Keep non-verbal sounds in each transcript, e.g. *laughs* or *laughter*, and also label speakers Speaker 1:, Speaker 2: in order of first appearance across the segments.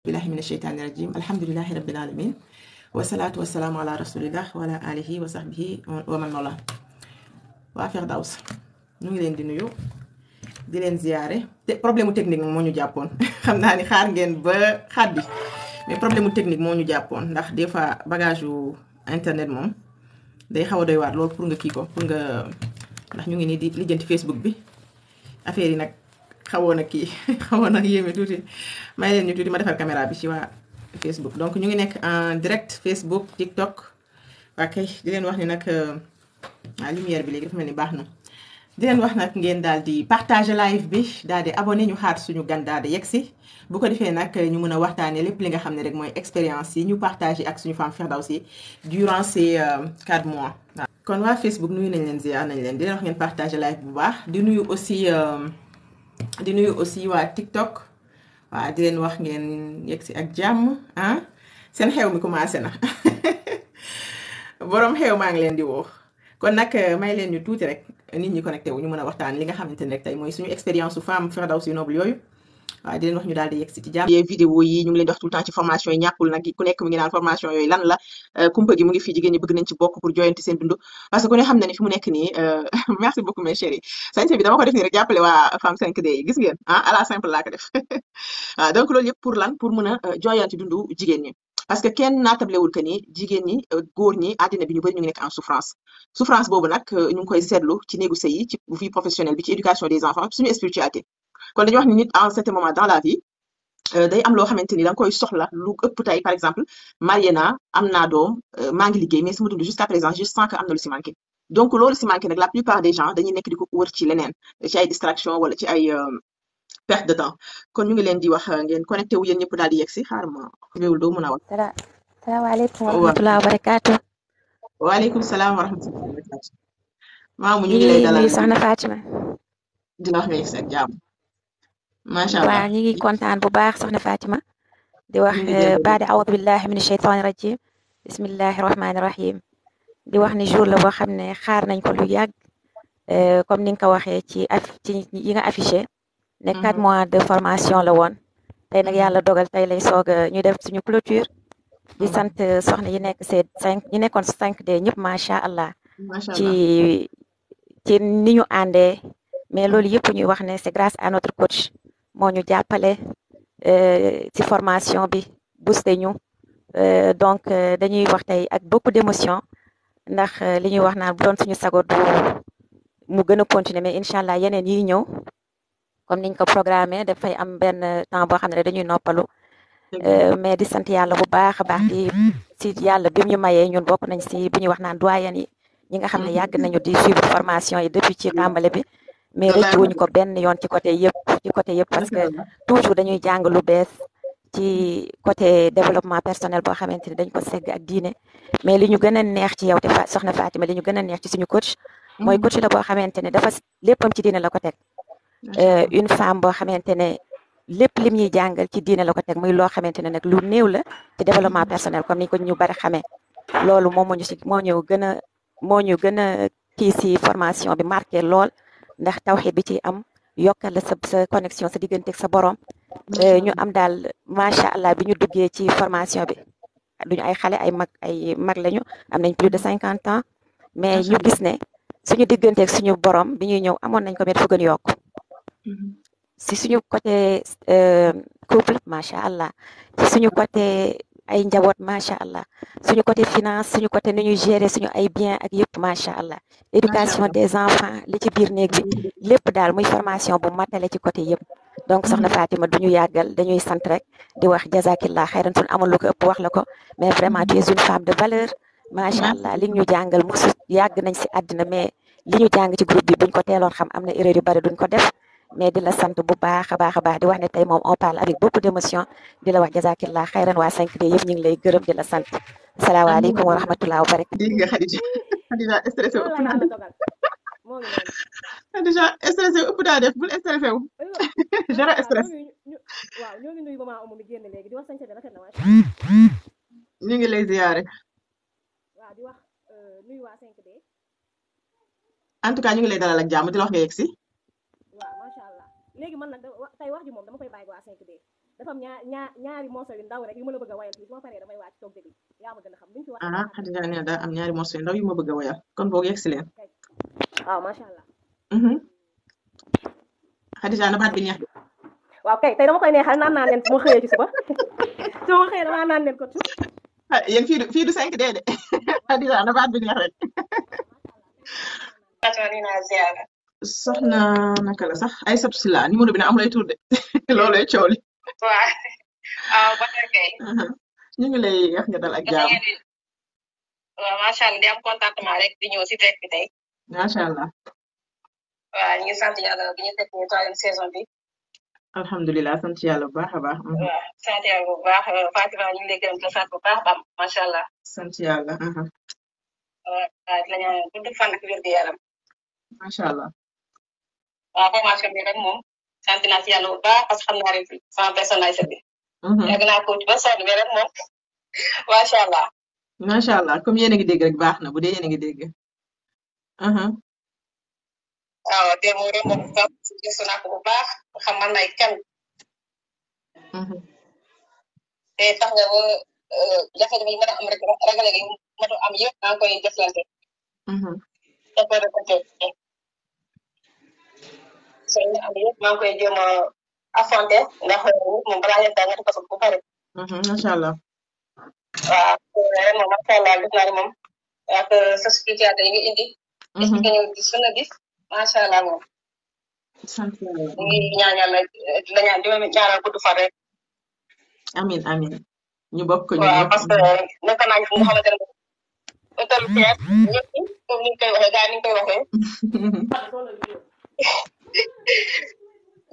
Speaker 1: billahi mina sheytaani rajim alhamdulilahi rabil alamin wasalaatu wasalaamu ala rasulillah wa ala alihi wa sahbihi wa man wala ngi leen di nuyu di leen ziyaare te problème mu technique moo ñu jàppoon *laughs* xam naa ni xaar ngeen ba xaddi mais problème technique moo ñu jàppoon ndax des fois bagage yu internet moom day xaw a doy waar loolu pour nga kii ko pour nga ndax ñu ngi nii di lijjanti Facebook bi affaire yi nag xawoon na kii *laughs* xawoon na yéeme tuuti may leen ñu tuuti ma defar caméra bi ci waa Facebook donc ñu ngi nekk en direct Facebook TikTok waa kay di leen wax ni nag euh, lumière bi léegi dafa mel ni baax na. di leen wax nag ngeen daal di partager live bi daal di abonné ñu xaar suñu gan daal si bu ko defee nag ñu mën a waxtaanee lépp li nga xam ne rek mooy expérience yi ñu partager ak suñu femme Firdawsi durant ces euh, quatre mois. kon waa Facebook nuyu nañ leen ziar nañ leen di wax ngeen partager live bu baax di nuyu aussi. Euh, di nuyu aussi waa TikTok waa di leen wax ngeen yegg si ak jàmm ah seen xew mi commencé na *laughs* borom xew maa ngi leen di woo kon nag eh, may leen ñu tuuti rek nit ñi connecté wu ñu mën a waxtaan li nga xamante ne rek tey mooy suñu expérience su femme Firdawsi Noble yooyu. waaw di leen wax ñu daal di yegsi ci jàmm vidéo yi ñu ngi leen di wax ci formation yi ñàkkul nag la euh, kumpa gi mu ngi fii jigéen ñi bëgg nañ ci bokk pour joyanti seen dund parce que ku ne xam euh, *laughs* ah, *laughs* yëpp pour lan pour mën a euh, joyanti dundu jigéen ñi parce que kenn naatablewul que ni jigéen ñi góor ñi àddina bi ñu bëri ñu ngi nekk en souffrance souffrance boobu nag ñu ngi koy seetlu ci néegu sëy yi ci vie professionnelle bi ci éducation des enfants suñu spiritualité kon dañuy wax ni nit en certain moment dans la vie euh, day am loo xamante ni da koy soxla lu ëpp tey par exemple marié naa am naa doom euh, maa ngi liggéey mais sama dund jusqu'à présent je sens que am na lu si manqué donc loolu si manqué nag la plupart des gens dañuy nekk di ko ci leneen ci ay distraction wala ci ay euh, perte de temps kon ñu ngi leen di wax ngeen connecté wu yéen ñëpp daal di si xaar ma réewul doo mën a wax.
Speaker 2: wa rahmatulah wa barakaatu. waaleykum salaam wa rahmatulah wa barakaatu. maamu ñu ngi lay dalal di
Speaker 1: nuyu soxna Fatima.
Speaker 2: macha allah waaw ñu ngi kontaan bu baax soxna Fatima. di wax eh, baadi awdu billahi min sheytaani rajim bismillahi rahmaani rahim di wax ni jour la boo xam ne xaar nañ ko lu yàgg eh, comme ni nga ko waxee ci af ci yi affiché ne quatre mhm. mois de formation la woon tey nag mhm. yàlla dogal tey lay soog ñu def suñu clôture di mhm. sant eh, soxna yi nekk se cinq ñi nekkoon cinq de ñëpp macha allah ci ci ni ñu àndee mais loolu yëpp ñuy wax ne c'est grâce à notre coach moo ñu jàppale euh, ci formation bi booster ñu euh, donc euh, dañuy wax tey ak beaucoup d'émotion ndax li ñuy wax naan bu doon suñu sago du mu gën a continuer mais incha allah yeneen yiy ñëw comme niñ ko programmé dafay am benn temps boo xam ne dañuy noppalu mais di sant yàlla bu baax a baax di si mm-hmm. yàlla bi ñu mayee ñun bokk nañ si bi ñuy wax naan doyen yi ñi nga xam ne mm-hmm. yàgg nañu di suivre formation yi depuis ci mm-hmm. tàmbale bi mais rëcc wuñ ko benn yoon ci côté yëpp ci côté yëpp parce que toujours dañuy jàng lu bees ci côté développement personnel boo xamante ni dañ ko segg ak diine mais li ñu gën a neex ci yow te fa soxna Fatima li ñu gën a neex ci suñu coach mooy mm-hmm. coach la boo xamante ne dafa léppam ci diine la ko teg euh, une femme boo xamante ne lépp lim ñuy jàngal ci diine la ko muy loo xamante ne nag lu néew la ci développement mm-hmm. personnel comme ni ko ñu bari xamee loolu moom moo si moo ñu gën a moo ñu gën a kii si formation bi marqué lool ndax tawxiid bi ci am yokkale sa sa sa diggante sa borom eh, ñu am daal macha allah bi ñu duggee ci formation bi duñu ay xale ay mag ay mag lañu am nañ plus de cinquante ans mais ñu gis ne suñu digganteeg suñu borom bi ñuy ñëw amoon nañ ko mais dafa gën mm-hmm. si suñu côté euh, couple macha allah si suñu côté ay njaboot macha allah suñu côté finance suñu côté nu ñuy gérer suñu ay bien ak yëpp macha allah éducation des enfants li ci biir néeg bi lépp daal muy formation bu matale ci côté yëpp donc soxna hmm. Fatima du ñu yàggal dañuy sant rek di wax jazakillah xayran suñu amul lu ko ëpp wax la ko mais vraiment tu es une femme de valeur macha hmm. allah li ñu jàngal mosu yàgg nañ si àddina mais li ñu jàng ci groupe bi buñ ko teeloon xam am na erreur yu bari duñ ko def mais di la sant bu baax a baax a baax di wax ne tey moom on parle avec beaucoup d'émotion di la wax jazakillah xayran waa 5D yëpp ñu ngi lay gërëm di la sant salaamaaleykum wa rahmatullah wa barakatu. dégg nga Khadija
Speaker 1: Khadija stressé ëpp naa def
Speaker 2: Khadija stressé ëpp naa
Speaker 1: def bul stressé wu *laughs* zéro stress. ñu ngi lay ziyaare. Euh, en tout cas ñu ngi lay dalal ak jàmm la wax nga yegg
Speaker 3: léegi man nag tey wax ji moom dama koy bàyyi wa 5D dafa ñaari morceau yu ndaw rek yu ma la bëgg a wayal fii su ma paree damay wàcc toog déglu yaa ma gën a xam liñ fi wax ah
Speaker 1: Khadija nee daa am ñaari morceau yu ndaw yu ma a wayal kon boog yegg si leen waaw macha allah mm-hmm. Khadija na baat bi neex bi
Speaker 3: waaw kay tey dama naan naa leen su ma xëyee *laughs*
Speaker 1: ko tuuti ah, yéen fii du fii du 5D de *laughs* Khadija na baat bi neex rek soxna naka la sax ay sab si la numéro bi na amulay tur de *laughs* loolay coow li
Speaker 4: waaw ba tey kay
Speaker 1: nga dal sant yàlla a baax waaw
Speaker 4: sant yàlla bu baax euh, Fatima waaw formation bi nag moom sant naa ci baax parce que xam naa rek sama personnalité bi. Mhm. yàgg naa ko ci ba sonn mais rek moom *laughs* allah.
Speaker 1: macha allah comme yéen a ngi dégg rek baax na bu dee yéen a ngi dégg. Mhm.
Speaker 4: waaw tey moom rek moom gëstu naa baax xam man suñ am yëpp koy jéem a affronté ndax moom balaa yëpp daa nga ko bu bëri. macha allah. waaw moom macha allah gis naa ne moom ak sa spiritualité allah moom.
Speaker 1: sant ngi ñaan yàlla di la ñaan amin
Speaker 4: amin ñu *laughs*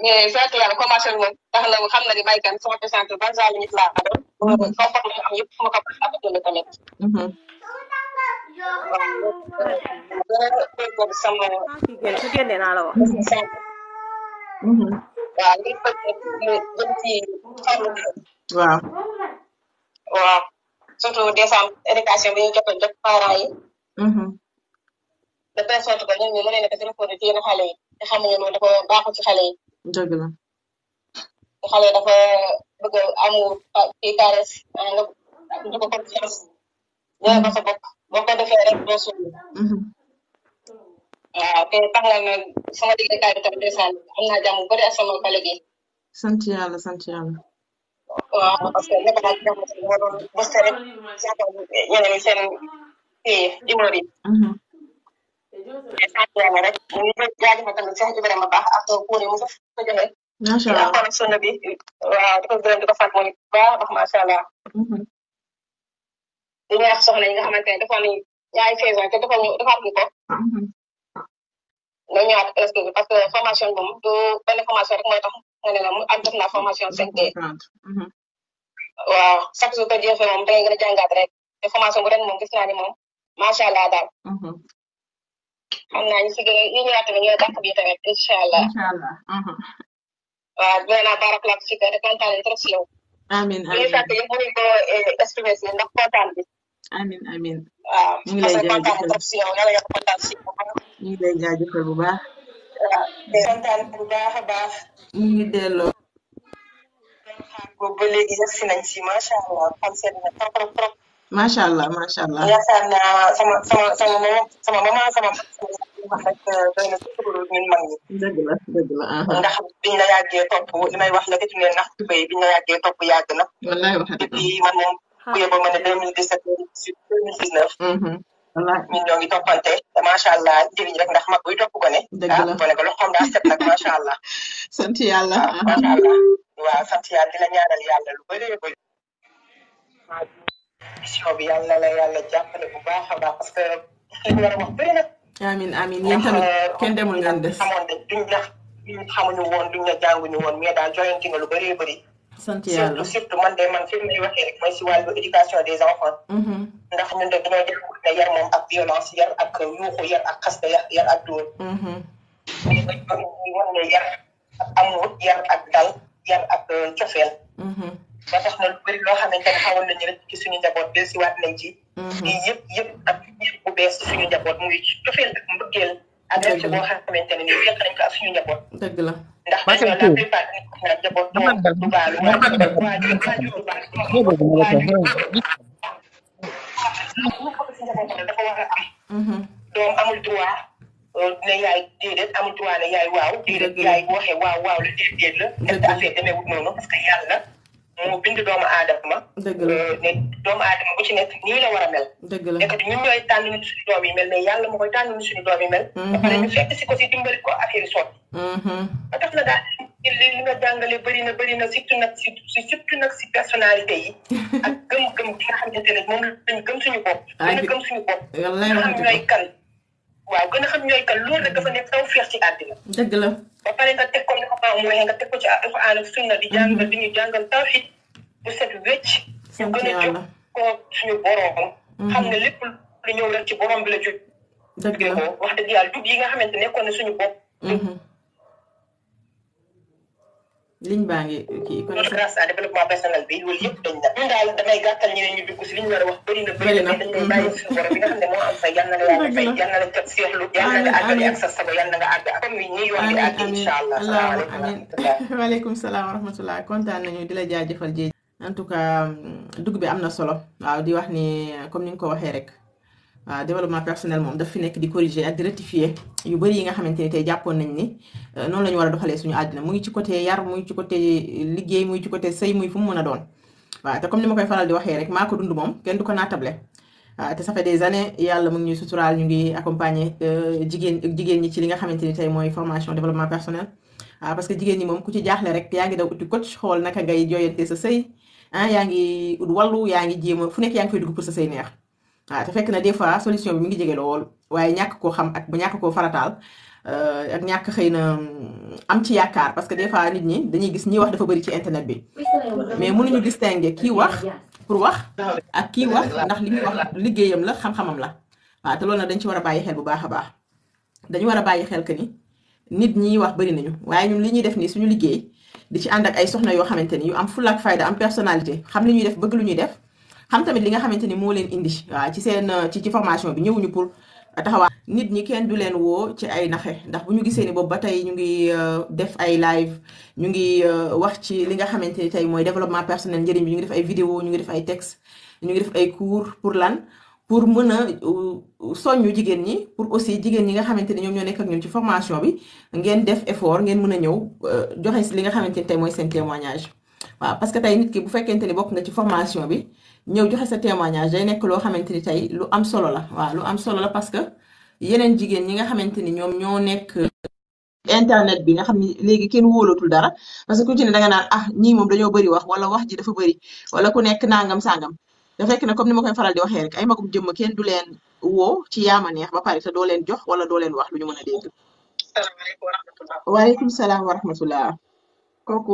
Speaker 4: mais fekk la commencé na tax xam na ni baykat bi sama pesante ban genre nit laa doon. Mm-hmm. comportement am yëpp ma ko bëgg a apporté tamit.
Speaker 5: Mm-hmm. waaw
Speaker 4: sama. su naa la waaw li ko jëm éducation bi jot a jot parents yi. Mm-hmm. de telle sorte que ñoom ñu mën a nekk ci rapport yi ci xale te xam nga loolu dafa baaxul ci xale yi. dëgg la. te xale dafa bëgg amul ah, kii ah, sa bopp boo ko defee rek doo suul. Mm-hmm. te parlé na sama liggéeykaay bi tamit ndeysaan am naa jàmm bu bëri ak sama collègue yi.
Speaker 1: sant yàlla que
Speaker 4: nekk naa ci jàmm si moo doon bës rek ñeneen seen rek ñu jaajëfal tamit Cheikh Ibrahima Ba ak kuur yi mu sax ko joxe. macha bi waaw di ko gërëm di ko fàttali nga xamante
Speaker 5: ne dafa ni ñaari saison
Speaker 4: te dafa ñu dafa am ko. nga ñëwaat presque bi parce que formation bi moom formation rek mooy tax nga ne la mu am def naa formation a jàngaat rek te formation bu ren moom gis moom macha allah daal.
Speaker 5: xam naa ñu si gën a ñu ñëwaat tamit ñu ne dàkk bi tamit incha allah. incha allah.
Speaker 4: waaw dina naa baarakalaa si kër kontaan nañ trop si yow. amiin amiin ñu ngi sant yëpp mënuñ ko exprimé si ndax kontaan bi. amiin amiin. waaw parce que kontaan nañ trop si yow yàlla yokk kontaan si
Speaker 1: yow. ñu ngi lay jaajëfal bu baax.
Speaker 4: waaw di kontaan bu baax a baax.
Speaker 1: ñu ngi delloo.
Speaker 4: donc xaar boobu ba léegi yegg si nañ si macha allah xam seen na trop trop trop.
Speaker 1: macha allah macha allah
Speaker 4: sama sama sama mama sama
Speaker 1: mama wax rek doy na sukkuru ñun mag ndax biñ la yàggee topp wax la ci ne
Speaker 5: ndax tubéy biñ la yàggee topp yàgg na. wax dëgg depuis man moom ku yóbboo ma deux mille dix sept deux mille dix neuf. Mhm.
Speaker 4: wallaay allah njëriñ rek ndax mag buy topp ko ah, loxoom daa allah.
Speaker 1: sant yàlla. Ah, allah
Speaker 4: waaw sant yàlla di la ñaanal yàlla lu bëri bëri. yàlla na la yàlla jàppale bu baax a baax parce que
Speaker 1: li a wax bëri na. amiin amiin yéen tamit euh, kenn
Speaker 4: la xamuñu woon duñ la jànguñu woon mais daal lu bëree
Speaker 1: surtout
Speaker 4: man de man fi may waxee rek mooy si wàllu éducation des enfants. Mm-hmm. ndax ñun de dañoo def ne yar moom a violence yar ak yuuxu yar ak xaste yar ak dóor. mais nag ñun
Speaker 6: yar ak euh, cofeel. ba tax na lu bëri loo xamante ne xawoon nañu rek
Speaker 5: ci suñu njaboot del si waat nañ ci lii
Speaker 6: yëpp yëpp ak yëf bu bees ci
Speaker 4: suñu njaboot mbëggeel ak rek boo xamante ne nii fekk nañ ko ak suñu
Speaker 5: njaboot dëgg
Speaker 4: la ndax dañoo la plupart na njaboot du baalu waajur waajur baax lu ko si njaboot dafa war
Speaker 5: a
Speaker 4: am doom Euh, ne yaay déedéet amul droit yaay waaw déedéet yaay bu waxee waaw waaw la déedéet la est-ce que affaire parce que yàlla moo bind doomu aadama dëgg la euh, ne doomu aadama bu ci nekk nii la war a mel dëgg la nekkati ñun suñu doom yi mel mais yàlla moo koy tànn ñu suñu doom yi mel mhm. ba fekk si ko si dimbali ko affaire yi sotti mhm. ba tax na daal li li nga jàngale bëri na bëri na surtout nag si surtout nag si personnalité yi *laughs* ak gëm-gëm bi nga xamante ne moom lañ gëm suñu bopp dana gëm suñu bopp xam ñooy kan waaw gën a xam ñooy kan loolu rek dafa nekk taw féex ci àddina.
Speaker 7: dëgg
Speaker 8: la.
Speaker 4: ba pare nga teg ko li ko faa mooy nga teg ko ci alxuraan ak sunna di jàngal mm-hmm. di ñu jàngal tawhid bu set wécc. ñu gën a jóg ko suñu borom. Mm-hmm. xam ne lépp lu ñëw rek ci borom bi la jóg. dëgg la wax dëgg yàlla dugg yi nga xamante nekkoon na suñu bopp.
Speaker 1: Mm-hmm. liñ baa ngi kii kon
Speaker 4: grâce à ñu dugg a wax bëri na bëri na dañ koy bàyyi suñu la yàlla fay yal na
Speaker 1: amin waaleykum salaam wa rahmatullah kontaan nañu di la jaajëfal jéej en tout cas mm, dugg bi am na solo waaw di wax ni comme ni nga ko waxee rek waaw euh, développement personnel moom daf fi nekk di corriger ak di rectifier yu bëri yi nga xamante ni tey jàppoon nañ ni euh, noonu la ñu war a doxalee suñu àddina mu ngi ci côté yar mu ngi ci côté liggéey mu ngi ci muy a doon waaw te comme koy faral di waxee rek maa ko dund ko naatable waaw te ça fait des années mu ngi ñuy suturaal ñu ngi euh, ñi ci li nga xamante ni tey mooy formation développement personnel waaw parce que jigéen ñi moom ku ci jaaxle rek yaa ngi daw uti coach xool naka ngay jooyante sa sëy ah, yaa ngi ut wàllu yaa ngi jéem a fu nekk yaa ngi fay dugg pour sa sëy neex waaw te fekk na des fois solution bi mi ngi jege lool waaye ñàkk koo xam ak bu ñàkk koo farataal euh, ak ñàkk xëy na mm, am ci yaakaar parce que des fois nit ñi dañuy gis ñi wax dafa bari ci internet bi mais gis distinguer kii wax pour wax ak kii wax ndax li muy wax liggéeyam la xam-xamam la waaw te loolu na dañ ci war a bàyyi xel bu baax a baax dañu war a bàyyi xel que ni nit ñi wax bëri nañu waaye ñun li ñuy def nii suñu liggéey di ci ànd ak ay soxna yoo xamante ni yu am fulla ak am personnalité xam li def bëgg lu ñuy def xam tamit li nga xamante ni moo leen indi waaw ci seen ci ci formation bi ñëwuñu pour taxawaa nit ñi kenn du leen woo ci ay naxe ndax bu ñu gisee ni boobu ba tey ñu ngi euh, def ay live ñu ngi euh, wax ci li nga xamante ni tey mooy développement personnel njëriñ bi ngi def ay vidéo ñu ngi def ay texte ñu ngi def ay cours pour lan pour mën a euh, soññu jigéen ñi pour aussi jigéen ñi nga xamante ne ñoom ñoo nekk ak ñun ci formation bi ngeen def effort ngeen mën a ñëw joxe si li nga xamante ni tey mooy seen témoignage waaw parce que tey nit ki bu fekkente ni bokk nga ci formation bi ñëw joxe sa témoignage day nekk loo xamante ni tey lu am solo la waaw lu am solo la parce que yeneen jigéen ñi nga xamante ni ñoom ñoo nekk internet bi nga xam ni léegi kenn wóolatul dara parce que ku ci ne danga naan ah ñii moom dañoo bëri wax wala wax ji dafa bëri wala ku nekk nangam sangam da fekk ne comme ni ma koy faral di waxee rek ay magum jëmm kenn du leen woo ci yaama neex ba pare te doo leen jox wala doo leen wax lu ñu mën a dégg. salaamaaleykum wa rahmatulah. waaleykum salaam wa rahmatulah. kooku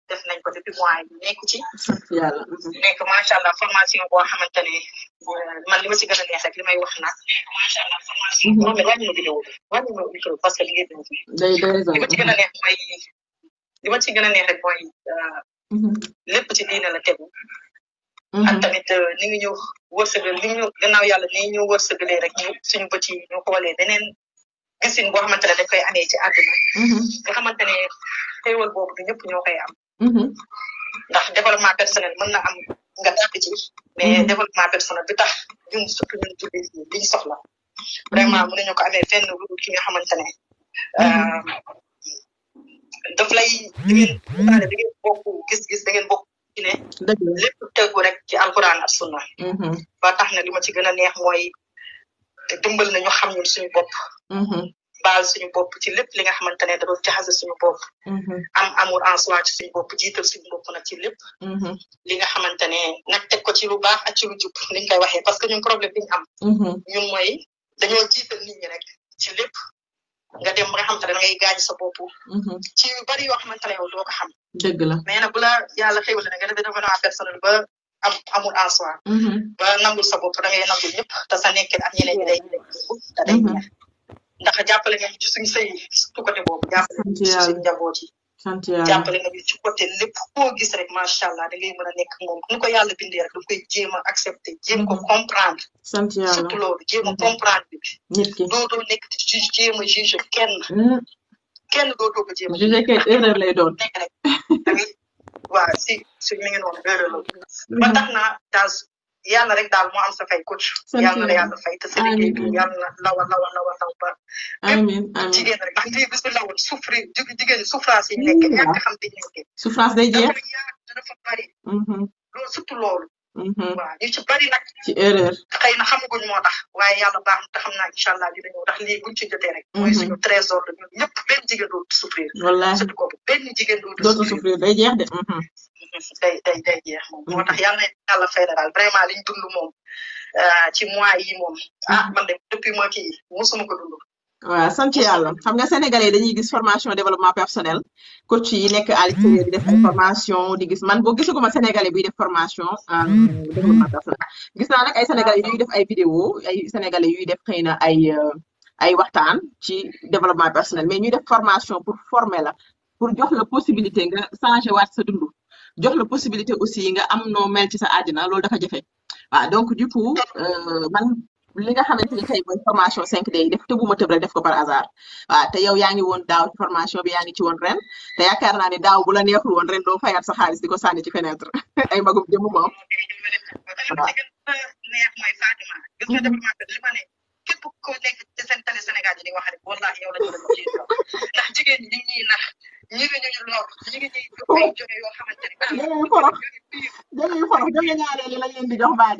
Speaker 4: def nañ ko depuis mois nekk macha allah formation boo xamante ne euh, man li ma ci gën a neex rek li may wax nag. macha allah formation. moom la wàññi que liggéey ci. day day li ma ci gën a neex a neex rek mooy. Mhm. Euh, diine la tegu. Mhm. ak tamit euh, ni ngi ñu wërsëgal li ñu gannaaw yàlla ni ñu wërsëgalee rek ñu suñu bët ñu xoolee beneen gisin boo xamante ne dañ koy a ci àdduna. Mhm. nga xamante ne xéewal boobu du ñëpp ñoo am. Mm-hmm. ndax développement personnel mën na am nga dàq ci mais mm-hmm. développement personnel bi tax ñun surtout ñun soxla vraiment mm-hmm. mën nañu ko amee fenn lu dul ki nga xamante ne euh, daf lay da ngeen da gis-gis da ngeen bokk ci ne lépp tegu rek ci alquran ak sunna ba tax na li ma ci gën a neex mooy dimbal nañu xam ñun suñu bopp baal suñu bopp ci lépp li nga xamante ne dafa jaxase suñu bopp. Mm-hmm. am amour en a ci suñu bopp jiital suñu bopp nag ci lépp. Mm-hmm. li nga xamante ne nag ci lu baax ak ci lu ni ñu koy parce que ñun problème bi am. Mm-hmm. ñun mooy dañoo jiital nit rek ci lépp nga dem ba nga xamante ne dangay gaañ sa bopp. ci bari yoo xamante ne yow xam. dëgg la mais nag bu la yàlla xéwale na nga def a personnel ba. am amul en soi. ba nangul sa bopp da ngay nangul ñëpp te sa nekkin ak ñeneen ñi day day ndax jàppale nga ñu ci suñu sëy surtout a boobu jàppale nga ñu ci suñu njaboot yi jàppale nga ñu ci coté lépp koo gis rek macha allah da ngay mën a nekk moom nu ko yàlla bindee rek da koy jéem a accepter jéem ko mm-hmm. comprendre sant yàlla surtout loolu jéem a comprendre
Speaker 9: bi doodoo
Speaker 4: nekk ken jéem a juge kenn mm-hmm. kenn ko jéem a juge kenn erreur lay doon nekk rek *laughs* si su mi mm-hmm. ba tax naa yàlla rek daal moo am sa fay coach yàlla na yàlla fay te sa liggéey bi yàlla na lawa lawa lawa law ba amiin amiin jigéen rek ndax lii bisu lawoon souffrir jigéen jeex
Speaker 5: dafa bari mm-hmm.
Speaker 4: loolu surtout loolu Mm-hmm. waaw ñu ci bari a ci na xëy na xamaguñ moo tax. waaye yàlla baax na te xam naa incha allah dina ñëw ndax lii buñ ci jotee rek. mooy mm-hmm. suñu trésor la ñun ñëpp benn jigéen dootu souffrir. wallaahi surtout kooku benn jigéen
Speaker 1: dootu souffrir day jeex de. Mm-hmm.
Speaker 4: day day jeex moo tax yàlla yàlla fay na daal vraiment liñ dund moom ah, ci mois yi moom. ah man de depuis mois kii mosuma ko dund.
Speaker 1: waaw sant yàlla xam nga sénégalais dañuy gis formation développement personnel coach yi nekk à l'extérieur di def ay formation man boo gisaguma sénégalais buy def formation en gis naa nag ay sénégalais def ay vidéo ay sénégalais yuy def xëy na ay euh, ay waxtaan ci développement personnel mais ñuy def formation pour former la pour jox la possibilité nga changer waat sa dund jox la possibilité aussi nga am no mel ci sa àddina loolu dafa jafe waaw donc du euh, li nga xamante ni tey mooy formation 5D def te bu ma def ko par hasard waaw te yow yaa ngi woon daaw ci formation bi yaa ngi ci woon ren te yaakaar naa ne daaw bu la neexul woon ren doo fayaat sa xaalis di ko sànni ci fenêtre *laughs* ay magum jëmm moom neex mooy Fatima mhm. ko nekk
Speaker 4: ci seen tali ndax jigéen ñi forox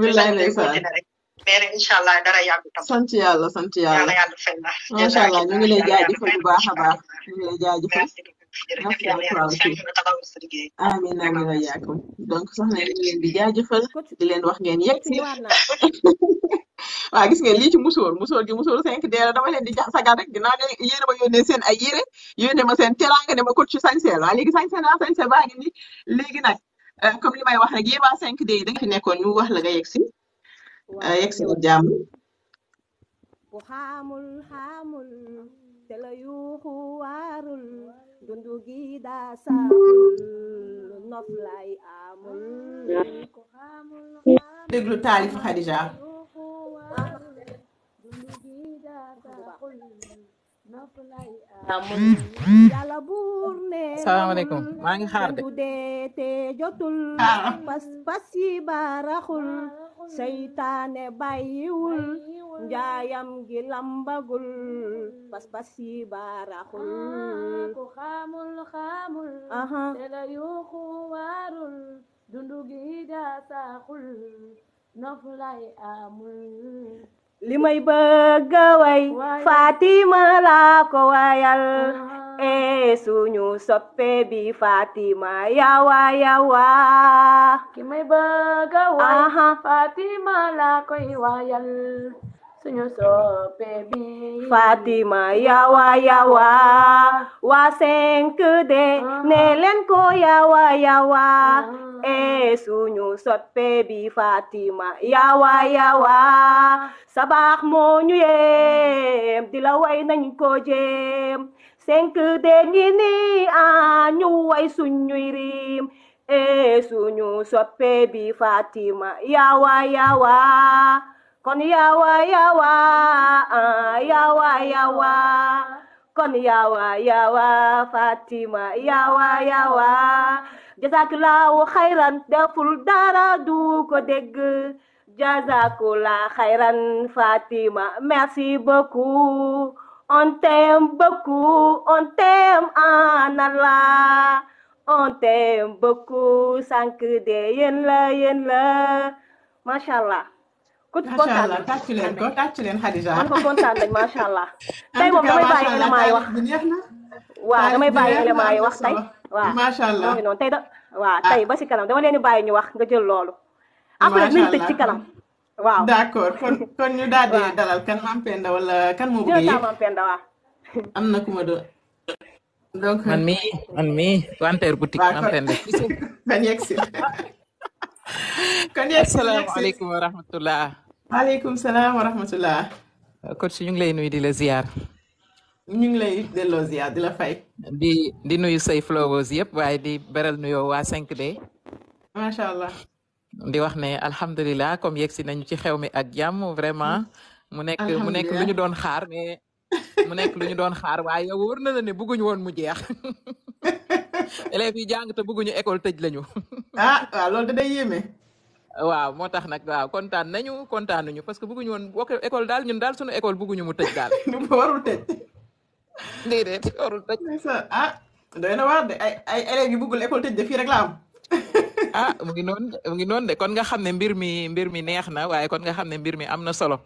Speaker 1: wilaay ndeysaan
Speaker 5: mais
Speaker 4: nag incha allah dara yàggu
Speaker 1: tam. ñu ngi lay jaajëfal bu baax a baax ñu
Speaker 4: ngi lay jaajëfal.
Speaker 1: amiin amiin waay yaakum donc soxna yi ñu leen di jaajëfal di leen wax ngeen yegg si waa gis ngeen lii ci musóor musóor gi musóor 5 deera dama leen di jax sagal rek dinaa ne yéen a ma yónnee seen ay yére yónnee ma seen teraanga ne ma kot ci sañseel waa léegi sañsee naa sañsee baa ngi léegi nag Eh, comme li may wax rek yéen waa 5D da nga fi nekkoon wax la nga yegg si eh, yegg
Speaker 3: ku xaamul xaamul te la yuuxu dundu gi daa saamul nof lay amul
Speaker 1: ku xaamul déglu
Speaker 3: salaamaaleykum maa ngi xaar de. Ah. seytaane bàyyiwul njaayam gi lambagul pas-pas yi baaraxul ah, ku xamul xamul te la yuuxu waarul dundu gi li may bëgg a way Fatima laa ko wayal ah. ee eh, suñu soppe bi Fatima yawa yawa ki may bëgg a way Fatima laa koy wayal suñu
Speaker 10: soppe bi Fatima yawa yawa
Speaker 3: waa ah. 5D ne leen ko yawa yawa ah. e suñu soppe bi Fatima yawa yawa sabax moo ñu di la way nañ ko jéem cinq de ngi ni a way suñuy riim e suñu soppe bi Fatima yawa yawa kon yawa yawa a yawa yawa kon yawa yawa Fatima yawa yawa jazakallahu xayran deful dara du ko dégg jazakallahu xayran Fatima merci beaucoup on t'aime beaucoup on t'aime en on t'aime beaucoup sànq de yéen la yéen la macha allah. ku ci
Speaker 1: leen ko tàccu leen Khadija. man ko
Speaker 3: kontaan nañ macha allah. *laughs* tey moom damay bàyyi élément yi wax. waaw damay bàyyi élément yi wax tey. waaw macha allah waaw noonu tey da waaw ah. ba si kanam dama leen di bàyyi ñu wax nga jël
Speaker 1: loolu. après nañ tëj ci kanam. waaw d' accord kon ñu daal *laughs* dalal kan maam Penda wala kan moo bëgg yëpp maam Penda waaw. am na ku ma doon. man
Speaker 9: mi wanteer boutique maam Penda. *laughs*
Speaker 1: kon yegg si kon yegg si asalaamaaleykum
Speaker 9: wa rahmatulah.
Speaker 1: waaleykum salaam wa rahmatulah.
Speaker 9: kon si ñu ngi lay nuyu di la ziar. ñu ngi lay delloo ziar di la fay. di di nuyu say flowers yëpp waaye di beral nuyoo waa cinq d macha allah. di wax ne alhamdulilah comme yegg si nañu ci xew mi ak jàmm vraiment. mu nekk mu nekk lu ñu doon xaar mais. mu nekk lu ñu doon xaar waaye yow wër na la ne bëgguñu woon mu jeex. *laughs* élèves yi jàng te bëgguñu école tëj lañu.
Speaker 1: ah waaw loolu da day yéeme.
Speaker 9: waaw moo tax nag waaw kontaan nañu kontaan nañu parce que bëgguñu woon école daal ñun daal sunu école bëgguñu mu tëj daal. *laughs* warul tëj. *laughs* déedéet a tëj. ah doy na waar *laughs* ah, mu ngi noonu mu ngi noonu de kon nga xam ne mbir mi mbir mi neex na waaye kon nga xam ne mbir mi am na solo.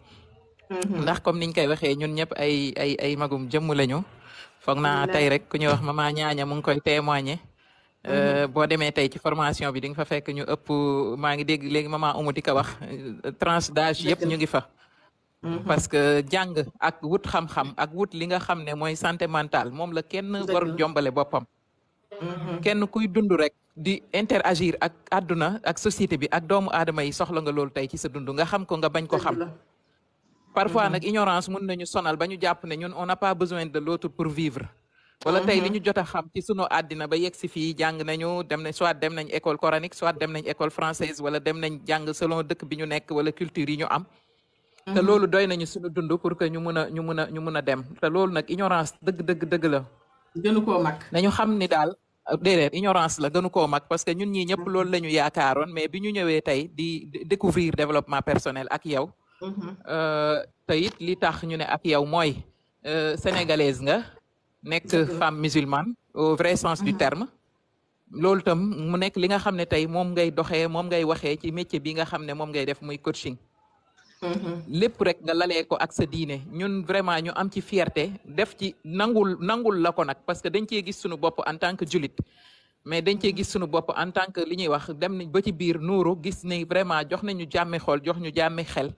Speaker 9: Mhm. ndax comme niñ koy waxee ñun ñëpp ay ay ay magum jëmm lañu. foog naa tey rek ku ñuy wax mama ñaaña mu ngi koy témoigner. Mhm. Euh, boo demee tey ci formation bi di nga fa fekk ñu ëpp maa ngi dégg léegi mama Oumou di ko wax euh, tranche d'âge yëpp ñu ngi fa. Mhm. parce que jàng ak wut xam-xam ak wut li nga xam ne mooy santé mentale moom la kenn warul jombale boppam mhm. kenn kuy dundu rek di agir ak adduna ak société bi ak doomu aadama yi soxla nga loolu tey ci sa dund nga xam ko nga bañ ko xam parfois mhm. nag ignorance mun nañu sonal ba ñu jàpp ne ñun on n'a pas besoin de l'autre pour vivre wala tey li ñu jot xam ci sunu addina ba yegg si fii jàng nañu dem nañ soit dem nañ école coranique soit dem nañ école française wala dem nañ jàng selon dëkk bi ñu nekk wala culture yi ñu am te mhm. loolu doy nañu suñu dund pour que ñu mun a ñu mun a ñu mun dem te loolu nag ignorance dëgg dëgg dëgg la. gënu koo mag nañu xam ni daal. Euh, déedéet ignorance la gënu koo mag parce que ñun ñii ñëpp loolu la ñu yaakaaroon mais bi ñu ñëwee tey di découvrir développement personnel ak yow. Mhm. Euh, te it li tax ñu ne ak yow mooy euh, sénégalaise nga. nekk femme musulmane au vrai sens du mhm. terme. loolu tam mu nekk li nga xam ne tey moom ngay doxee moom ngay waxee ci métier bi nga xam ne moom ngay def muy coaching. Mm-hmm. lépp rek nga lalee ko ak sa diine ñun vraiment ñu am ci fierté def ci nangul nangul la ko nag parce que dañ cee gis suñu bopp en tant que julit mais dañ cee gis suñu bopp en tant que li ñuy wax dem nañ ba ci biir nuuru gis ni vraiment jox nañu jàmmi xool jox ñu jàmmi xel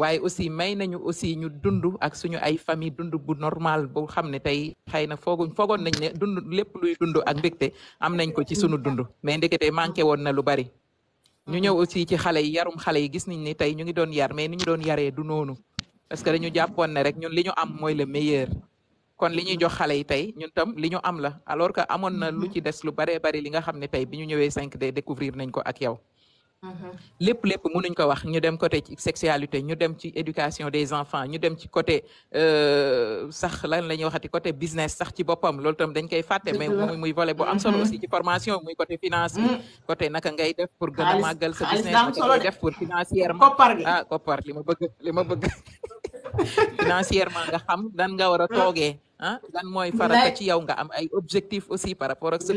Speaker 9: waaye aussi may nañu aussi ñu dund ak suñu ay famille dund bu normal bu xam ne tey xëy na fooguñ foogoon nañ ne dund lépp luy dund ak mbégte am nañ ko ci suñu dund mais ndekete manqué woon na lu bari ñu ñëw aussi ci xale yi yarum xale yi gis nañ ni tey ñu ngi doon yar mais ni ñu doon yaree du noonu parce que dañu jàppoon ne rek ñun li ñu am mooy le meilleur kon li ñuy jox xale yi tey ñun tam li ñu am la alors que amoon na lu ci des lu baree bari li nga xam ne tey bi ñu ñëwee cinq des découvrir nañ ko ak yow. Mmh. lépp lépp mënuñ ko wax ñu dem côté ci sexualité ñu dem ci éducation des enfants ñu dem ci côté euh, sax lan lay ñuy waxati côté business sax ci boppam loolu tam dañ koy fàtte. mais muy muy volet bu am solo mmh. aussi ci formation muy côté finance. Mmh. côté naka ngay def pour gën a màggal sa business naka ngay def pour ah, li ma bëgg li ma bëgg *laughs* financièrement nga xam dan nga war a toogee ah lan mooy ci yow nga am ay objectif aussi par rapport ak sa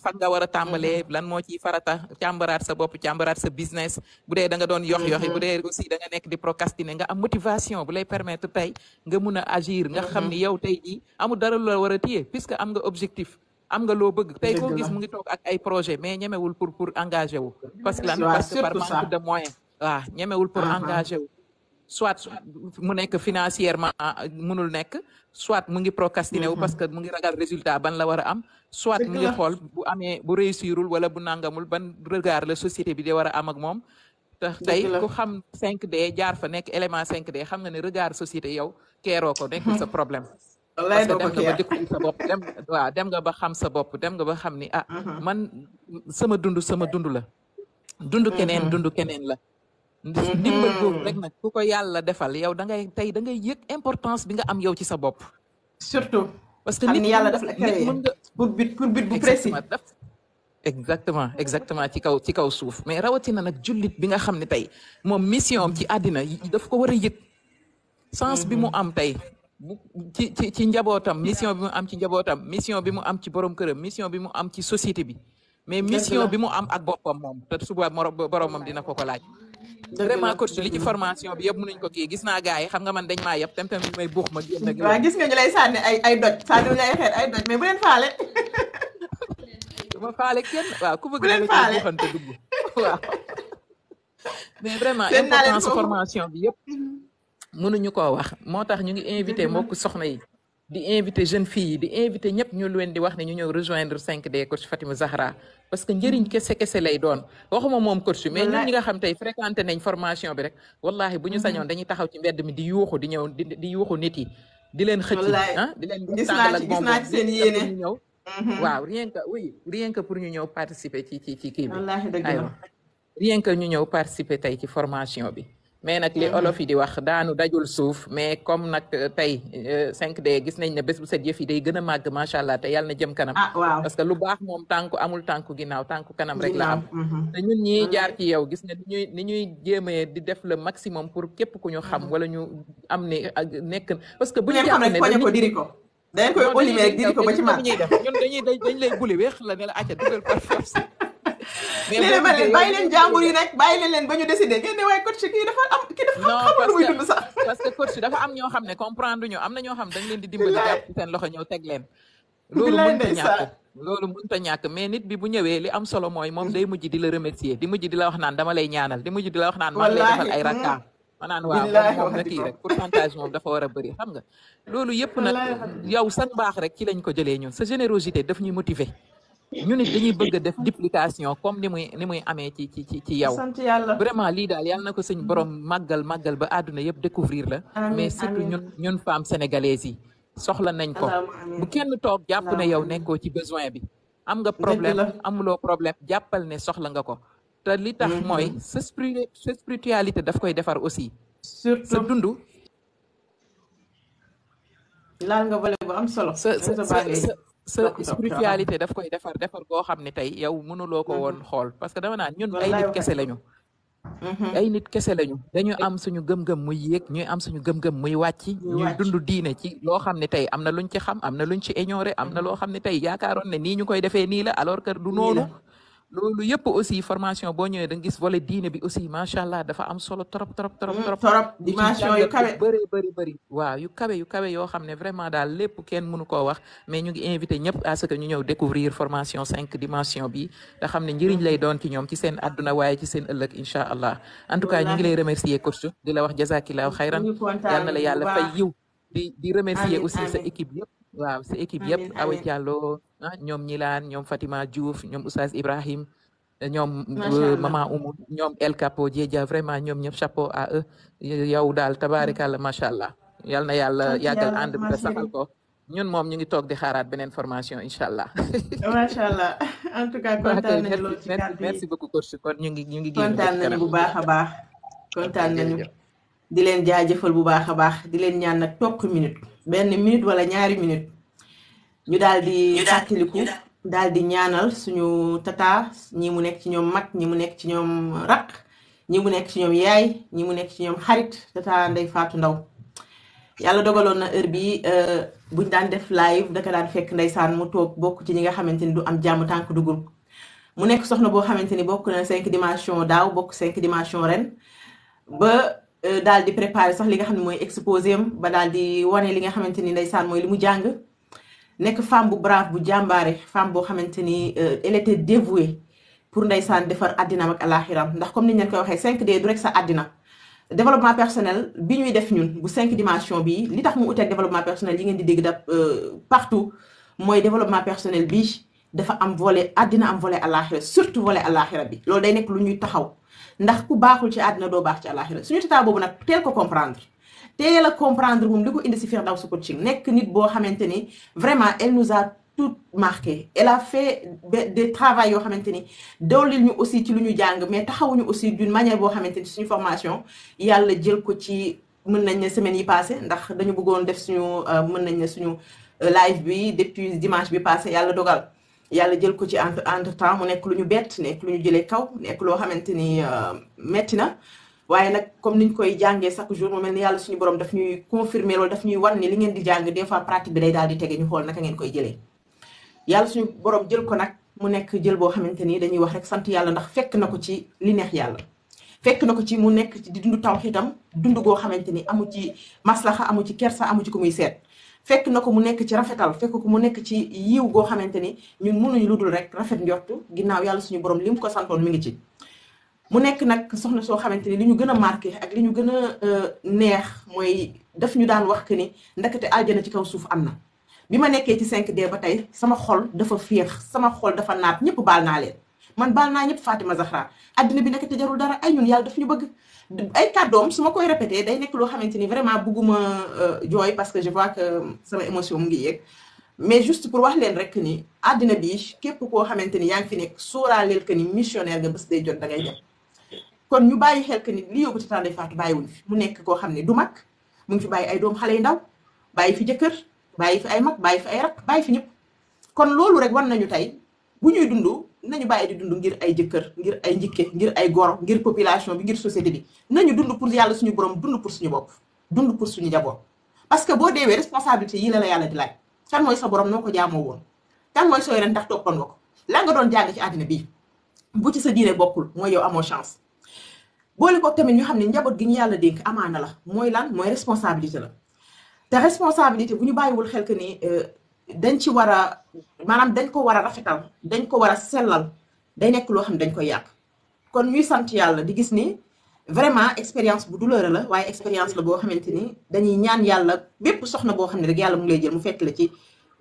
Speaker 9: fan nga war a tàmbalee mm-hmm. lan moo ciy farata càmbaraat sa bopp càmbaraat sa business bu dee da nga doon yox yoxi mm-hmm. bu dee aussi da nga nekk di procrastiner nga am motivation bu lay permettre tey nga mun a agir nga xam ni mm-hmm. yow tey jii amul dara la war a téye que am nga objectif am nga loo bëgg tey koo gis mu ngi toog ak ay projet mais ñemewul pour pour engagé wu parce que lan parce que par manque de moyen pour engagé wu soit mu nekk financièrement mënul nekk soit mu ngi procrastiné wu mhm. parce que mu ngi ragal résultat ban la war a am soit mu ngi xool bu amee bu réussirul wala bu nangamul ban regard la société bi di war a am ak moom tax tey ku xam cinq d jaar fa nekk élément cinq des xam nga ne regard société yow keeroo ko nekkul sa problème parce que dem nga ba xam sa bopp dem nga ba xam ni ah mhm. man sama dund sama dund la dund keneen mhm. dund keneen la Mm-hmm. ndimbal boobu rek nag ku ko yàlla defal yow da ngay tey da ngay yëg importance bi nga am yow ci sa bopp. surtout. parce que nit yàlla daf la créé exactement ci kaw ci kaw suuf mais rawatina nag julit bi nga xam ne tey moom mission ci àddina daf ko wara a yëg. sens bi mu mm-hmm. am tey. ci ci ci njabootam mission bi mu am ci njabootam mission bi mu am ci borom këram mission bi mu am ci société bi. mais mission bi mu am ak boppam moom te suba boromam dina ko ko laaj. vraiment coach li ci formation bi yëpp mënuñ ko kii gis naa gars yi xam nga man dañ ma yëpp tam tam may buux ma génn ak gis
Speaker 1: nga ñu lay sànni ay ay doj sànni ñu lay xeet ay doj mais bu leen faale
Speaker 9: *laughs* ku bëgg leen faale buuxante dugg *laughs* waaw mais vraiment importance formation bi yëpp mm-hmm. mënuñu koo wax moo tax ñu ngi invité mm-hmm. mbokk soxna yi di invité jeune fille yi di invité ñëpp ñu leen di wax ne ñu ñëw rejoindre cinq d coach Fatima Zahra parce que njëriñ kese kese lay doon waxuma moom coach mais ñun ñi nga xam tey fréquenté nañ formation bi rek wallahi bu ñu mhm. sañoon dañuy taxaw ci mbedd mi di yuuxu di ñëw di di yuuxu nit yi di leen xëcc ah di leen gis naa ci gis naa ci seen yéene ñu ñëw mhm. waaw rien que oui que pour ñu ñëw participer ci ci ci kii bi aywa rien que ñu ñëw participer tey ci formation bi mais nag li mhm. olof yi di wax daanu dajul suuf mais comme nag euh, tey 5D euh, gis nañ ne bés bu set yëf yi day gën a màgg macha allah te yàlla na jëm kanam. ah waaw parce que lu baax moom tànku amul tànku ginnaaw tànku kanam rek la am. Mhm. te ñun ñii mhm. jaar ci yow gis ne ni ñuy ni ñuy jéemee di def le maximum pour képp ku ñu xam wala ñu am ne nekk parce que. bu ñu jàpp ne ko diri
Speaker 1: la ne dugal par force
Speaker 9: nee leen bàyyi
Speaker 1: yi rek bàyyi leen leen ba ñu décidé ngeen ne waaye coach kii am kii que coach
Speaker 9: dafa am ñoo xam ne comprendre ñu am na ñoo xam dañ leen di dimbali loxo ñëw teg leen loolu mënta ñàkk loolu mais nit bi bu ñëwee li am solo mooy moom day mujj di la remercier di mujj di la wax naan dama lay ñaanal di mujj di la wax naan man lay defal ay hmm. naan waaw moom na kii rek pourcentage moom dafa war a bëri xam nga loolu yëpp nag yow sax mbaax rek ci lañ ko jëlee ñun sa générosité daf ñuy motiver ñu nit dañuy bëgg a def *laughs* duplication comme ni muy ni muy amee ci ci ci ci yow. sant yàlla vraiment lii daal yàlla na ko suñ borom màggal màggal ba àdduna yëpp découvrir la. mais surtout ñun ñun femmes sénégalaises yi. soxla nañ ko bu kenn toog jàpp na yow nekkoo ci besoin bi. am nga problème amuloo problème jàppal ne soxla nga ko. te li tax mhm. mooy sa spri sa daf koy defar aussi. surtout sa dund. laal sa sa sa spiritualité daf koy defar defar goo xam ne tey yow mënuloo ko woon mm-hmm. xool parce que dama naan ñun ay nit kese lañu. Mm-hmm. ay nit kese lañu dañu am suñu gëm-gëm muy yéeg ñuy am suñu gëm-gëm muy wàcc ñu dund diine ci loo xam ne tey am na luñ ci xam am na luñ ci ignoré am na mm-hmm. loo xam ne tey yaakaaroon ne nii ñu koy defee nii la alors que du noonu loolu yëpp aussi formation boo ñëwee da nga gis volet diine bi aussi macha allah dafa am solo trop trop trop mm, trop dimension yu kawe bëri bëri bëri waaw yu kawe yu kawe yoo xam ne vraiment daal lépp kenn mënu koo wax mais ñu ngi invité ñëpp a ce que ñu ñëw découvrir formation cinq dimension bi nga xam ne njëriñ lay doon ci ñoom ci seen àdduna waaye ci seen ëllëg incha allah en tout cas ñu ngi lay remercier coach di la wax jazakillahu xayran o na la yàlla fay yiw di di remercier aussi sa équipe yëpp waaw sa équipe yëpp Awa Diallo ah ñoom ñilaan ñoom Fatima Diouf ñoom Oustaz Ibrahim ñoom euh, maman Oumou ñoom El Capo Diedia vraiment ñoom ñëpp chapeau à eux yow daal tabaarikàlla macha allah yal na yàlla yàggal ànd bi saxal ko ñun moom ñu ngi toog di xaaraat beneen formation incha
Speaker 1: allah. *laughs* macha allah en tout cas kontaan nañu ñu ngi ñu ngi. kontaan bu baax a baax kontaan nañu. di leen jaajëfal bu baax a baax di leen ñaan nag topp minute benn minute wala ñaari minute. ñu daal di fàttaliku daal di ñaanal suñu tata ñi mu nekk ci ñoom mag ñi nekk ci ñoom raq ñi nekk ci ñoom yaay ñi mu nekk ci ñoom xarit tata Ndeye faatu Ndaw yàlla dogaloon na heure bi euh, buñ daan def live daka daan fekk saan mu toog bokk ci ñi nga xamante ni du am jàmm tànk dugul mu nekk soxna boo xamante ni bokk na cinq dimension daaw bokk cinq dimension ren ba euh, daal di préparer sax li nga xam ne mooy exposé ba daal di wane li nga xamante ni ndeysaan mooy li mu jàng nekk femme bu brave bu jàmbaare femme boo xamante ni euh, elle était dévouée pour ndeysaan defar addinaam ak alaxiram ndax comme ni ñu leen koy waxee cinq d du rek sa addina. développement personnel bi ñuy def ñun bu cinq dimension bi li tax mu uteeg développement personnel yi ngeen di dégg da euh, partout mooy développement personnel bi dafa am volet addina am volet alaxira surtout volet alaxira bi lool day nekk lu ñuy taxaw ndax ku baaxul ci àddina doo baax ci alaxira suñu tata boobu nag teel ko comprendre teel a comprendre moom li ko indi si Firdawsi coaching nekk nit boo xamante ni vraiment elle nous a tout marqué elle a fait de travaux yoo xamante ni doolil ñu aussi ci lu ñu jàng mais taxawuñu aussi d'une manière boo xamante ni suñu formation yàlla jël ko ci mën nañ ne semaine yi passé ndax dañu bëggoon def suñu euh, mën nañ ne suñu euh, live bi depuis dimanche bi passé yàlla dogal yàlla jël ko ci entre entre temps mu nekk lu ñu bett nekk lu ñu jëlee kaw nekk loo xamante ni euh, metti na waaye nag comme niñ koy jàngee chaque jour mu mel ni yàlla suñu borom daf ñuy confirmer loolu daf ñuy wan ni li ngeen di jàng des fois pratique bi day daal di tege ñu xool naka ngeen koy jëlee yàlla suñu borom jël ko nag mu nekk jël boo xamante ni dañuy wax rek sant yàlla ndax fekk na ko ci li neex yàlla fekk na ko ci mu nekk ci di dund tawxiidam dund goo xamante ni amu ci maslaxa amu ci kersa amu ci muy seet fekk na ko mu nekk ci rafetal fekk ko mu nekk ci yiw goo xamante ni ñun mënuñu lu dul rek rafet njortu ginnaaw yàlla suñu borom li mu ko santoon mi ngi ci mu nekk nag soxna soo xamante ni li ñu gën a marqué ak li ñu gën a euh, neex mooy daf ñu daan wax que ni ndakate aljana ci kaw suuf am na bi ma nekkee ci cinq d ba tey sama xol dafa féex sama xol dafa naat ñëpp baal naa leen man baal naa ñëpp Fatima Zahra addina bi ndakate jarul dara ay ñun yàlla daf ñu bëgg ay kàddoom su ma koy répété day nekk loo xamante ni vraiment bugguma euh, jooy parce que je vois que sama émotion mu ngi yéeg mais juste pour wax rek ni addina bi képp koo xamante ni yaa ngi fi nekk sóoraaleel que ni missionnaire nga bés day jot da ngay dem kon ñu bàyyi xel que ni li yóbbu ci temps day faatu bàyyiwuñ fi mu nekk koo xam ne du mag mu ngi fi bàyyi ay doom xale yu ndaw bàyyi fi jëkkër bàyyi fi ay mag bàyyi fi ay rak bàyyi fi ñëpp kon loolu rek war nañu tey bu ñuy dund nañu bàyyi di dund ngir ay jëkkër ngir ay njikke ngir ay goro ngir population bi ngir société bi nañu dund pour yàlla suñu borom dund pour suñu bopp dund pour suñu njaboot parce que boo deewee responsabilité yi la la yàlla di laaj kan mooy sa borom noo ko jaamoo woon kan mooy sooy ren ndax toppoon nga ko la nga doon jàng ci àddina bii bu ci sa diine bokkul mooy yow amoo chance boole ko tamit ñu xam ne njaboot gi ñu yàlla dénk amaana la mooy lan mooy responsabilité la te responsabilité bu ñu bàyyiwul xel que ni euh, dañ ci war a maanaam dañ ko war a rafetal dañ ko war a sellal day nekk loo xam ne dañ koy yàq kon ñuy sant yàlla di gis ni vraiment expérience bu douleur la waaye expérience la boo xamante ni dañuy ñaan yàlla bépp soxna boo xam ne rek yàlla mu lay jël mu fekk la ci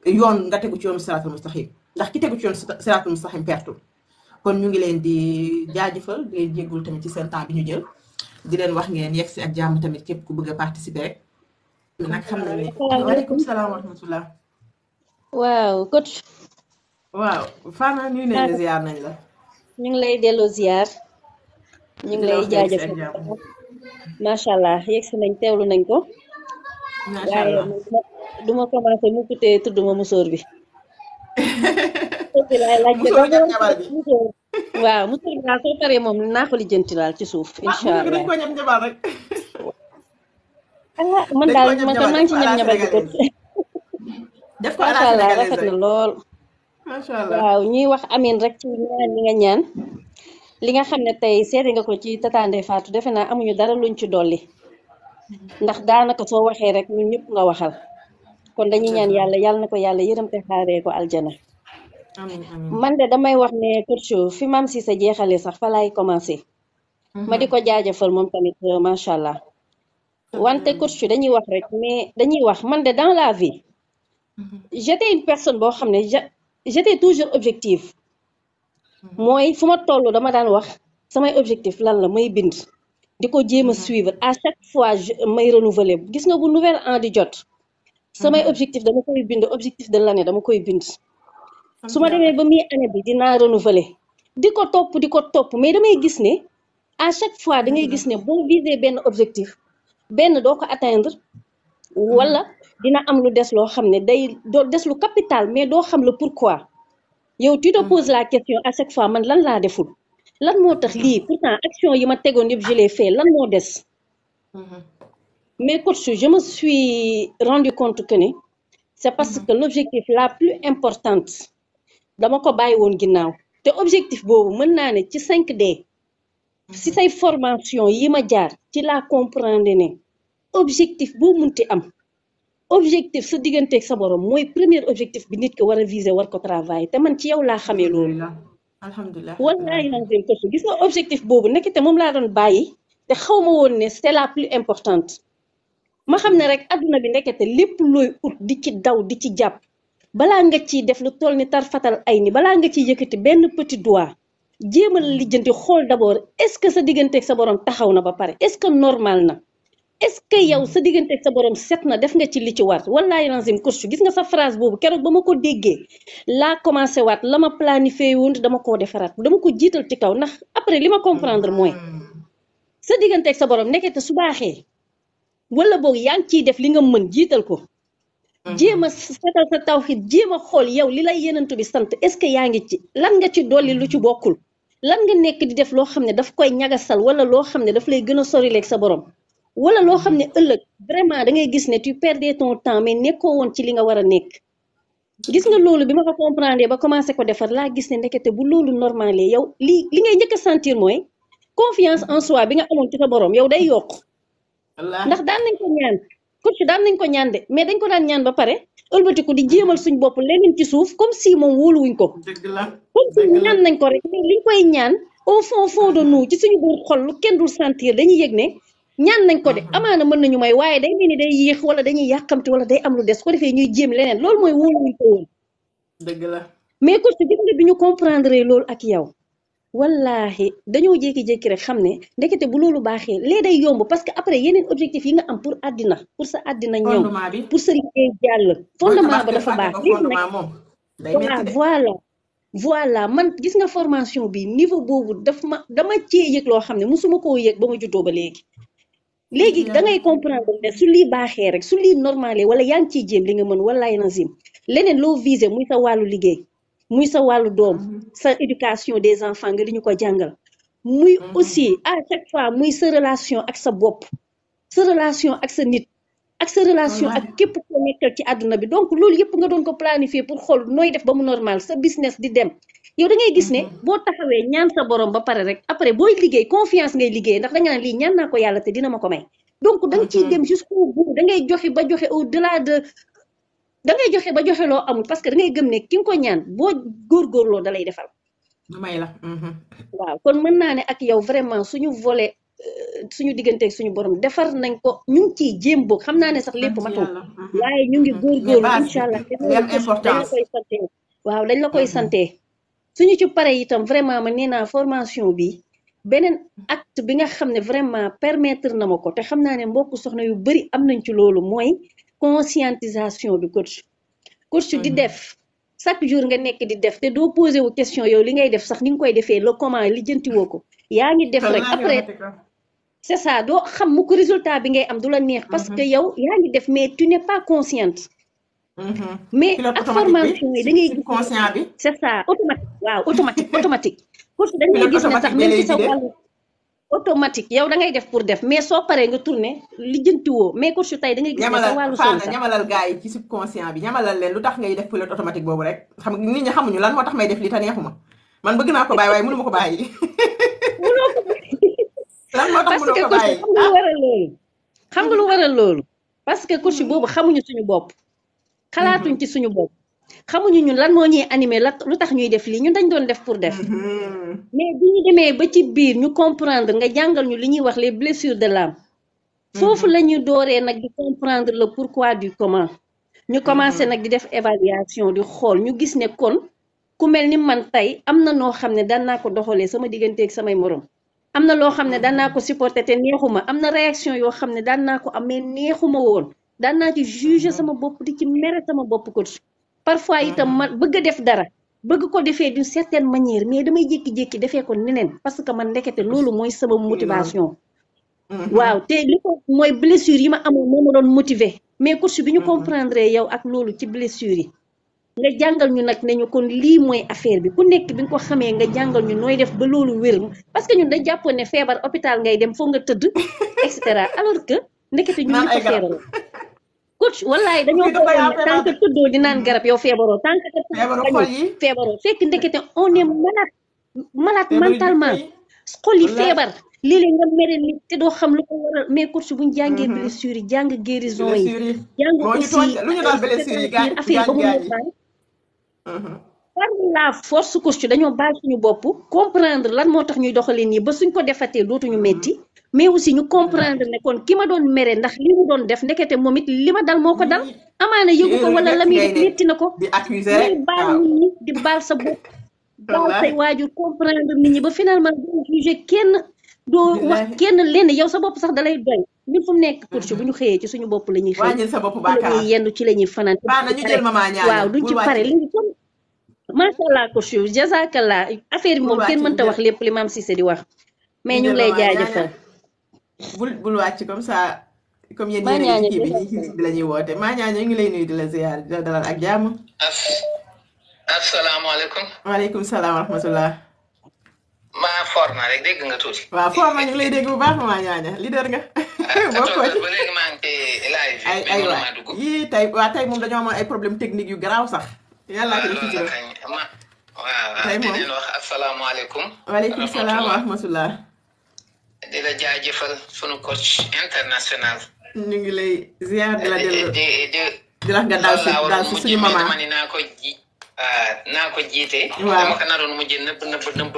Speaker 1: yoon nga tegu ci yoonu siraatul mustaqim ndax ki tegu ci yoonu siraatul mustaqim pertul kon ñu ngi leen di jaajëfal di leen tamit ci seen temps bi ñu jël di leen wax ngeen yegg si ak jàmm tamit képp ku bëgg a participer rek. nag xam na ne
Speaker 7: waaleykum salaam wa rahmatulah. waaw coach. waaw Fana ñu ne la nañ la. ñu ngi lay delloo ziar. ñu ngi lay jaajëfal macha allah yegg si nañ teewlu nañ ko. macha allah mu tuddee tudd ma musóor bi. *laughs* bi laay laaj waaw musóor bi daal soo paree moom naa ko lijjanti daal ci suuf. Ah, incha allah ah, dañ daal man tam maa ci ñam ñabal bi gën. def ko macha allah na lool. macha ñuy wax amin rek ci ñaan li nga xam ne tey seede nga ko ci Tata Ndeye defe naa amuñu dara luñ ci dolli. ndax daanaka soo waxee rek ñun ñëpp nga waxal. kon dañuy ñaan yàlla yàlla na ko yàlla yërëm te xaaree ko aljana. man de damay wax ne coach fi maam si sa jeexale sax fa laay commencé. Mhm. ma di ko jaajëfal moom tamit euh, macha allah. wante coach dañuy wax rek mais dañuy wax man de dans la vie. Mhm. j'étais une personne boo xam ne jete toujours objectif. Mhm. mooy fu ma toll dama daan wax samay objectif lan la may bind. di ko jéem a suivre à chaque fois may renouveler gis nga bu nouvelle an di jot. samay objectif dama koy bind objectif de l'année dama koy bind. su ma demee ba muy année bi dinaa renouveler di ko topp di ko topp mais damay gis ne à chaque fois da gis ne bo viser benn objectif benn doo ko atteindre wala dina am lu des loo xam ne day doo des lu capital mais doo xam le pourquoi yow tu te poses la question à chaque fois man lan laa deful lan moo tax lii pourtant action yi ma tegoon yëpp je l'ai lan moo des mm-hmm. mais coach je me suis rendu compte que ne c'est parce mm-hmm. que l'objectif la plus importante dama ko bàyyi woon ginnaaw te objectif boobu mën naa ne ci cinq d si say formation yi ma jaar ci la comprendre ne objectif boo mun ti am objectif sa digganteeg sa borom mooy premier objectif bi nit ko war a viser war ko travailler te man ci yow laa xamee loolu. alhamdulilah wallaahi laazim ko gis nga objectif boobu nekkite moom laa doon bàyyi te xaw ma woon ne c'est la plus importante ma xam ne rek adduna bi nekkite lépp looy ut di ci daw di ci jàpp. balaa nga ciy def lu toll ni tar fatal ay ni balaa nga ciy yëkkati benn petit doigt jéemal lijjanti xool d'abord est-ce que sa digganteeg sa borom taxaw na ba pare est-ce que normal na est-ce que yow sa digganteeg sa borom set na def nga ci li ci war wallaay lanzim course gis nga sa phrase boobu keroog ba ma ko déggee laa commencé waat la ma planifié woon dama koo defaraat dama ko jiital ci kaw ndax après li ma comprendre mooy sa digganteeg sa borom nekkete su baaxee wala boog yaa ngi ciy def li nga mën jiital ko. Mhm. jéem a setal sa tawxiid jéem a xool yow li lay yenentu bi sant est-ce que yaa ngi ci lan nga ci dolli lu ci mhm. bokkul lan nga nekk di def loo xam ne daf koy ñagasal wala loo xam ne daf lay gën a sori sa borom wala loo xam ne mhm. ëllëg vraiment da gis ne tu perdais ton temps mais nekkoo woon ci li nga war a nekk gis nga loolu bi ma ko comprendre ba commencé ko defar laa gis ne ndekete bu loolu normalé yow li li ngay njëkk a sentir mooy confiance en soi bi nga amoon ci sa borom yow day yokk ndax daan coach daan nañ ko ñaan de mais dañ ko daan ñaan ba pare ëlbatiku di jéemal suñ bopp leneen ci suuf comme si moom wóoluwuñ ko comme si ñaan nañ ko rek mais liñ koy ñaan au fond fond de ci suñu biir xol lu kenn dul sentir dañuy yëg ne ñaan nañ ko de mm-hmm. amaana mën nañu may waaye day mel ni day yéex wala dañuy yàqamti wala day am lu des ko defee ñuy jéem leneen loolu mooy wóoluwuñ ko woon dëgg la mais coach bi ñu comprendre loolu ak yow wallaahi dañoo jékki-jékki rek xam ne ndekete bu loolu baaxee lee day yomb parce que après yeneen objectif yi nga am pour addina pour sa àddina ñëw pour sa liggéey jàll fondement ba dafa baax léegi nag voilà voilà man gis nga formation bi niveau boobu daf ma dama cee yëg loo xam ne musuma koo yëg ba ma juddoo ba léegi léegi mm. da ngay comprendre su lii baaxee rek su lii normalé wala yaa ngi ciy jéem li nga mën wallaay nazim leneen loo visé muy sa wàllu liggéey muy sa wàllu doom mhm. sa éducation des enfants nga di ñu ko jàngal muy mhm. aussi à chaque fois muy sa relation ak sa bopp sa relation ak sa nit ak sa relation ak képp ko nekkal ci àdduna bi donc loolu yëpp nga doon ko planifier pour xool nooy def ba mu normal sa business di dem yow da gis ne mhm. boo taxawee ñaan sa borom ba pare rek après booy liggéey confiance ngay liggéey ndax da nga naan lii ñaan naa ko yàlla te dina ma ko may donc da nga dem jusqu'au da joxe ba joxe loo amul parce que da ngay ne ki ko ñaan boo góorgóorloo da lay defal.
Speaker 1: may la. Mhm.
Speaker 7: waaw kon mën naa ne ak yow vraiment suñu volet euh, suñu digganteeg suñu borom defar nañ ko ñu ngi ciy jéem boog xam naa ne sax lépp matul. Mhm. waaye ñu ngi mhm. góorgóorlu incha allah. dañ la koy sante waaw dañ la koy sante suñu ci pare itam vraiment ma nee naa formation bi beneen acte bi nga xam ne vraiment permettre na ma ko te xam naa ne mbokk soxna yu bari am nañ ci loolu mooy. conscientisation bi coach coach di mhm. def chaque jour nga nekk di def te doo posé wu question yow li ngay def sax ni nga koy defee le comment lijjanti woo ko yaa ngi def rek après c'est ça doo xam mu ko résultat bi ngay am du la neex parce mhm. que yow yaa ngi def mais tu n'es pas consciente mhm. mais ak formation yi da ngay gis conscient c'est ça automatique waaw automatique automatique *laughs* coach dañuy gis ne sax même si sa wàllu automatique yow da ngay def pour def mais soo paree nga tourné lijjantiwoo mais course tey da ngay gis sa wàllu sol sax
Speaker 1: ñamalal gars yi ci subconscient bi ñamalal leen lu tax ngay def pilote automatique boobu rek xam nga lan moo tax def li te ma ko bàyyi lan ko bàyyi *laughs* *laughs*
Speaker 7: parce que course xam nga lu ah? waral loolu xam nga lu waral loolu parce que course hmm. boobu xamuñu suñu bopp hmm. xalaatuñ ci suñu bopp xamuñu ñun lan moo ñuy animé la lu tax ñuy def lii ñu dañ doon def pour def mm-hmm. mais bi ñu demee ba ci biir ñu comprendre nga jàngal ñu li ñuy wax les blessures de l'âme mm-hmm. foofu la ñu dooree nag di comprendre le pourquoi du comment ñu commencé mm-hmm. nag di def évaluation di xool ñu gis ne kon ku mel ni man tey am na noo xam ne daan naa ko doxalee sama diggante ak samay morom am na loo xam ne daan naa ko supporté te neexuma am na réaction yoo xam ne daan naa ko amee neexuma woon daan naa ci sama bopp di ci mere sama bopp ko parfois ah. itam man bëgg a def dara bëgg ko defee d'une certaine manière mais damay jékki-jékki defee ko neneen parce que man ndekete loolu mooy sama motivation mm-hmm. waaw te li ko mooy blessure yi ma amoon moo ma doon motiver mais coach bi ñu mm-hmm. comprendre yow ak loolu ci blessure yi nga jàngal ñu nag ne ñu kon lii mooy affaire bi ku nekk bi nga ko xamee nga jàngal ñu nooy def ba loolu wér parce que ñun da jàppoon ne feebar hôpital ngay dem foo nga tëdd et cetera alors que ndekete ñu coach wallaay dañoo feebaroon tant tuddoo di naan garab yow feebaroo tant que tëdd feebaroo fekk ndekete on est malade malade mentalement xol yi feebar léeg-léeg nga mere nit te doo xam lu ko waral mais coach bu ñu jàngee mhm. blessure yi jàng guérison yi jàng aussi affaire ba mu ne par la force coach dañoo baal suñu bopp comprendre lan moo tax ñuy doxalee nii ba suñ ko defatee dootuñu metti mais aussi ñu comprendre ne kon ki ma doon mere ndax li mu doon def ndekete moom it li ma dal moo ko dal amaana yëgu ko wala la muy na ko may baal nit ñi di baal sa bopp *laughs* baal say waajur comprendre nit ñi ba finalement doo kenn doo kenn lenn yow sa bopp sax dalay doy ñun nekk pour bu ñu xëyee ci suñu bopp la ñuy xëy sa bopp baakaar la ñuy yenn ci la ñuy fanaan waaw duñ ci pare li comme macha allah coach jazakallah affaire bi moom kenn mënta wax lépp li si Cissé di wax mais ñu ngi lay jaajëfal
Speaker 1: bul bul wàcc comme ça. comme yéen ñeneen kii bi bi la ñuy woote maa ñaa ñu ngi lay nuyu di la ziar di la dalal ak jàmm. asalaamaaleykum. waaleykum salaam wa rahmatulah.
Speaker 11: maa for na rek dégg nga tuuti.
Speaker 1: waaw for na ñu ngi lay dégg bu baax maa ñaa leader nga. Ah, *laughs* bokkoo ci ba
Speaker 11: léegi maa ngi laaj. ay ay waay
Speaker 1: yii tey waa tey moom dañoo amoon ay problème technique yu garaaw sax.
Speaker 11: yàlla na ko yëkkati waaw waaw waaw dinañ wax asalaamaaleykum. waaleykum salaam wa
Speaker 1: rahmatulah.
Speaker 11: di la jaajëfal sunu coach international.
Speaker 1: ñu ngi lay ziar
Speaker 11: la nga daal si ma ni naa ko ji. Ah, naa ko jiite. waaw dama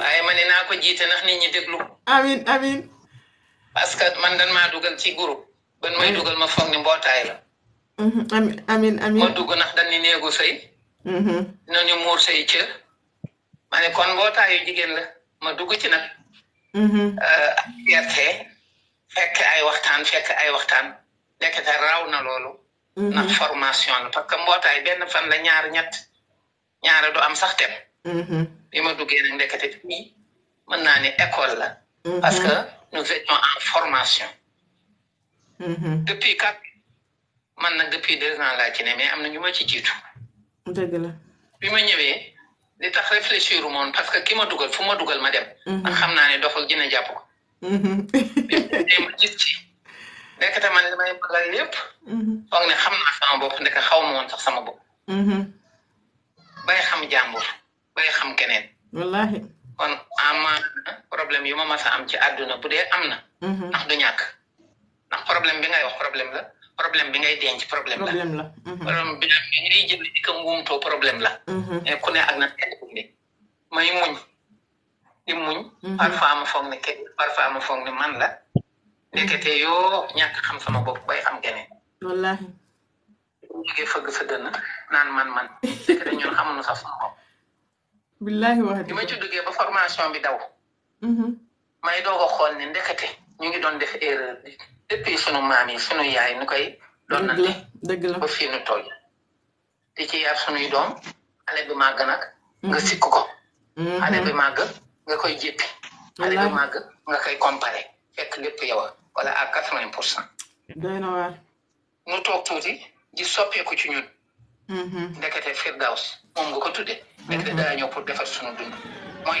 Speaker 11: waaye ma ni naa ko jiite ndax nit ñi déglu.
Speaker 1: amin amin
Speaker 11: parce que man dan maa dugal ci groupe. ban may mm. dugal ma foog ni mbootaay la. Mm-hmm. amin amin ma dugg ndax dañ ni néegu sëy. Mm-hmm. dinañu muur sëy cër. ma ne kon mbootaayu jigéen la ma dugg ci nag. gerte mm-hmm. euh, fekk ay waxtaan fekk ay waxtaan ndekete raw na loolu. Mm-hmm. ndax formation la parce que mbootaay benn fan la ñaar ñett ñaar du am sax tem. Mm-hmm. bi ma duggee nag ndekete fii mën naa ne école la. parce que nous étions en formation. depuis quatre man na depuis deux ans laa ci ne mais am na ñu ma ci jiitu. dëgg la bi ma ñëwee. li tax réfléchir moon parce que ki a dugal fu ma dugal ma dem. man mhm. xam naa ne dof ak dina jàpp ko.
Speaker 1: léegi mhm.
Speaker 11: ma man li may bëggal lépp. Mhm. foog ne xam naa sama bopp ndeke xaw ma sax sama bopp. bay xam jàmbur bay xam keneen. wallaahi kon amaana problème yu ma mas am ci àdduna bu dee am na. ndax du ñàkk ndax problème bi ngay wax problème la. problème bi ngay denc problème la. la. Mhm. problème bi ngay jël di ko nguumtoo problème la. Mhm. mais ku ne may muñ di muñ. Mhm. parfois ma foog ne kenn parfois ma foog ne man la. ndekete yoo ñàkk xam sama bopp bay
Speaker 1: xam keneen. wallaahi.
Speaker 11: ñu ngi fëgg sa naan man man ndekete ñun xamuñu sax sama bopp. wax di ma ci ba formation bi daw. may doog xool ne ndekete ñu ngi doon def depuis sunu maam yi sunu yaay nu koy. doon na dëgg la dëgg la ba fii nu toll. di ci yar sunuy doom xale bi màgg nag. nga mhm. sikk ko. Mhm. xale bi màgg nga koy jéppi. xale bi màgg nga koy comparé fekk lépp yow a wala à quatre vingt pour cent. doy na waar. nu toog tuuti di soppeeku ci ñun. Mhm. ndekete firdaws moom nga ko tuddee. ndekete daa ñëw pour defar sunu dund mooy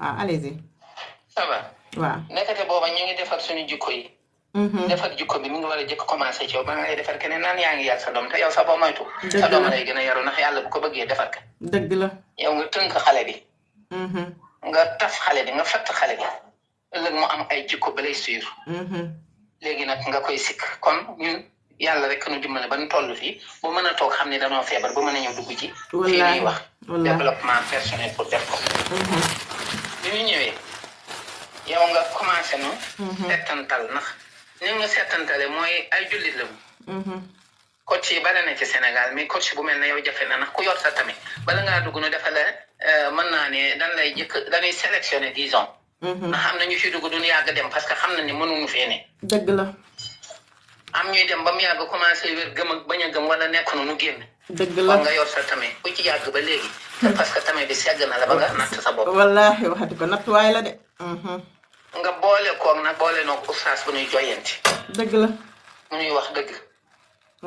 Speaker 11: waaw ah, allez-y. ça va. waaw booba ñu ngi defar suñu jikko yi. Mm-hmm. defar jikko bi mi ngi war a jëkk commencé ci yow ba defar keneen naan yaa ngi yar sa doom te yow sa boo moytu. gën a yaru ndax yàlla bu ko bëggee defar ka. dëgg la yow nga tënk xale bi. Mm-hmm. nga taf xale bi nga fatt xale bi. ëllëg mu am ay jikko ba lay mm-hmm. léegi nag nga koy sikk kon ñun yàlla rek nu dimbale ba nu toll fii bu mën a toog xam ne dañoo feebar ba mën a ñëw dugg ci. wallaahi fii ñuy wax développement personnel pour def bi ñu ñëwee yow nga commencé nu mm-hmm. settantal ndax ni nga settantale mooy ay jullit la mu mm-hmm. coach yi bare na ci Sénégal mais coach bu mel na yow jafe na ndax ku yor sa tamit bala ngaa dugg nu dafa la euh, mën naa ne dan lay jëkk dañuy sélectionné disons mm-hmm. ndax am na ñu fi dugg duñu yàgg dem parce que xam na ni mënuñu fee ne dëgg la am ñuy dem ba mu yàgg commencé wér gëm ak bañ a gëm wala nekk nu nu génn dëgg la nga yor sa tamit ku ci yàgg ba léegi parce que tamit bi segg na la ba nga natt sa
Speaker 1: bopp. a waxati ko nattuwaay la de. nga boole koog nag boole noog oustaz bu ñuy joyanti. dëgg la. mu ñuy wax dëgg.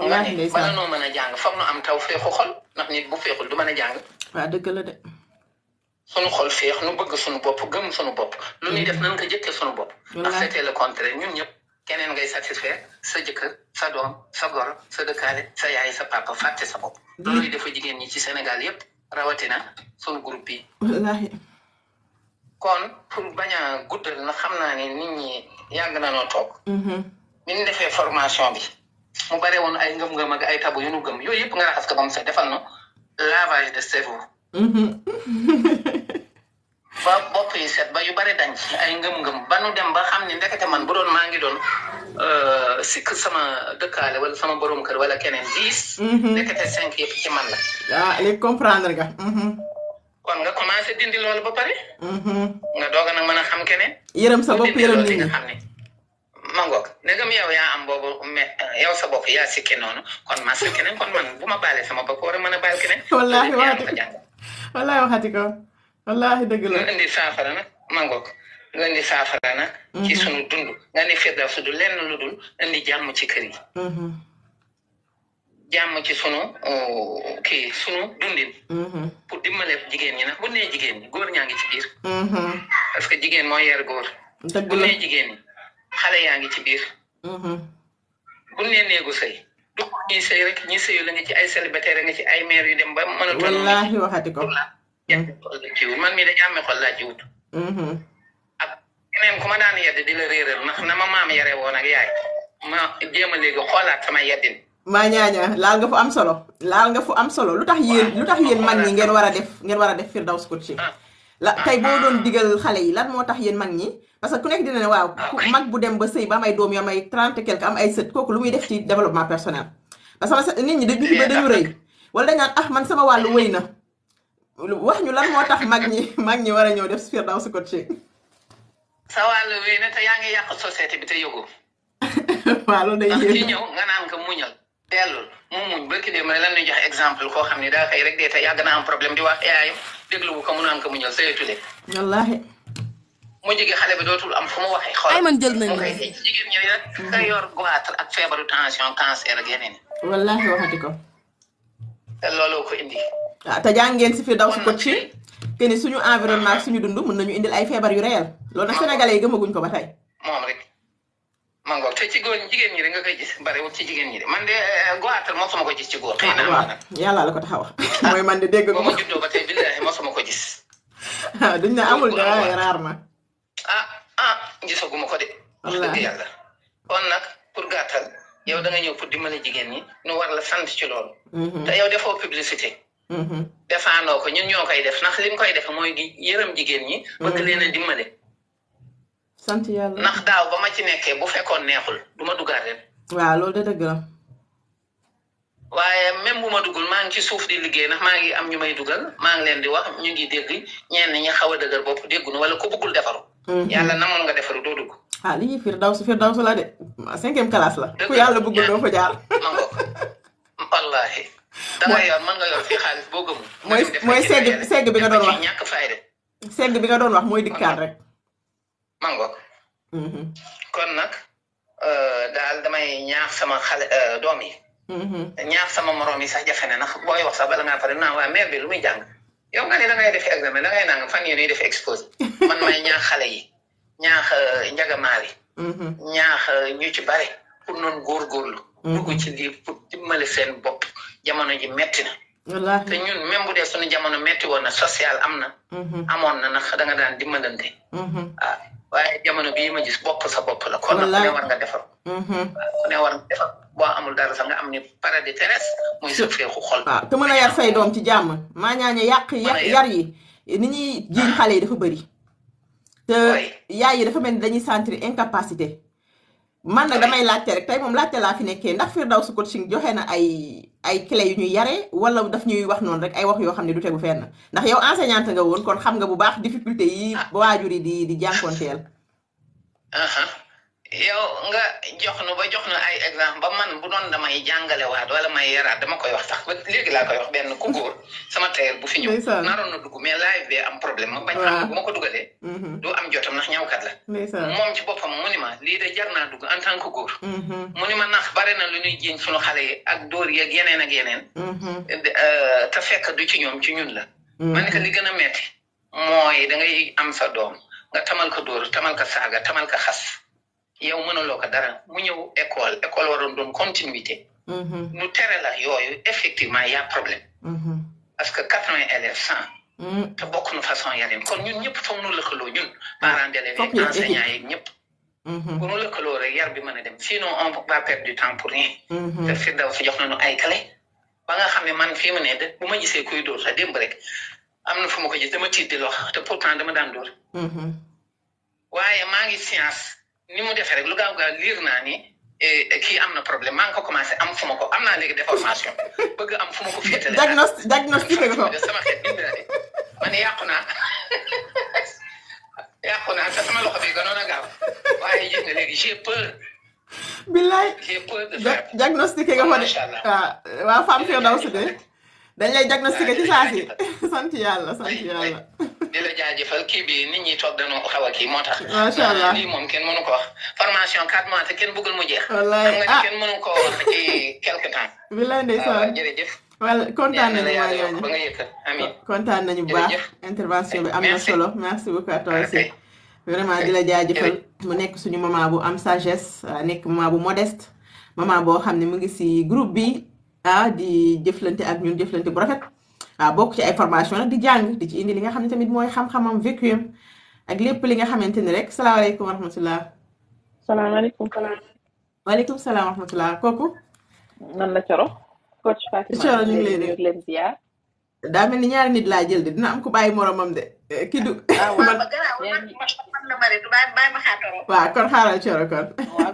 Speaker 1: nga ne bala noo mën a jàng foog nu am taw féexu xol ndax nit bu féexul du mën a jàng. waaw dëgg la de.
Speaker 11: suñu xol féex nu bëgg suñu bopp gëm suñu bopp. lu ñuy def nan nga jëkkee suñu bopp. ndax c'était le contraire ñun ñëpp. keneen ngay satisfaire sa jëkkër sa doom sa goro sa dëkkaale sa yaay sa papa sa bopp. loolu dafa jigéen ñi ci Sénégal yëpp. rawatina suñu groupe bi. wallaahi. kon pour bañ a guddal na xam naa ni nit ñi na noo toog. Mm-hmm. bi ñu defee formation bi. mu bare woon ay ngëm-ngëm ak ay tabu yu gëm yooyu yëpp nga raxas ko ba mu set defal na lavage de cerveau.
Speaker 5: Mm-hmm. *laughs*
Speaker 11: ba bopp yi set ba yu bari dañ ci ay ngëm-ngëm ba nu dem ba xam ne ndekete man bu doon maa ngi doon euh, sikk sama dëkkaale wala sama borom kër wala keneen dix. Mhm. ndekete cinq yëpp ci man la.
Speaker 1: ah léegi comprendre nga. Mhm.
Speaker 11: kon nga commencé dindi loolu ba pare. Mhm. nga doog a nag mën a xam keneen.
Speaker 1: yërëm sa bopp yërëm nit ñi nga xam ne.
Speaker 11: ma ngoog yow yaa am boobu mais euh, yow sa bopp yaa sikki noonu kon maa sikki keneen kon man bu ma baalee sama bopp war a mën a baal keneen.
Speaker 1: *laughs* wallaahi waxati ko wallaahi dëgg la nga
Speaker 11: indi saafara nag mangook nga indi saafara nag ci mhm. sunu dund nga ne fedda su lenn lu dul indi jàmm ci kër yi mhm. jàmm ci sunu oh, kii sunu dundin mhm. pour dimbale jigéen ñi nag bu nee jigéen ñi góor ñaa ngi ci biir parce que jigéen moo yar góor bu jigéen ñi xale yaa ngi ci biir bu nee néegu sëy du ñi sëy rek ñi sëyu la nga ci ay célibataire nga ci ay maire yu dem ba mënatoon wallaahi
Speaker 1: waxati ko kenn
Speaker 11: ci wu man mii da jàmme xol laa ci wut ak ma daan yedd di la réeral ndax na ma maam yare woon ak yaay ma jéem a léegi xoolaat sama yeddin
Speaker 1: maa ñaaña laal nga fu am solo laal nga fu am solo lu tax yéen lu tax yéen mag ñi ngeen war a def ngeen war a def Firdaws Coaching ah. la tey boo doon digal xale yi lan moo tax yéen mag ñi parce que ku nekk dina ne waaw ah, mag bu dem ba sëy ba am ay doom yoo am ay trente et quelque am ay sët kooku lu muy def ci développement personnel parce que nit ñi dañu ba dañu wala dañ naan ah sama wàllu wëy na wax ñu lan moo tax mag ñi *laughs* mag ñi war a ñëw def Firdaws coaching.
Speaker 11: sa wàllu wéy na te yaa ngi yàq société bi te yëgoo.
Speaker 1: *laughs* waaw loolu day
Speaker 11: nga naan ko muñal. dellul mu muñ ba ki lan lay jox exemple koo xam ne daal xëy rek dee te yàgg na am problème di wax yaayam déglu ko mu naan ko muñal saytule. wallaahi. mu jigi xale bi dootul am fu mu waxee.
Speaker 8: xool ay man jël nañu la jigéen ñi
Speaker 11: rek ak feebaru tension cancer ak yeneen.
Speaker 1: wallaahi waxati ko.
Speaker 11: te looloo ko indi.
Speaker 1: waaw ah, te jàng ngeen si fi daw si mm. ko ci que ni suñu environnement suñu dund mën nañu indil ay feebar yu réel loolu nag ah, sénégalais yi gëmaguñ ko ba tey.
Speaker 11: moom rek man ngoog te ci góor jigéen ñi rek nga koy gis bariwul ci jigéen ñi de man de eh, goatal mosuma ko gis ci góor. xëy na ah, waaw
Speaker 1: yàlla la ko taxaw *laughs* mooy man de dégg nga. ba
Speaker 11: ma juddoo ba gis.
Speaker 1: waaw *laughs* duñ ne amul de waaye rarement.
Speaker 11: ah ah gisaguma ko de. wallaahi wax dëgg yàlla kon nag pour gàttal yow da nga ñëw pour dimbale jigéen ñi ñu war la sant ci loolu. Mm-hmm. te yow foo publicité. Mm-hmm. defaandoo ko ñun ñoo koy def ndax li mu koy def mooy gi yërëm jigéen ñi. bëgg mm-hmm. leen a dimbale. sant yàlla ndax daaw ba ma ci nekkee bu fekkoon neexul du ma duggaat ren. waaw loolu de dëgg la. waaye même bu ma duggul maa ngi ci suuf di liggéey ndax maa ngi am ñu may dugal maa ngi leen di wax ñu ngi dégg ñenn ñi xaw a dëgër bopp dégguñu wala ku bëggul defaru. Mm-hmm. yàlla na nga defaru doo dugg.
Speaker 1: ah lii Firdawsi Firdawsi la de cinquième classe la. ku yàlla bëggul doo fa jaar. *laughs*
Speaker 11: da ngay yor mën nga yor fii xaalis boo gëmul. mooy mooy bi nga doon wax ñàkk fayda.
Speaker 1: bi nga doon wax mooy dikkaat rek.
Speaker 11: mangook kon nag mm-hmm. euh, daal damay ñaax sama xale euh, doom yi. Mm-hmm. ñaax sama morom yi sax jafe na ndax booy wax sax bala ngaa pare naa waa mère bi lu muy jàng. yow nga ne da ngay def examen da ngay nangam fan yii ñuy def exposé *laughs* man may ñaax xale yi ñaax euh, njagamaar yi. Mm-hmm. ñaax ñu ci bare pour noonu góorgóorlu. dugg ci lii pour dimbali seen bopp. jamono ji metti na. te ñun même bu dee suñu jamono metti woon na social am na. Mhm. amoon na ndax da nga daan dimbalante.
Speaker 1: Mhm. ah
Speaker 11: waaye jamono gi ma gis bopp sa bopp la. kon nag ku ne war nga defar. Mhm. Ah, ku amul dara sax am ni paradis terrestre muy sa feexu xol. waaw
Speaker 1: ah, a yar say doom ci jàmm maa ñaañu yàq yar yi ni ñuy jiiñ ah. xale yi dafa bëri. te yaay yi dafa mel ni dañuy sentir incapacité. man nag damay laajte rek tey moom laajte laa fi nekkee ndax Firdaws coaching joxe na ay ay clé yu ñuy yare wala daf ñuy wax noonu rek ay wax yoo xam ne du tegu fenn ndax yow enseignante nga woon kon xam nga bu baax difficulté yi ah. waajur yi di di jànkoonteel
Speaker 11: yow nga jox nu ba jox nu ay exemple ba man bu doon damay jàngale waat wala may yaraat dama koy wax sax ba léegi laa koy wax benn ku góor sama tailleur bu fi ñëw naroon mais live bee am problème ma bañ xam bu ma ko dugalee mhm. du am la moom ci boppam mu ni ma lii de jar naa dugg en tant que góor mhm. mu ma nax bare na lu ñuy jiiñ suñu xale yi ak dóor yi ak yeneen ak yeneen mhm. eh, euh, ta fekk du ci ñoom ci ñun la ma ne que li gën a metti mooy da am sa doom nga tamal ko dóor tamal ko saaga tamal ko xas yow a ko dara mu ñëw école école waroon doon continuité. ñu mhm. tere yooyu effectivement y' a problème.
Speaker 5: Mhm. parce que quatre
Speaker 11: vingt élèves cent. Mhm. te bokk nu façon yarin kon ñun ñëpp foog nu lëkkaloo ñun. parents d'élèves yi enseignants yi ñëpp. bu nu lëkkaloo rek yar bi mën a dem sinon on va perdre du temps pour rien. te fi daw jox nañu ay clé ba nga
Speaker 5: xam ne man fii mu ne de bu ma gisee kuy dóor démb rek am na fu ma ko gis dama tiit di lox te pourtant dama daan dóor.
Speaker 11: waaye maa ni mu defee rek lu ga gaaw liir na ni eh, eh, kii am na problème maa ngi ko commencé am fu ma ko am naa léegi déformation bëgg am fu ma ko féetale. diagnostic diagnostic sama xeet bind na de ma ne *laughs* yàqu naa te sama loxo bi gënoon a gaaw waaye yëg nga léegi j'ai peur. billaay
Speaker 1: j'ai peur de faire diagnostiqué nga fa de. macha allah waaw waaw Fane Faye Ndao dañ lay diagnostiqué ci saa si *laughs* sant yàlla
Speaker 11: kii bi nit ñi toog dañoo xaw a kii moo tax macha allah lii moom kenn ko wax formation quatre mois te kenn bëggul mu jeex ah. ko wax ci quelque kontaan nañu waa
Speaker 1: kontaan nañu bu baax intervention bi am na solo di la jaajëfal mu nekk suñu maman bu am sagesse maa bu modeste boo xam ne mu ngi si groupe bi ah di jëflante ak ñun jëflante bu rafet ah bokk ci ay formation di jàng di ci indi li nga xam ne tamit mooy xam-xamam vécu ak lépp li nga xamante ni rek salaamaaleykum wa rahmatulah. salaamaaleykum. waaleykum salaam wa rahmatulah kooku. man la Coro. coach Fatima ñu ngi leen daa mel ni ñaari nit laa jël de na am ko bàyyi moromam de. Eh, ki du ah, ah, waaw *laughs* man
Speaker 6: man la Mareetu bàyyi ma xaar Coro.
Speaker 1: kon xaaral Coro kon. waaw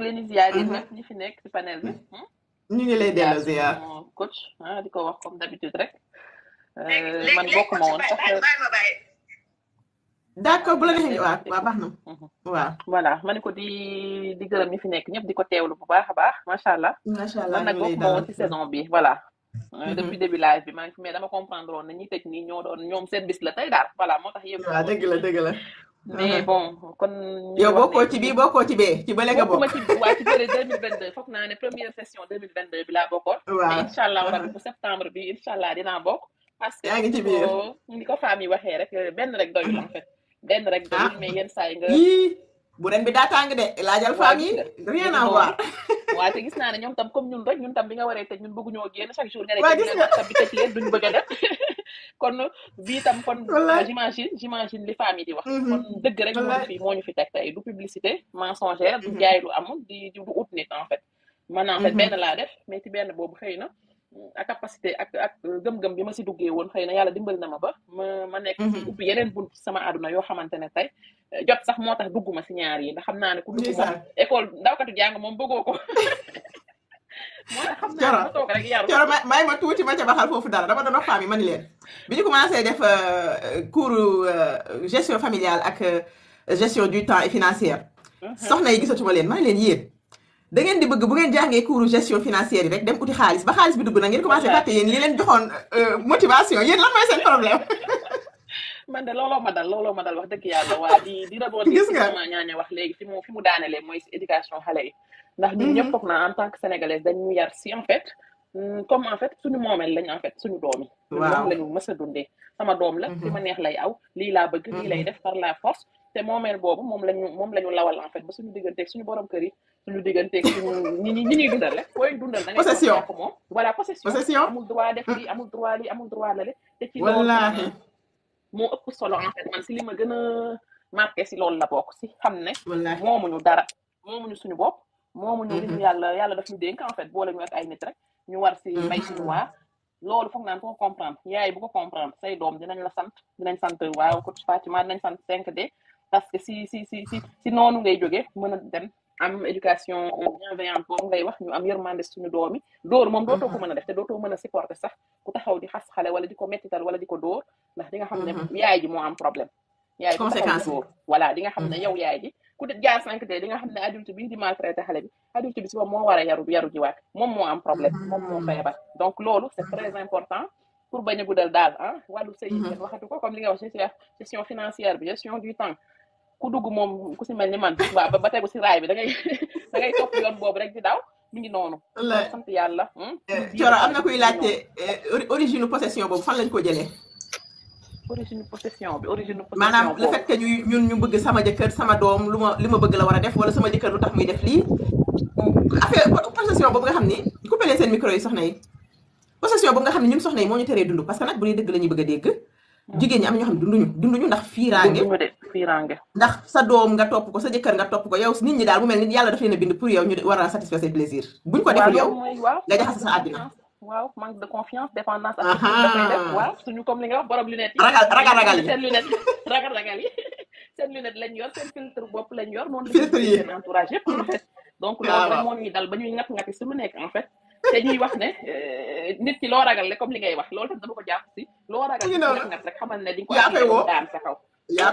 Speaker 6: *laughs* leen di ziar uh-huh. ñi fi nekk ci panel bi. Hmm?
Speaker 1: ñu ngi lay delloo ziar
Speaker 6: coach ah di ko wax comme d'habitude rek. Euh, man bokkuma woon sax d'accord bu la neexee waaw waaw baax na mhm. waaw voilà ma ne ko di di gërëm ñi fi nekk ñëpp di ko teewlu bu baax a baax macha allah. macha allah man nag saison bi voilà. depuis mm-hmm. début live bi maa ngi mais dama comprendre woon nañuy tëj nii ñoo doon ñoom seen bis la tey daal voilà moo tax yëpp. waaw dëgg la dëgg la. mais ah. bon kon. yow bokkoo ci bii bokkoo ci bee ci bële nga bokk. bokkuma ci naa ne première session 2022 bi laa bokkoon. waaw incha allah war *laughs* bu septembre bi incha allah dinaa bokk. parce que yaa ngi ci biir ni ko femme yi waxee rek benn rek doyul en fait. benn rek doyul ah. mais yenn saa yi nga. bu ren bi daa tàng de laajal femme yi rien à voir *laughs* waaw te gis naa ne ñoom tam comme ñun rek ñun tam bi nga waree tëj ñun bëgguñoo génn chaque jour nga ne tam bi tëj leen duñu bëgg a def *laughs* kon bii tam kon j'imagine j'imagine li femme yi di wax mhm. kon dëgg rek moo ñu fi moo ñu fi teg tey du publicité mensongère du mhm. jaay lu amul du ut nit en fait man en fait mhm. benn laa def mais ci benn boobu xëy na ak capacité ak ak euh, gëm-gëm bi ma si duggee woon xëy na yàlla di dimbali na ma ba ma ma nekk ubbi yeneen sama àdduna yoo xamante ne tey jot sax moo tax dugguma si ñaar yi ndax xam naa ne ku dugg moom école ndawkatu jàng moom bëggoo ko Coro
Speaker 1: *laughs* Coro may ma tuuti ma ca baxal foofu dara dama doon wax femme yi man ni leen bi ñu commencé def euh, cours euh, gestion familial ak euh, gestion du temps et financière uh-huh. soxna yi gisatuma leen ma leen yéen da ngeen di bëgg bu ngeen jàngee cours gestion financière yi rek dem uti xaalis ba xaalis bi dugg na ngeen commencé fàtte yéen li leen joxoon motivation yéen lan mooy *laughs*
Speaker 6: man de looloo ma dal looloo ma dal wax dëgg yàlla waa di di rebondir si sama ñaaña wax léegi fi mu fi mu mooy éducation xale yi ndax ñun mm-hmm. ñëpp foog naa en tant que sénégalaise dañu yar si en fait mm, comme en fait suñu moomeel lañ en fait suñu doom yi moom lañu mës a dundee sama doom la fi mm-hmm. ma neex lay aw lii laa bëgg lii lay mm-hmm. def par la force te moomeel boobu moom lañu moom la ñu lawal en fait ba suñu digganteeg suñu borom kër yi suñu digganteeg suñu *laughs* moo ëpp solo man si li ma gën a marqué si loolu la bokk si xam ne moomuñu dara moomuñu suñu bopp moomuñu li ñu mhm. yàlla yàlla daf ñu dénk en fait boole ñu ak ay nit rek ñu war si bay suñu waa loolu foog naan ko comprendre yaay bu ko comprendre say doom dinañ la sant dinañ sant waaw coach Fatima dinañ sant cinq d parce que si si si si si noonu ngay jóge mën a dem am éducation bienveillante boobu ngay wax ñu am yërmande suñu doom yi dóor moom dootoo ko mën a def te dootoo mën a supporter sax ku taxaw di xas xale wala di ko mettital wala di ko dóor ndax di nga xam ne mhm. yaay ji moo yaay ji taxaw di dóor nga xam ne mhm. yow yaay ku jaar cinq de di nga xam ne adulte bi di maltraité xale bi adulte bi si moom moo war a yaru yaru ji waat moom moo am problème mhm. moom moo feebar donc loolu c'est très important pour bañ a guddal daal ah wàllu sëy waxatu ko comme ku dugg moom ku si mel ni man *laughs* waaw ba ba tegu si raay bi da ngay *laughs* da ngay yoon boobu rek di daw mi ngi noonu. wallaahi sant yàlla. Coro hmm? eh, am na kuy laajte
Speaker 1: eh, origine possession boobu fan lañ ko jëlee.
Speaker 6: origine possession
Speaker 1: bi origine. maanaam ñun ñu bëgg sama jëkkër sama doom lu ma li ma bëgg la war a def wala sama jëkkër lu tax def lii. affaire xam ni coupelee seen micro yi soxna yi possession boobu nga xam ne ñun soxna yi moo ñu teree dund parce que nag bu dee dëgg la bëgg a dégg. jigéen ñi am ñoo xam ne dunduñu dunduñu ndax fiiraange ndax sa doom nga topp ko sa jëkkër nga topp ko yaw nit ñi daal mu mel ni yàlla daf leen bind pour yow ñu war a satisfaire ses plaisirs buñ ko deful yow nga jaxase sa àddina
Speaker 6: waaw manque de confiance dépendance ak dafay def comme li nga wax borom lunette yi ragal ragal ragal yi seen lunette *laughs* ragal *laughs* lañ yor seen filtre bopp lañ yor noonu filtre yi entourage yëpp en fait *laughs* donc ah, nekk en fait te ñuy wax ne eh, nit ki loo ragal le comme li ngay wax loolu tam dama ko jàpp si. loo ragal ngat rek xamal ne nga ko daan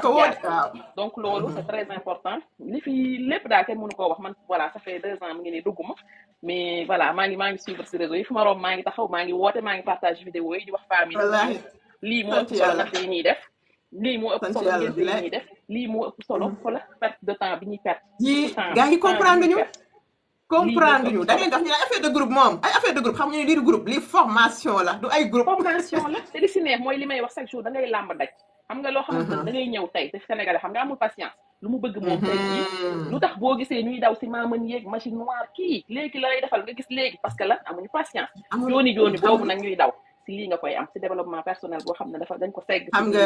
Speaker 6: ko woo donc loolu c'est très important. li fi lépp daal kenn mënu koo wax man voilà ça fait deux ans mu ngi nii dugguma mais voilà maa ngi maa ngi suivre si réseau yi maa ngi taxaw maa ngi woote maa ngi partage vidéo di wax famille. wallaahi lii moo ëpp ñuy def. lii moo ëpp solo ngeen yi ñuy def. lii moo ëpp solo. wala perte de bi ñuy perte. temps temps bi ñuy
Speaker 1: perte comprendre ñu da ngeen def ñu ne affaire de groupe moom ay affaire de groupe xam nga ni lii groupe lii formation la te li si neex mooy li may wax chaque jour da ngay làmb daj xam nga
Speaker 6: loo xamante ne uh-huh. da ngay ñëw tey te Sénégalais xam nga amul hmm. ñuy daw si maamën yéeg machine noire kii léegi la lay defal nga gis léegi parce que lan amuñu patience jooni jooni boobu nag ñuy daw lii nga koy am si développement personnel boo xam ne dafa dañ ko segg xam nga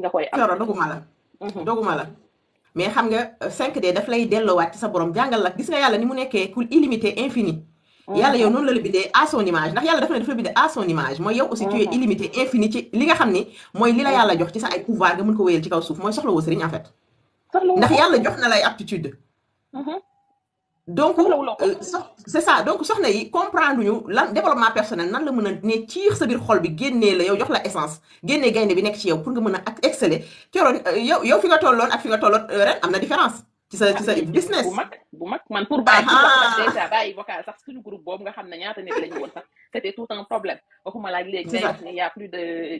Speaker 1: nga koy am doguma la hmm. doguma la mais xam nga 5D euh, daf lay delloowaat ci sa borom jàngal la gis yàlla ni mu nekkee ku illimité infini. yàlla yow noonu la la bindee à son image ndax yàlla dafa ne dafa la bindee à son image mooy yow aussi tu es illimité infini ci li nga xam ni mooy li la yàlla jox ci sa ay pouvoir nga mën ko wéyal ci kaw suuf mooy soxla woo sëriñ en fait. ndax yàlla jox na lay aptitude. Mm-hmm. donc euh, c'est ça donc soxna yi comprendre ñu lan développement personnel nan la mën a ne ciix sa biir xol bi génnee la yow jox la essence génnee gaynde bi nekk ci yow pour nga mën a ak exceller keroon euh, yow yow fi nga tolloon ak fi nga tolloon euh, ren am na différence ci sa ci sa business bu mag bu mag man pour bàyyi déjà
Speaker 6: bàyyi vocal sax suñu groupe boobu nga xam ne ñaata nit lañu woon sax c'était tout un problème a plus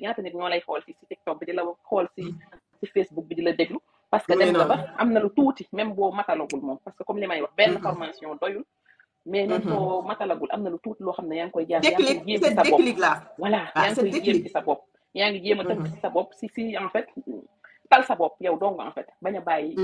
Speaker 6: ñaata nit lay xool si si TikTok bi di la xool si si mm. Facebook bi di la déglu parce que dem nga ba am na lu tuuti même boo matalagul moom parce que comme li may wax benn mhm. formation doyul. mais même mhm. boo matalagul am na lu tuuti loo xam ne yaa ngi koy jaar yaa ngi koy jéem ci sa bopp
Speaker 9: voilà ah, yaa ngi koy
Speaker 6: jéem sa bopp yaa ngi a mhm. sa bopp si si en fait tal sa bopp yow dong en a bàyyi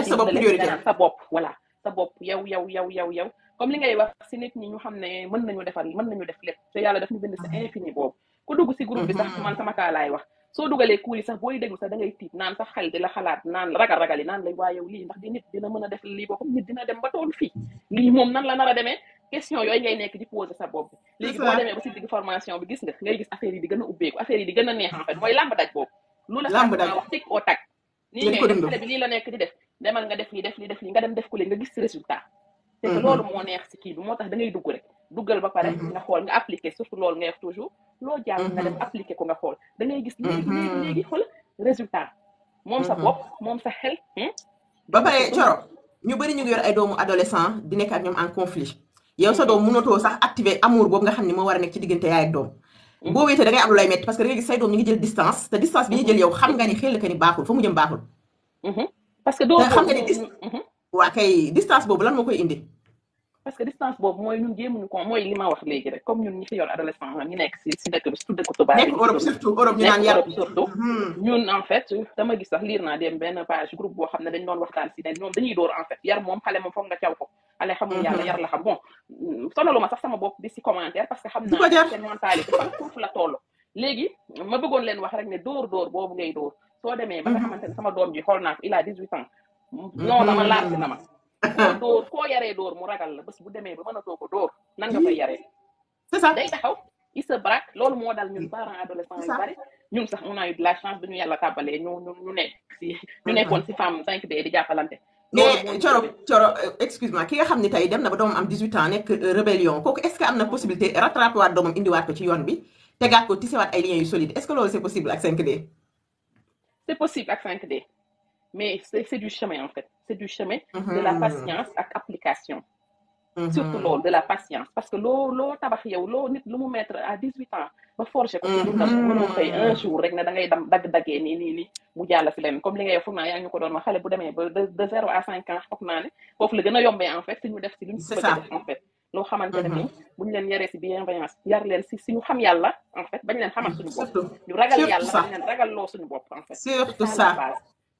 Speaker 6: sa bopp voilà sa bopp yow yow yow yow yow comme li ngay wax si nit ñi ñu xam ne mën nañu defar mën nañu def lépp te yàlla def ñu bind si ah. infini boobu ku dugg si groupe bi sax man sama kaa wax soo dugalee kuul yi sax booy déglu sax da ngay tiit naan sax xel di la xalaat naan ragal ragal yi naan la waaye yow lii ndax di nit dina mën a def lii boo xam nit dina dem nan la nar a demee question yooyu ngay nekk sa bopp si formation bi gis nga ngay gis a ubbeeku affaire yi di gën a neex en fait mooy làmb daj boobu def lii nekk di def demal nga def lii def lii def lii nga dem def ku le nga gis résultat mhm. te loolu moo neex si kii bi moo tax da ngay dugg rek duggal ba pare mhm. nga xool nga appliqué surtout loolu ngay wax toujours loo jàng nga dem mhm. appliqué ko nga xool da gis mhm. léegi
Speaker 1: léegi xool résultat moom sa bopp moom sa xel hmm? ba pare coro ñu bëri ñu ngi yor ay doomu adolescent di nekk ak ñoom en conflit yow sa doom mënatoo sax activer amour boobu nga xam ne moo war a nekk ci diggante yaay ak doom boo wéetee da ngay am lu parce que da ngay gis say doom ñu ngi jël distance te distance bi ñuy jël xam nga ni dis waa boobu lan moo koy indi
Speaker 6: parce que distance boobu mooy ñun jéemuñu ko mooy li ma wax léegi rek comme ñun nekk si si bi surtout dëkk tubaab nekk Europe surtout Europe surtout hmm. ñun en fait dama gis sax liir naa dem benn page groupe boo xam ne dañ doon waxtaan si ne ñoom dañuy door en fait yar moom xale moom foog nga caw ko xale xamul yàlla hmm. yar la xam bon sonalu ma sax sama bopp di si commentaire parce que xam naa seen mentalité fan la toll léegi ma bëggoon leen wax rek ne dóor dóor boobu ngay dóor soo demee ba nga hmm. xamante doom ji xool naa ko il ma koo dóor koo yaree dóor mu ragal la bés bu demee ba mën a too ko dóor nan nga fay yaree c'est ça day loolu moo dal ñun parents adolescents yu bari ñun sax on a de la chance dañu yàlla tàbbalee ñu ñu ñu nekk si ñu mm-hmm. nekkoon si femme cinq d di jàppalante
Speaker 1: mais Coro Coro euh, excuse-moi xam ne tey dem na ba doomam am 18 ans nekk euh, rébellion kooku est-ce que am na mm-hmm. possibilité rattrapé waat doomam indiwaat ko ci yoon bi tegaat ko tisewaat ay liens yu solide est-ce
Speaker 6: que mais c'est c'est du chemin c'est du chemin de la mm-hmm. patience ak application
Speaker 5: mm-hmm. surtout loolu de
Speaker 6: la patience parce que loo loo tabax yow loo nit lu mu mettre à dix huit ans ba forger ko ci mm-hmm. dundam mënoo xëy un jour rek ne da ngay dam dagg-daggee nii nii mu jàll fi leen comme li nga yow foog ko doon wax xale bu demee la gën a yombee en fait si ñu def si luñ bëgg a en fait loo xamante ne ni buñu leen yaree si bienveillance yar leen si si ñu xam yàlla en fait bañ ñu ragal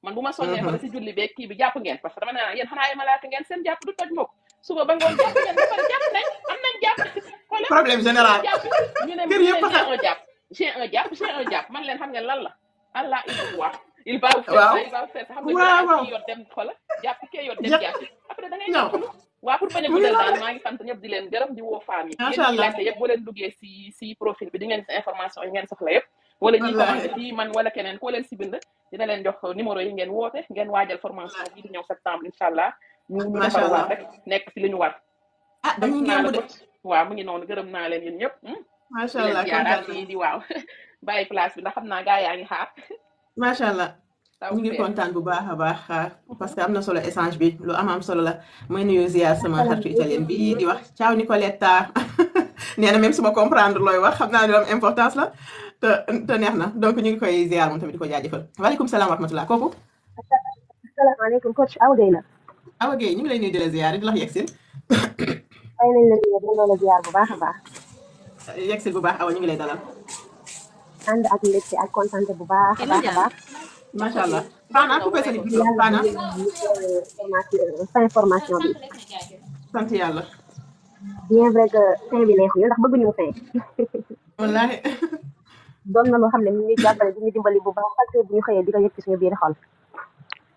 Speaker 6: man bu ma soññee ba si julli beeg kii bi jàpp ngeen parce que dama ne yéen xanaa ay malaaka ngeen seen jàpp du toj mukk suba ba ngeen jàpp nañ am nañ jàpp ñu ne ñu ne G1 jàpp G1 man leen xam ngeen lan la allah il wa il va vous faire il va vous faire xam nga kii dem xoola jàpp kii yor dem jàpp après da ngay jàpp waa pour bañ a guddal daal maa ngi sant ñëpp di leen gërëm di woo femmes yi yéen ñi laajte yëpp boo leen si si profil bi di ngeen gis information yi ngeen soxla yëpp wala ñi commandé man wala keneen koo leen si bind dina leen jox numéro yi ngeen woote ngeen waajal formation a di ñëw septembre incha allah ñu nekk si li ñu war ah dañu ngeen waaw mu ngi noonu gërëm naa leen yéen ñëpp hmm. macha allah yaaraat di waaw *laughs* bàyyi place bi ndax xam naa gaa yaa ngi
Speaker 5: xaar
Speaker 1: macha allah ñu ngi kontaan bu baax a baax ah, mhm. parce que am na solo échange bi lu am am solo la may nuyu ziar sama xaritu italien bi di wax ciao Nicoletta *laughs* nee na même suma comprendre looy wax xam naa ne importance la te te neex na donc ñu ngi koy ziar moom tamit di ko jaajëfal waaleykum salaam wa rahmatulah kooku.
Speaker 10: asalaamaaleykum coach Awa Guèye la.
Speaker 1: aw Guèye ñu ngi lay nuyu di la ziar di la wax
Speaker 10: bu baax a baax.
Speaker 1: yegsil bu baax Awa ñu ngi lay dalal.
Speaker 10: ànd ak mbégte ak kontaan bu baax a baax a baax.
Speaker 1: macha allah Fana sa micro Fana.
Speaker 10: sa bi. sant yàlla. bien vrai que fin bi neexul ndax bëgguñu fin. wallaahi. doon na loo xam ne ñu ngi jàppale di ñu dimbali bu baax chaque jour bu ñu xëyee di ko yëg ci suñu biir xol.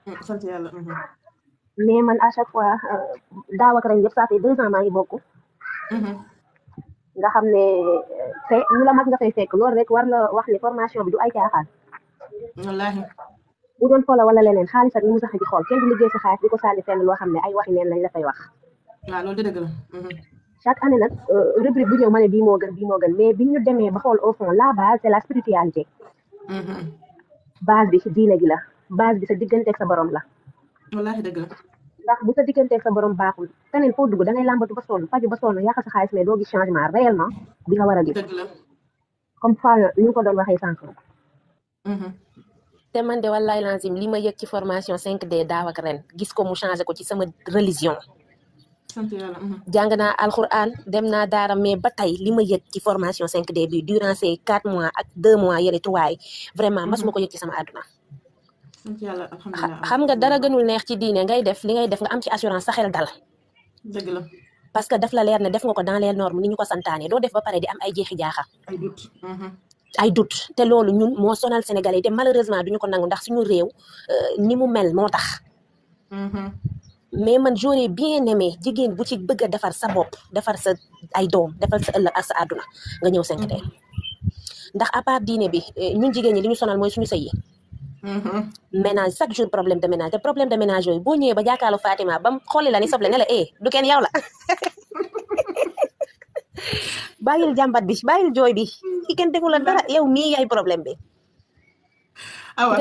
Speaker 10: Mm, sant mm-hmm. mais man à chaque fois euh, daaw ak ren yëpp ça fait deux ans ngi bokk. Mm-hmm. nga xam ne fe ñu la mag nga fay fekk loolu rek war la wax ni formation bi du ay caaxaan. wallaahi. bu doon folo wala leneen xaalis ak ni mu sax ci xool kenn du liggéey si xaalis di ko saali fenn loo xam ne ay waxi neen lañ la fay wax.
Speaker 4: waaw loolu dëgg mm-hmm.
Speaker 10: chaque année nag euh, rubrique bi ñëw ma bi bii moo gën bii moo gën mais bi ñu demee ba xool au fond la base c'est la spiritualité. Mm-hmm. base bi si diine gi la base bi sa digganteeg sa borom la. wallaahi dëgg la. ndax bu sa digganteeg sa borom baaxul feneen foo dugg da ngay làmbatu ba sonn faju ba sonn yàq sa xaalis mais doo gis changement réellement bi nga war a gis. dëgg la comme ñu ko doon waxee sànq. Mm-hmm. te man de wallaay lazim li ma yëg ci formation cinq d daaw ak ren gis ko mu changé ko ci sama religion. sant yàlla. al mhm. naa alxuraan dem naa daara mais ba tey li ma yëg ci formation cinq d bi durant ces quatre mois ak deux mois yële tuwaay vraiment mas ma mhm. ko yëg ci sama àdduna.
Speaker 1: sant yàlla alhamdulilah
Speaker 10: xam nga dara gënul neex ci diine ngay def li ngay def nga am ci assurance sa xel dal. parce que daf la leer ne def nga ko dans les normes ni ñu ko santaane doo def ba pare di am ay jeexi jaaxa. ay doute. Mhm. ay doute te loolu ñun moo sonal Sénégalais te malheureusement duñu ko nangu ndax suñu réew euh, ni mu mel moo tax. mais man j'aurais bien aimé jigéen bu ci bëgg defar sa bopp defar sa ay doom defar sa ëllëg sa àdduna nga ñëw 5D ndax à part diine bi eh, ñun jigéen ñi li ñu sonal mooy suñu sëy yi mm-hmm. ménage chaque jour problème de ménage te problème de ménage yooyu boo ñëwee ba jàkkaarloo Fatima bam xooli la ni soble ne la eh du kenn yow *laughs* jàmbat bi bàyyil jooy bi ki kenn defu la dara yow mii yaay problème bi
Speaker 1: awa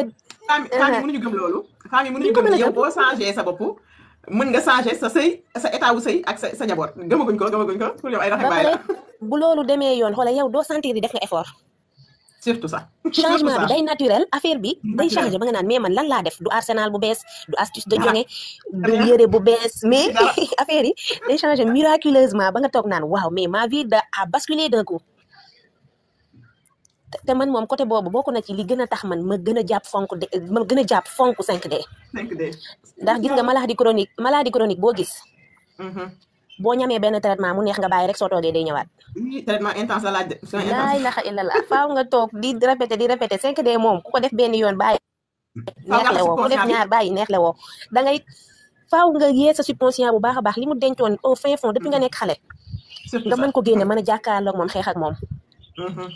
Speaker 1: femme yi *laughs* mënuñu gëm loolu femme yi mënuñu gëm yow mën nga changer sa sëy sa état wu sëy ak sa sa njaboot ko gëmaguñ ko pour ñoom ay raxe bàyyi
Speaker 10: bu loolu demee yoon xoolal yow doo sentir di def nga effort
Speaker 1: surtout ça *laughs* changement bi day
Speaker 10: naturel affaire bi day changé ba nga naan mais man lan laa def du arsenal bu bees du astuce de ah, jonge du yére bu bees mais *laughs* affaire yi day changé miraculeusement ba nga toog naan waaw mais ma vie a basculé d'un te man moom côté boobu bokk na ci li gën a tax man ma gën a jàpp fonk de ma gën a jàpp fonk 5D.
Speaker 5: 5D
Speaker 4: ndax gis nga maladie
Speaker 10: chronique maladie chronique boo gis. Mm-hmm. boo ñamee benn traitement mu neex nga bàyyi rek soo toogee day ñëwaat.
Speaker 1: traitement intense la laaj de. laay laxa
Speaker 10: illallah faaw nga toog di répété di répété 5D moom ku ko def benn yoon baay neex le wo ku def ñaar bàyyi neex le woo da ngay faaw nga yee sa subconscient bu baax a baax li mu dencoon au fin fond depuis nga mm-hmm. nekk xale. nga mën ko génne mën a jàkkaarloog moom xeex ak moom. Mm-hmm.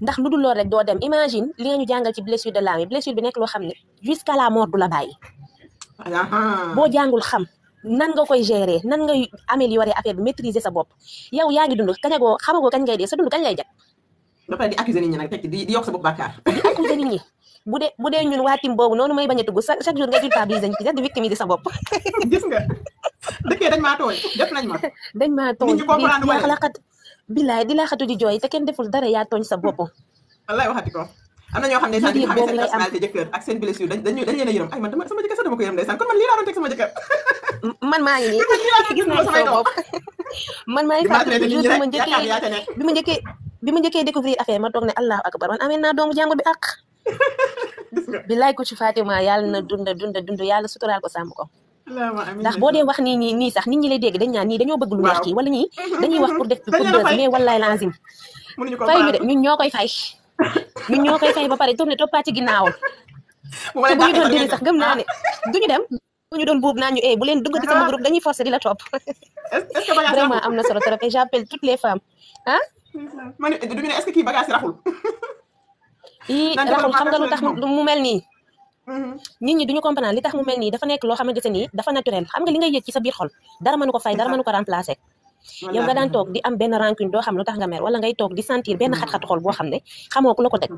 Speaker 10: ndax lu dul loolu rek doo dem imagine li nga ñu jàngal ci blessure de l'âme yi blessure bi nekk loo xam ne jusqu'à la mort du la bàyyi boo jàngul xam nan nga koy gérer nan ngay améliorer affaire bi maîtriser sa bopp yow yaa ngi dund kañagoo xamagoo kañ ngay dee sa dund kañ lay jag di accuser nit ñi bu dee bu wa ñun waa tim boobu noonu may bañ a chaque jour nga culpabiliser dañ ci di victimiser sa bopp *laughs* gis nga dañ maa tooy def ma *laughs* dañ maa tooy laqat billaay di laa xatu di jooy te kenn deful dara yaa tooñ sa bopp.
Speaker 1: wallaay waxati ko am na ñoo xam ne sax ñu xam ne seen a yërëm ay man dama ko yërëm ndeysaan kon man lii laa doon teg
Speaker 10: man maa ngi nii *laughs* gis naa sama bopp *laughs* njëkkee bi mu njëkkee bi ma njëkkee découvrir ma toog ne allahu akbar man amee naa doomu jàngo bi ak *laughs* bilaay ko ci Fatima yàlla na dunda dunda dund yàlla suturaal ko sàmm ko
Speaker 5: ndax
Speaker 10: boo dee wax nii nii nii sax nit ñi lay dégg dañ ñaan nii dañoo bëgg lu neex kii wala ñii *laughs* dañuy wax pour def pour buzz mais wallaay laazim fay ñu de ñoo koy fay ñun ñoo koy fay ba pare tourné toppaa ci ginnaawam te bu ñu doon dégg sax gëm naa ne *laughs* duñu dem bu ñu doon buub naa ñu eh bu leen duggati sama ah. groupe dañuy forcé di la topp *laughs* vraiment am na solo trop et j'appelle toutes les femmes ah man duñu ne est-ce que kii bagage raxul i raxul xam nga lu tax mu mel nii Mm-hmm. nit ñi duñu comprendre li tax mu mel nii dafa nekk loo xamante ni dafa naturel xam nga li ngay yëg ci sa xol dara mënu ko fay dara mënu ko remplacer yow nga daan toog di am benn rancune doo xam lu tax nga mer wala ngay toog di sentir benn mm-hmm. xat-xatu xol boo xam ne xamoo ku la ko teg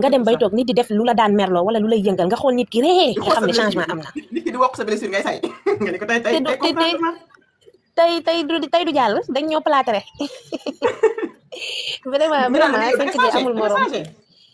Speaker 10: nga dem bay toog nit di def lu la daan merloo wala lu lay yëngal nga xool nit ki ree xam ne changement am
Speaker 1: na nit ki di wax sa blessure *laughs* tey tey
Speaker 10: tey tey du tey du jàll dañ ñoo plâtré *laughs* *laughs* vraiment vraiment sëñ bi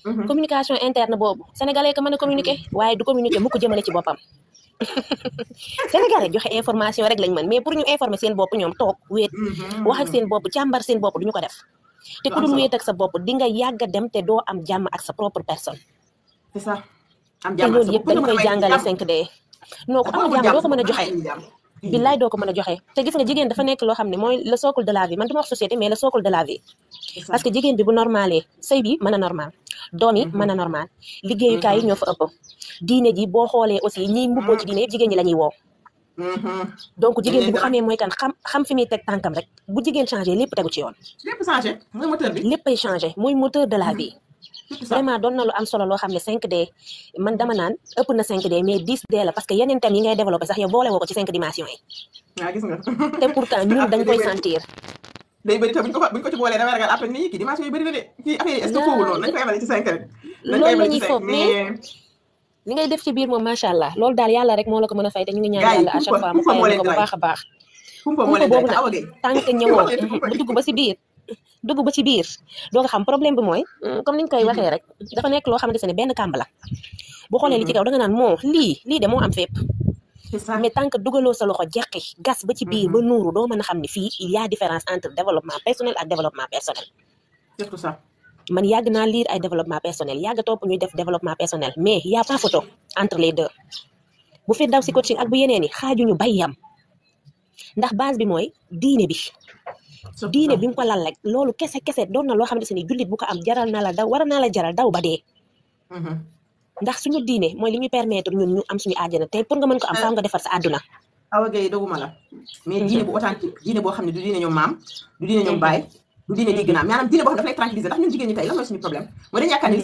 Speaker 10: Mm-hmm. communication interne boobu sénégalais ko mën a communiquer mm-hmm. waaye du communiquer mukk jëmale ci boppam *laughs* sénégalais joxe information rek lañ mën mais pour ñu informé seen bopp ñoom toog wéet mm-hmm. wax ak seen bopp càmbar seen bopp du ñu ko def te ku dul wéet ak sa bopp di nga yàgg a dem te doo am jàmm ak sa propre personne c'est ça am jàmm te loolu yëpp dañ koy jàngale 5D noo ko amul jàmm ko mën a joxe billaay doo ko mën a joxe te gis nga jigéen dafa nekk loo xam ne mooy le socle de la vie man duma wax société mais le socle de la parce que jigéen bi bu normalee sëy bi mën a normal doom yi mhm. mën a normal liggéeyukaay yi ñoo fa ëpp diine ji boo xoolee aussi ñiy mbubboo ci diine yëpp jigéen ñi la ñuy woo mhm. donc jigéen bi bu xamee mooy kan xam xam fi muy teg tànkam rek bu jigéen changé lépp tegu ci yoon lépp changé mooy moteur bi léppay moteur de la mhm. vie vraiment doon na lu am solo loo xam ne 5D man dama naan ëpp na 5D mais 10D la parce que yeneen thèmes yi ngay développé sax yow boole woo ci 5 dimensions yi. Ah, te pourtant ñun dañ koy sentir.
Speaker 1: day bëri te buñ ko fa buñ ko ci boolee damay ragal après nit
Speaker 10: ñi ngay def ci biir moom macha allah loolu daal yàlla rek moo la ko mën a fay te ñu ngi ñaan yàlla à chaque fois mu fayal ko bu baax a baax. kumpa boobu nag tant que ñëwoo bu *laughs* dugg ba si biir dugg ba ci biir doo nga xam problème bi mooy mm, comme niñ koy waxee rek dafa nekk loo xamante ne benn kàmb la boo xoolee li ci kaw mm-hmm. da nga naan moo lii lii de moo am fépp mais tant que dugaloo sa loxo jeqi gas ba ci biir ba mm-hmm. nuuru doo mën a xam ne fii il y a différence entre développement personnel ak développement personnel man yàgg naa lire ay développement personnel yàgg topp ñuy def développement personnel mais y a pas photo entre les deux bu fi daw si coaching ak bu yeneen yi xaajuñu bay yam ndax base bi mooy diine bi diine bi ko lal la loolu kese kese doon na loo xam ne jullit bu ko am jaral naa la daw war naa la jaral daw ba dee mm-hmm. ndax suñu diine mooy lu ñuy permettre ñun ñu am suñu àjjana tey pour nga mën ko am faaw nga defar sa àdduna awa
Speaker 1: doguma la mais diine bu authentique diine boo xam ne du diine ñoom maam du diine ñoom baay du diine dégg naa maanaam diine boo xam ne daf lay tranquilliser ndax mooy suñu problème mooy dañu yaakaar ne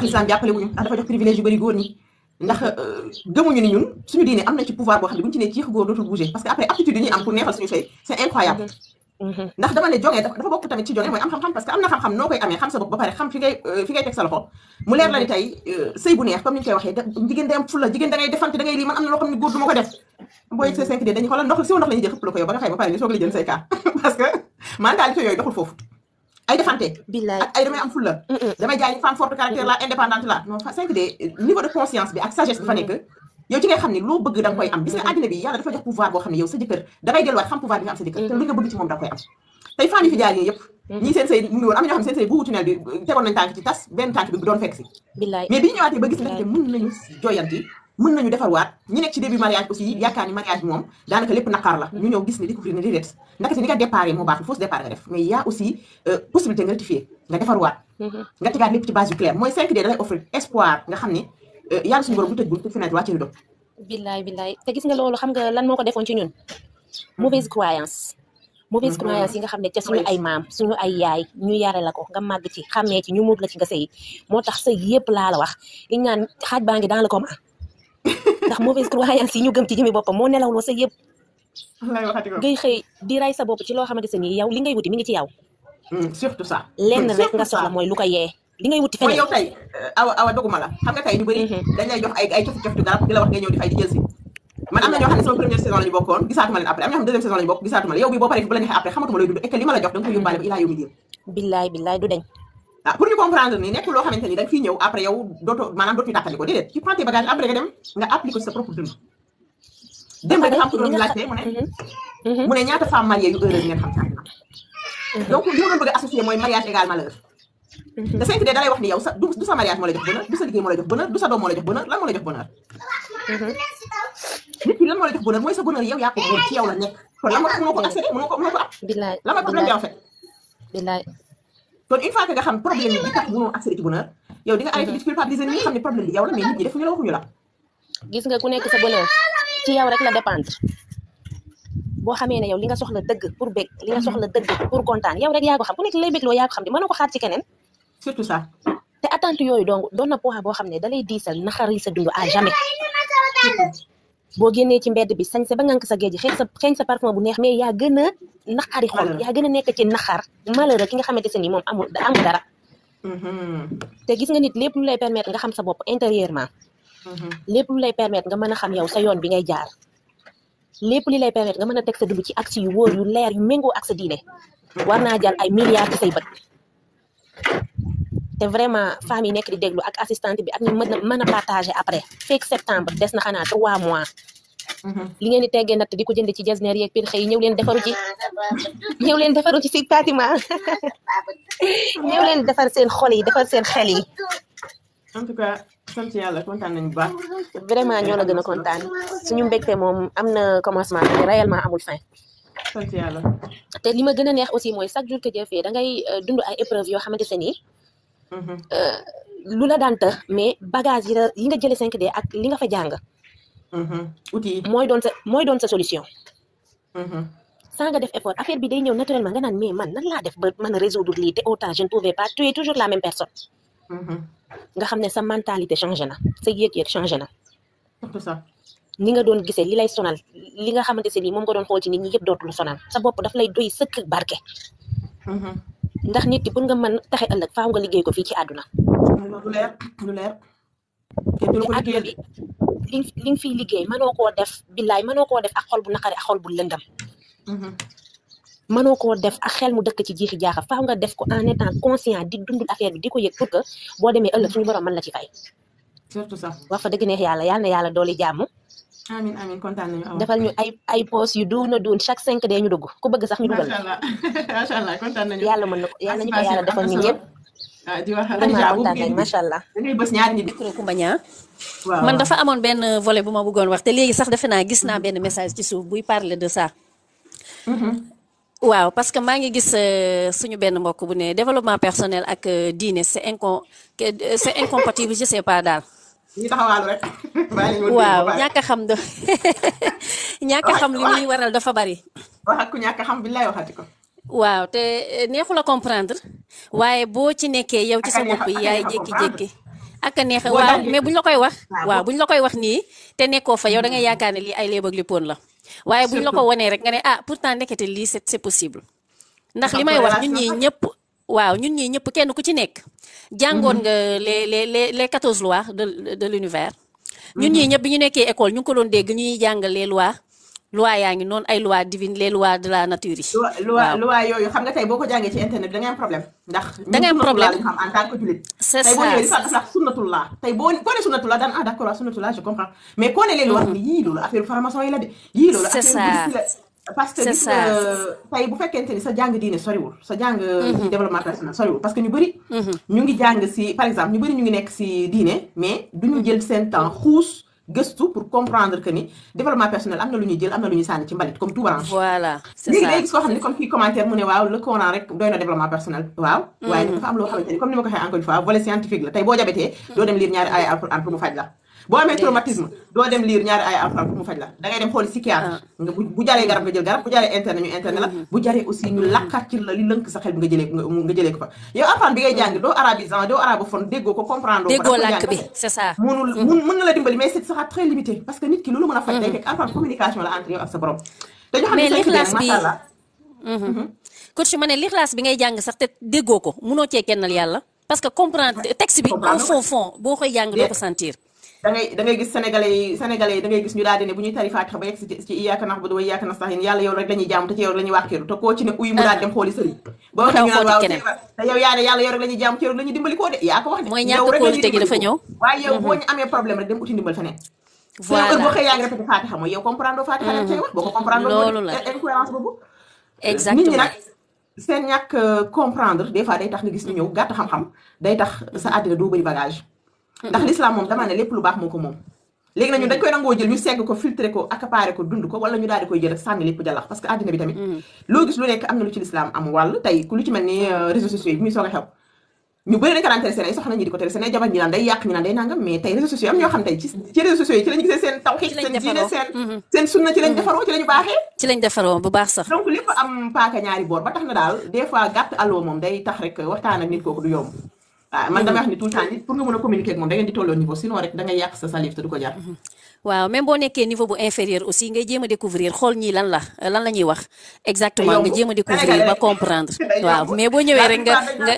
Speaker 1: l'islam jàppale wuñu ndax ndax mm-hmm. euh, gëmuñu ni ñun suñu diine am na ci pouvoir boo xam ne bu ñu ci nee ciix góor dootul bouger parce que après aptitude yi ñuy am pour neexal suñu sëy c' est incroyable mm-hmm. Mm-hmm. ndax dama ne jonge dafa bokk tamit ci jonge mooy am xam-xam noo koy amee xam sa bopp ba pare xam fi ngay euh, teg sa loxo mu leer la ni tey euh, sëy bu neex comme ni ñu koy waxee jigéen jigéen da defante da lii man am na loo xam ne góor du ko def booy se 5 d dañuy xoolal ndox siw *laughs* *laughs* ay defante ak ay damay am fulla damay jaay femme forte caractère la indépendante la non cinq de niveau de conscience bi ak sagesse bi fa nekk yow ci xam ne loo bëgg da koy am gis nga àddina bi yàlla dafa jox pouvoir boo xam ne yow sa jëkkër da ngay delluwaat xam pouvoir bi am sa jëkkër te lu nga bëgg ci moom da koy am tey femme yi fi jaar yi yëpp ñii seen sëy mu ngi woon am na xam seen sëy bu wutu bi tegoon nañ tànk ci tas benn mën nañu defarwaat ñi nekk ci début mariage aussi yaakaar ni mariage moom daanaka lépp naqaar la ñu ñëw gis ne découvrir ne déedéet ndax si ni nga déparé moo baaxul fausse départ nga def mais y aussi euh, possibilité nga rectifier nga defarwaat mm-hmm. nga tegaat lépp ci base yu claire mooy 5 nga xam ne euh, yàlla suñu borom bu tëj bul te fenêtre wàcce rido
Speaker 10: te gis nga loolu xam nga lan moo ko defoon ci ñun mauvaise mm-hmm. croyance mauvaise mm-hmm. croyance yi nga xam ne ca suñu ay yaay ñu yare la ko nga màgg ci xàmmee ci moo tax sëy yëpp laa wax li ñu naan baa ngi dans le coma ndax mauvaise croyance yi ñu gëm ci jëmi boppam moo nelawloo sa yëpp ngay xëy di ray sa bopp ci loo xamante ni yaw li ngay wuti mi ngi ci yow hmm, surtout ça lenn hmm, rek nga soxla mooy lu ko yee li ngay nga
Speaker 1: tey ñu bëri mhm. dañ jox ay ay cof garab di la wax ngay ñëw di fay di jël man am na ñoo xam ne sama première saison lañu bokkoon gisaatuma leen après am na xam ne saison lañu bokk gisaatuma la yow bi boo paree bu la neexee après xamatuma looy dund da nga ko yóbbaale ba ilaa yow mi billaay billaay du Ah, pour ñu comprendre ni nekkul loo xamante ni da nga ñëw après yow dootoo maanaam dootuñu tàqali ko déedéet ci prends tes mhm. Mhm. mu ne. ñaata femmes mariées yu heureux ngeen xam sax. Mhm. donc li ma doon bëgg a associer mooy égal malheur. te cinq de da wax ni yow sa du sa mariage moo la jox bonheur du sa moo la jox bonheur doom moo la jox bonheur lan moo la jox bonheur. nit ki sa bonheur yow yaa ko moom ci yow la nekk. lan moo ko mënoo ko accéder mënoo ko ko am. bilaay bilaay lan mooy problème bi en kon une fois que nga xam problème bi tax mënoo accéder mhm.
Speaker 10: ni xam ne problème bi yow la mais nit ñi defuñu la waxuñu la gis nga ku nekk sa bonheur ci yow rek la dépendre boo xamee ne yow li nga soxla dëgg pour bég li nga mhm. soxla dëgg pour kontaan yow rek yaa ko xam ku nekk lay bégloo yaa ko xam di mënoo ko xaar ci keneen surtout ça te attente yooyu donc doon na point boo xam ne dalay diisal naxari sa dund à jamais boo génnee ci mbedd bi sañ sa ba ngank sa géej xeeñ sa xeeñ sa parfum bu neex mais yaa gën a naqari xol yaa gën a nekk ci naqar malheureux ki nga xamante se moom amul amul dara mm-hmm. te gis nga nit lépp lu lay permettre nga xam sa bopp intérieurement
Speaker 5: mm-hmm.
Speaker 10: lépp lu lay permettre nga mën a xam yow sa yoon bi ngay jaar lépp li lay permettre nga mën a teg sa dund ci axe yu wóor yu leer yu méngoo ak sa diine war naa jàll ay milliards ci say bët te vraiment femmes yi nekk di déglu ak assistante bi ak ñu mën mën a partager après fekk septembre des na xanaa trois mois. Mhm. li ngeen di teggee natt di ko jënd ci jasneer yeeg pin xëy ñëw leen defaru ñëw leen defaru ci si Fatima *laughs* ñëw defar seen xol yi defar seen xel yi. en tout cas sant yàlla kontaan nañu bu baax. vraiment ñoo la gën a kontaan suñu mbégte moom am na commencement mais réellement amul fin. sant te li ma gën a neex aussi mooy chaque jour que Dieu fait da ngay euh, dund ay épreuves yoo xamante ne nii. Euh, lu la daan tax mais bagage yi la yi nga jëlee cinq d ak li nga fa jàng. Mm-hmm. outil mooy doon sa mooy doon sa solution. Mm-hmm. sans nga def effort affaire bi day ñëw naturellement nga naan mais man nan laa def ba man a résoudre lii te autant je ne pouvais pas tu es toujours la même personne. Mm-hmm. nga xam ne sa mentalité changé na sa yëg-yëg changé na. c'est ça. ni nga doon gisee li lay sonal li nga xamante ne nii moom nga doon xool ci nit ñi yëpp dootul sonal sa bopp daf lay doy sëkk barke. ndax nit ki pour nga man taxe ëllëg faaw nga liggéey ko fii ci adduna lu leer lu leer. te àdduna bi li li nga fiy liggéey mënoo koo def billaay mënoo koo def ak xol bu naqari ak xol bu lëndam. Mhm. mënoo koo def ak xel mu dëkk ci jiixi jaaxa faaw nga def ko en étant conscient di dundul affaire bi di ko yëg pour que boo demee ëllëg suñu borom mën la ci fay. surtout sax wax fa yàlla yal na yàlla dooli jàmm.
Speaker 1: amiin amiin kontaan
Speaker 10: nañu defal ñu ay ay post yu duun a duun chaque cinq de ñu dugg ku bëgg sax ñu dugal.
Speaker 1: macha allah *laughs*
Speaker 10: macha yàlla mën na ko yàlla nañu ko yàlla defal ñu ñëpp. ah di wax kontaan macha allah. da ngay bës man
Speaker 7: dafa amoon benn vole bu ma bëggoon wax te léegi sax defe naa gis naa benn message ci suuf buy parler de ça. Mm-hmm. waaw parce que maa ngi gis euh, suñu benn mbokk bu ne développement personnel ak euh, diine c'est inco euh, c'est incompatible je sais pas daal. *laughs* ñu
Speaker 1: taxawaalu waaw ñàkk
Speaker 7: xam do *laughs* ñàkk a xam li muy waral dafa bari.
Speaker 1: ñàkk xam bi lay waxati
Speaker 7: waaw te eh, neexu la comprendre waaye boo ci nekkee yow ci sa bopp yi yaay jékki-jékki. ak a neex waaw mais buñ la koy wax. waaw buñ la koy wax nii te nekkoo fa yow da ngay yaakaar ne lii ay léeb ak lippoon la. waaye buñ la ko wonee rek nga ne ah pourtant nekkete lii c'est possible.
Speaker 2: ndax li may wax ñun ñii
Speaker 7: ñëpp. waaw ñun ñii ñëpp kenn ku ci nekk. jàngoon mm-hmm. nga le les les les quatorze lois de de l'univers. ñun ñii mm-hmm. ñëpp ñu nekkee école ñu ko doon dégg ñuy jàngal les lois. loi yaa ngi noonu ay loi divine les lois de la nature yi. waaw loi yooyu xam nga tey boo
Speaker 1: ko jàngee ci internet da ngay am problème. ndax da ngay am problème
Speaker 7: xam en tant que c'est ça tey boo ñëwee dafa am sax
Speaker 1: tey boo ko ne sunnatullah daan ah d'accord sunnatullah je comprends mais koo ne les mm-hmm. loolu affaire formation yi la de. yii
Speaker 5: parce que gis nga
Speaker 1: tey bu fekkente ni sa jàng diine soriwul sa jàng ci mhm. développement personnel soriwul parce que ñu bëri mhm. ñu ngi jàng si par exemple ñu bëri ñu ngi nekk si diine mais duñu mhm. jël seen temps xuus gëstu pour comprendre que ni développement personnel am na lu ñuy jël am na lu ñuy sànni ci mbalit comme tout branche voilà léegi day comme fii commentaire mu ne waaw le Coran rek doy na développement personnel waaw waaye dafa am loo xamante ni comme ni ko waxee encore fois boo amee traumatisme doo dem liir ñaari ay alxuraan pour mu faj la da ngay dem xooli psychiatre ah. nga bu jaree garab nga jël garab bu jaree internet ñu internet la mm-hmm. bu jaree aussi ñu lakkat ci la li lënk sa bi nga jëlee nga ko bi ko comprendre mm-hmm. na la
Speaker 7: mm-hmm. ne coach ma bi ngay jàng sax te déggoo ko munoo cee kennal yàlla parce que comprendre texte bi en son fond boo koy jàng doo ko sentir da dangay gis sénégalais yi sénégalais yi da ngay gis ñu daal di ne bu ñuy tari faatixa ba yegg
Speaker 1: ci iyaaka nax bu du wa iyaaka nastaxin yàlla yow rek lañuy jaamu te ci yow dimbali koo de yaa wax de mooy ñàkk kóolute gi mhm. mooy yow comprendre faatixa rek mhm. cay wax boo ko comprendre loolu tax nga gis xam-xam day tax sa àddina doo bëri bagage ndax l'islam moom damaa ne lépp lu baax moo ko moom léegi nag dañ koy nangoo jël ñu segg ko filtré ko accaparé ko dund ko wala ñu daal di koy jël rek sànni lépp jalax parce que àddina bi tamit mm. loo gis lu nekk am na lu ci l'islam am wàll tey ku lu ci mel ni euh, réseaux sociaux yi bi muy soog a xew ñu fois gàtt aloo moom day tax rek waxtaan ak nit kooku du yomb waaw ah, man dama ni mmh. tout le temps a communiquer ak moom da ngeen di tolloo niveau sinon te du ko jar. Mmh.
Speaker 7: waaw même boo nekkee niveau bu inférieur aussi ngay jéem a découvrir xool ñii lan la lan la wax. exactement nga jéem découvrir ba comprendre. waaw mais boo ñëwee rek nga nga.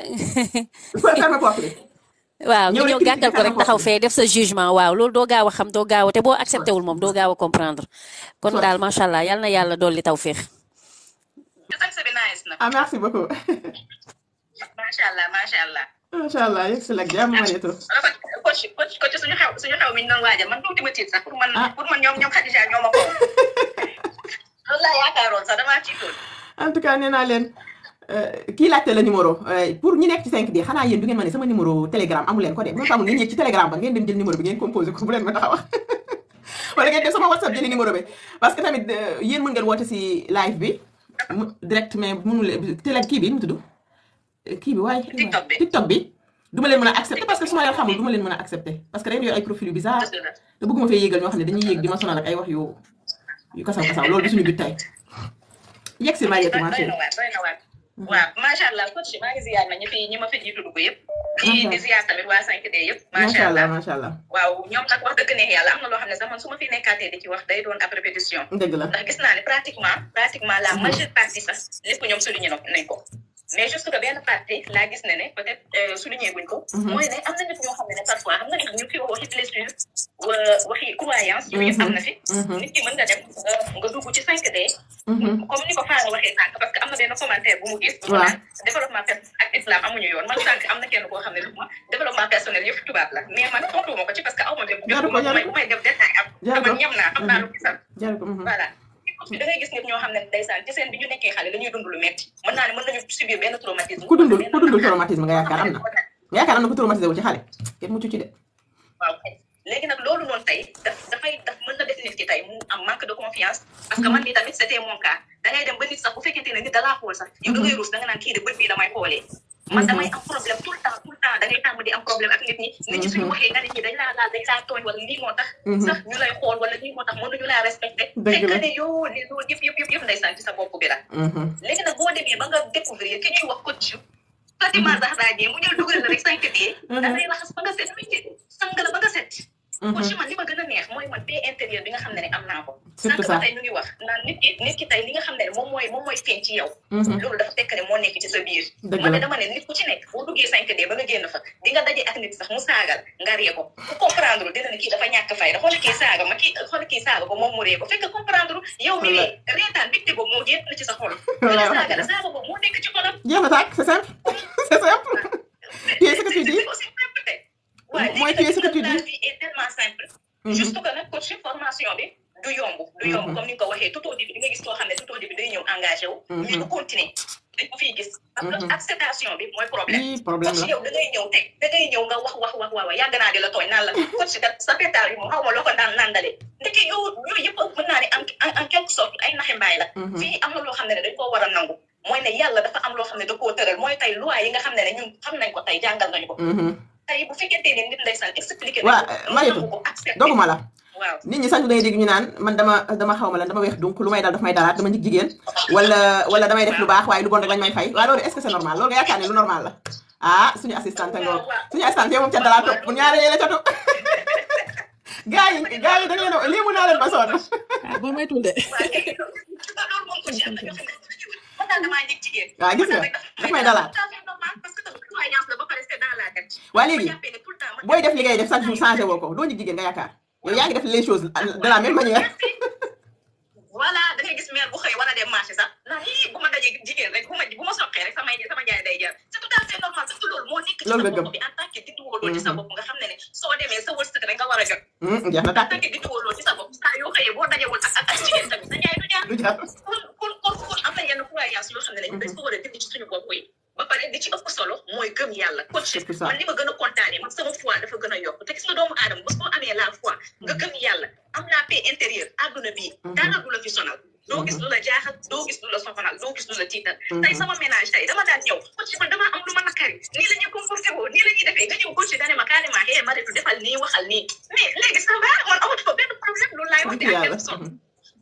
Speaker 7: *laughs* waaw nga ñëw gàkkal ko rek taxaw fee def sa jugement waaw loolu doo gaaw a xam doo gaaw te boo accepté wul moom doo gaawa comprendre. kon daal macha allah yal na yàlla dool li taw
Speaker 1: merci *laughs*
Speaker 7: macha allah yegg si nag jàmm Mariétu.
Speaker 4: ko ko suñu xew suñu xew mi man tuuti ma sax pour man ah. pour man ñoom ñoom Khadija ñoo ma ko.
Speaker 1: *laughs* loolu laa sax damaa tiitoon. en tout naa leen. Euh, ki laajte la numéro euh, pour ñu nekk ci 5D xanaa yéen du ngeen ma ne sama numéro telegram amu leen ko de bu ma ngeen yéeg ci telegram ba ngeen dem jël numéro bi ngeen composé ko bu leen ma tax a wax *laughs* wala ngeen dem sama whatsapp jëli numéro bi parce que tamit euh, yéen mën ngeen woote kii bi mu kii bi waaye TikTok bi du ma leen mën a accepté parce que su ma leen xamul du leen mën a accepté parce que dañuy yor ay profil yu bizarre te bëgguma fee yéegal ñoo xam ne dañuy yéeg di ma sonal ay wax yu kasaw kasaw loolu du suñu yegg si maa yegg maa
Speaker 4: waaw allah coach allah waaw ñoom nag wax dëgg neex yàlla am na loo xam ne sax man fi nekkaatee di ci wax day doon ab répétition dëgg la ndax gis naa ne pratiquement pratiquement la mm-hmm. majeure partie sax ko mais juste que benn partie laa gis ne ne peut être euh, souligné guñ ko. Mhm. mooy ne am na nit ñoo xam ne parfois xam nga nit ñu fi waxi blessure mhm. na fi. Mhm. nit ki nga dem euh, nga dugg ci 5D. comme ni ko Fara waxee sànq parce que am na benn commentaire bu gis. waaw développement personnel ak islam amuñu yoon man sànq am na kenn koo xam ne lu ma développement personnel yëpp tubaab la mais man tontu ma ko ci parce que aw ma am. ñam naa am naa lu gisal. voilà. da ngay gis nit ñoo xam ne ndeysaan ci seen bi ñu nekkee xale dañuy dund lu metti mën naa ne mën nañu subir benn traumatisme
Speaker 1: ku dundul ku dundul traumatisme nga yaakaar am na ku traumatisé wu ci xale kenn mucc de
Speaker 4: waaw nag loolu noonu tey dafay daf mën na def nit ki tey mu am manque de confiance parce que man li tamit c'était mon cas da ngay dem ba nit sax bu fekkente ne nit dalaa xool sax yow da ngay mm-hmm. ruus da nga naan kii de bët la may xoolee ma damay am problème tout le temps tout le temps da di am problème ak nit ñi. nit ñi suñu waxee nga nit ñi dañ laa laal dañ laa tooñ moo tax. ñu lay xool wala lii moo tax mënuñu laa respecté. dëgg la fekk ne yow li loolu yëpp yëpp yëpp ndeysaan ci sa bopp bi la. léegi nag boo demee ba nga découvrir ki ñuy wax coach Fatima Zahra Dieng mu ñëw dugal la rek sànq dee. da raxas ba nga set sànq la ba nga kon si mm-hmm. man li ma gën a neex mooy man paix intérieur bi nga xam ne ne am naa ko surtout ça tey ñu ngi wax naan nit ki nit ki tey li nga xam ne ne moom mooy moom mooy feeñ ci yow mm-hmm. loolu dafa fekk ne moo nekk ci sa biir man ne dama ne nit ku ci nekk boo duggee 5D ba nga génn fa di nga daje ak nit sax mu saagal nga ree ko ku comprendre dina ne kii dafa ñàkk fayda xool kii saaga ma kii xool kii saaga ko moom mu ree ko fekk comprendre yow mi ree reetaan mbégte boobu moo génn ci sa xol dina *laughs* saaga la saaga boobu moo nekk ci xolam
Speaker 1: jeex na taag c'est simple *laughs* c'est simple *laughs* tu es ce que tu dis waaw mooy tu es ce que tu dis
Speaker 4: simple. Mhm. juste que nag coach formation bi du yomb. du yomb mhm. comme ni nga ko waxee tout au début di nga gis koo xam ne tout au mhm. gis. parce bi da ngay ñëw teg da ngay ñëw nga wax wax wax waaw yàgg naa di la tooñ naan la coach kat sa pétard a moom xaw ma loo ko ne la. fii na loo xam ne dañ koo war a nangu. mooy ne yàlla dafa am loo xam ne da koo tëral mooy tey loi yi nga xam ne ne ñun xam nañ ko tey jàngal nañu ko. tey bu fekkente ne nit ndeysaan
Speaker 1: doguma la. waaw nit ñi sax ñu day dégg ñu naan man dama dama xaw ma lan dama weex donc lu may dal daf may dalaat dama njëg jigéen. wala wala damay def lu baax waaye lu bon rek lañ may fay. waaw loolu est-ce que c'est normal loolu bu ah, ñaaree la catu. *laughs* gaa yi gaa yi da ngeen a lii mun naa leen ba sonn. Ah, *laughs* waaw boo may
Speaker 6: tuddee.
Speaker 4: man daal damaa nekk jigéen. waaw gis nga
Speaker 1: daf may dalaat booy def li ngay def chaque jour changé woo ko doo ñu jigéen nga yaakaar yow yaa def les choses de la même
Speaker 4: voilà da ngay gis bu xëy war a dem marché sax naan bu ma dajee jigéen rek bu ma bu ma soqee rek sama jaay day jar c'est tout à fait normal surtout loolu moo nekk ci sa bopp bi en tant que di tuwaloo ci sa mm-hmm. bopp nga xam ne ne soo demee sa wërsëg rek nga war jot
Speaker 1: mm-hmm, en tant
Speaker 4: di tuwaloo ci sa bopp boo dajewul ak ak ak sa jaay du jaar kon kon kon kon am na yenn croyance yoo xam ne ne mm-hmm. dañ ko war a dindi ci suñu bopp yi ba pare di ci ëpp solo mooy gëm yàlla coach man li ma gën a kontaane man sama foi dafa gën a yokk te gis nga doomu aadama bés boo amee la foi yàlla am naa paix intérieure àdduna bii mhm. dara du la fi sonal doo gis mhm. lu la jaaxal doo gis lu la soxonal doo gis lu la tiital mhm. tey sama ménage tey dama daan ñëw coach man dama am lu ma nakari nii la ñuy comporté woo nii la ñuy defee nga ñëw coach dane ma carrément hee ma eh, defal nii waxal nii mais léegi ça va man amatu fa benn problème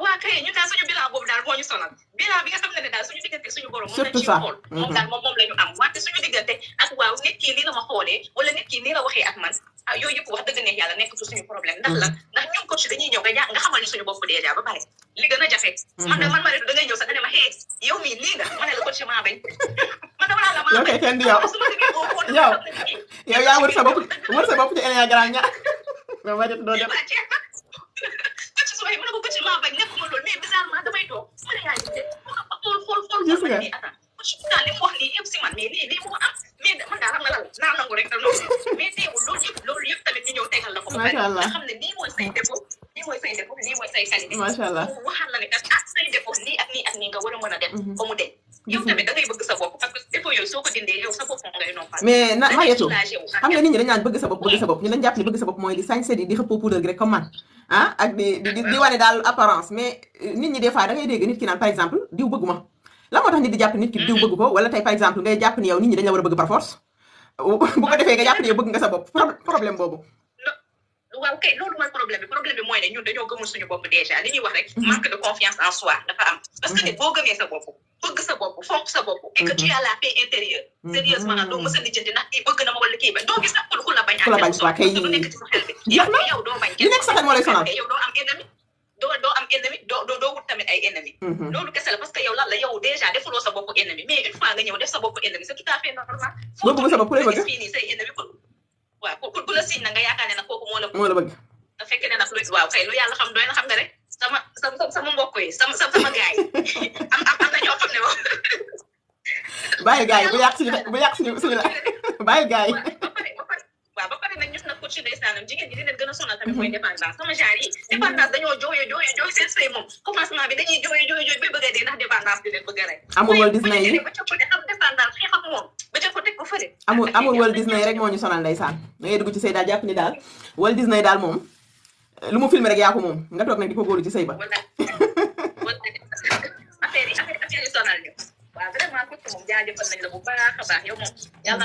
Speaker 4: waa kay ñu daal suñu bilan boobu daal moo ñu sonal bilan bi nga xam ne daal suñu diggante suñu borom moom lañ ci moom daal moom la ñu suñu diggante ak waaw nit kii lii la ma xoolee wala nit kii la waxee ak man ah, ne yàlla nekkatul la ndax ñun coach a
Speaker 1: ma da laa *laughs* la maa bañ kenn di yow yow yaa wër sa bopp wër sa bopp ci énéagramme ñaar *laughs*
Speaker 5: ba ci suba yi mu ne ko
Speaker 4: bëccëg maa bañ nekkuma loolu mais bizarrement damay toog ma ne yaa ngi dégg mu xam xool xool xool. gis nga ma su li mu wax lii yëpp si man mais lii lii moo am mais man daal xam nga lan naa nangu rek loolu mais teewul loolu yëpp loolu yëpp tamit ñu ñëw tegal la ko. macha allah nga xam ne lii mooy say défaut lii mooy say défaut lii mooy say qualité. macha allah waxaat la ne kat ah say défaut nii ak nii ak nii nga war a mën a def ba mu dee yow tamit da ngay bëgg sa bopp parce que il faut yow soo na mayetu xam nga nit ñi dañ naan
Speaker 1: bëgg sa bopp mooy di sañse di di xëppoo poudre rek comme man ah ak ah, di di di wane daal apparence mais nit ñi des fois da dégg nit ki naan par exemple diw bëggu la moo tax nit di jàpp nit ki diw mm-hmm. bëgg ko wala tey par exemple ngay jàpp nit ñi dañ la war a bëgg par force *laughs* bu ko defee nga jàpp ni yow bëgg nga sa bopp problème boobu
Speaker 4: waaw kay loolu mooy problème bi problème bi mooy ne ñun dañoo gëmul suñu bopp déjà li ñuy wax rek mm-hmm. manque de confiance en soi dafa am parce que nekk sa xel bi am
Speaker 1: ennemi doo doo am tamit ay ennemi
Speaker 4: mm-hmm. loolu kese parce que yow lan la yow déjà defuloo sa bopp ennemi mais une fois nga ñëw def sa bopp ennemi c'est tout à fait
Speaker 6: normal
Speaker 4: fii nii say ennemi waaw ku ku la siñ nag nga yaakaar ne nag moo la. la bëgg te fekk ne nag lu waaw kay lu yàlla xam doy xam nga rek sama sama mbokk yi sama sama gaay yi *laughs* am am na ñoo xam ne moom.
Speaker 1: bàyyi gaay *laughs* bu yàq suñu bu yàq suñu suñu la *laughs* bàyyi gaay
Speaker 4: waaw ba pare nag gis na coach ndeysaanam jigéen ñi di leen gën a sonal mhm. ba a dee ndax dépendance a rey amul wal Disney yi ba ca ko ko teg ko fële
Speaker 1: amul amul rek moo ñu sonal ndeysaan da ngay dugg ci sëy daal jàpp ni daal wal Disney daal moom lu mu film rek yaa moom nga toog nag di ko góolu ci sëy ba *laughs*
Speaker 4: affaire yi affaire yi waaw vraiment ku moom jaajëfal nañ la bu baax a baax yow moom. yal na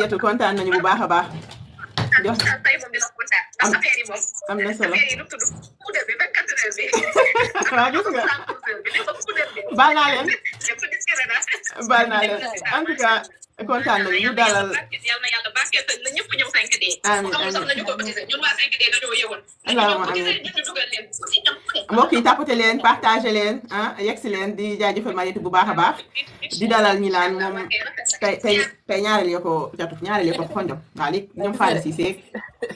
Speaker 1: la kontaan nañu bu baax a baax.
Speaker 4: jox am am na solo waaw gis nga
Speaker 1: baal naa leen kontaan nañu ñu dalal
Speaker 4: yal na yàlla yi
Speaker 1: tapoté leen partagé leen ah yegsi leen di jaajëfal Mariétou bu baax a baax di dalal ñi laan moom tey tey tey ñaareel ya ko jatuf ñaareel ya ñoom Fallou Cissé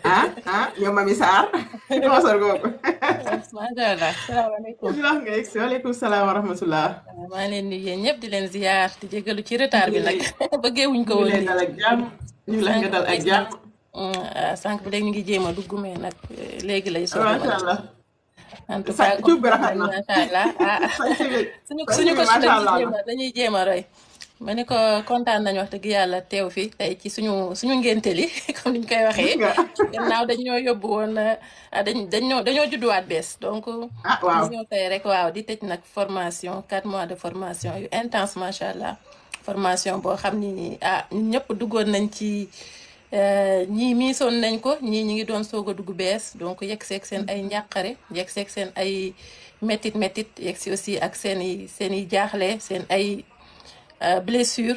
Speaker 1: ah ah ñoom mami Sarr ma sorgho ko. salaam wa rahmatulah.
Speaker 8: maa ngi leen di yéen di leen ziar di jégalu ci retard bi nag. bëggee wuñ ko woon dal ak jàmm
Speaker 1: ñu la nga dal ak jàmm.
Speaker 8: sànq ba léegi ngi jéem a dugg mais nag léegi lay. soog a en tout cas macha allah. suñu ko suñu ko dañuy jéem a roy. ma ne ko kontaan nañu wax dëgg yàlla teew fi tey ci suñu suñu ngénte li *laughs* comme niñ koy waxee. gannaaw dañ yóbbu woon ah, dañ dañoo dañoo judduwaat bees donc. ah rek waaw di tëj nag formation 4 mois de formation yu intense allah formation boo xam ni ah ñëpp duggoon nañ ci. Euh, ñii miisoon nañ ko ñii ñi ngi doon soog a dugg bees donc yegg seeg seen ay njàqare yegg seeg seen ay métit métit yegg si aussi ak seen i seen i jaaxle seen ay Euh, blessure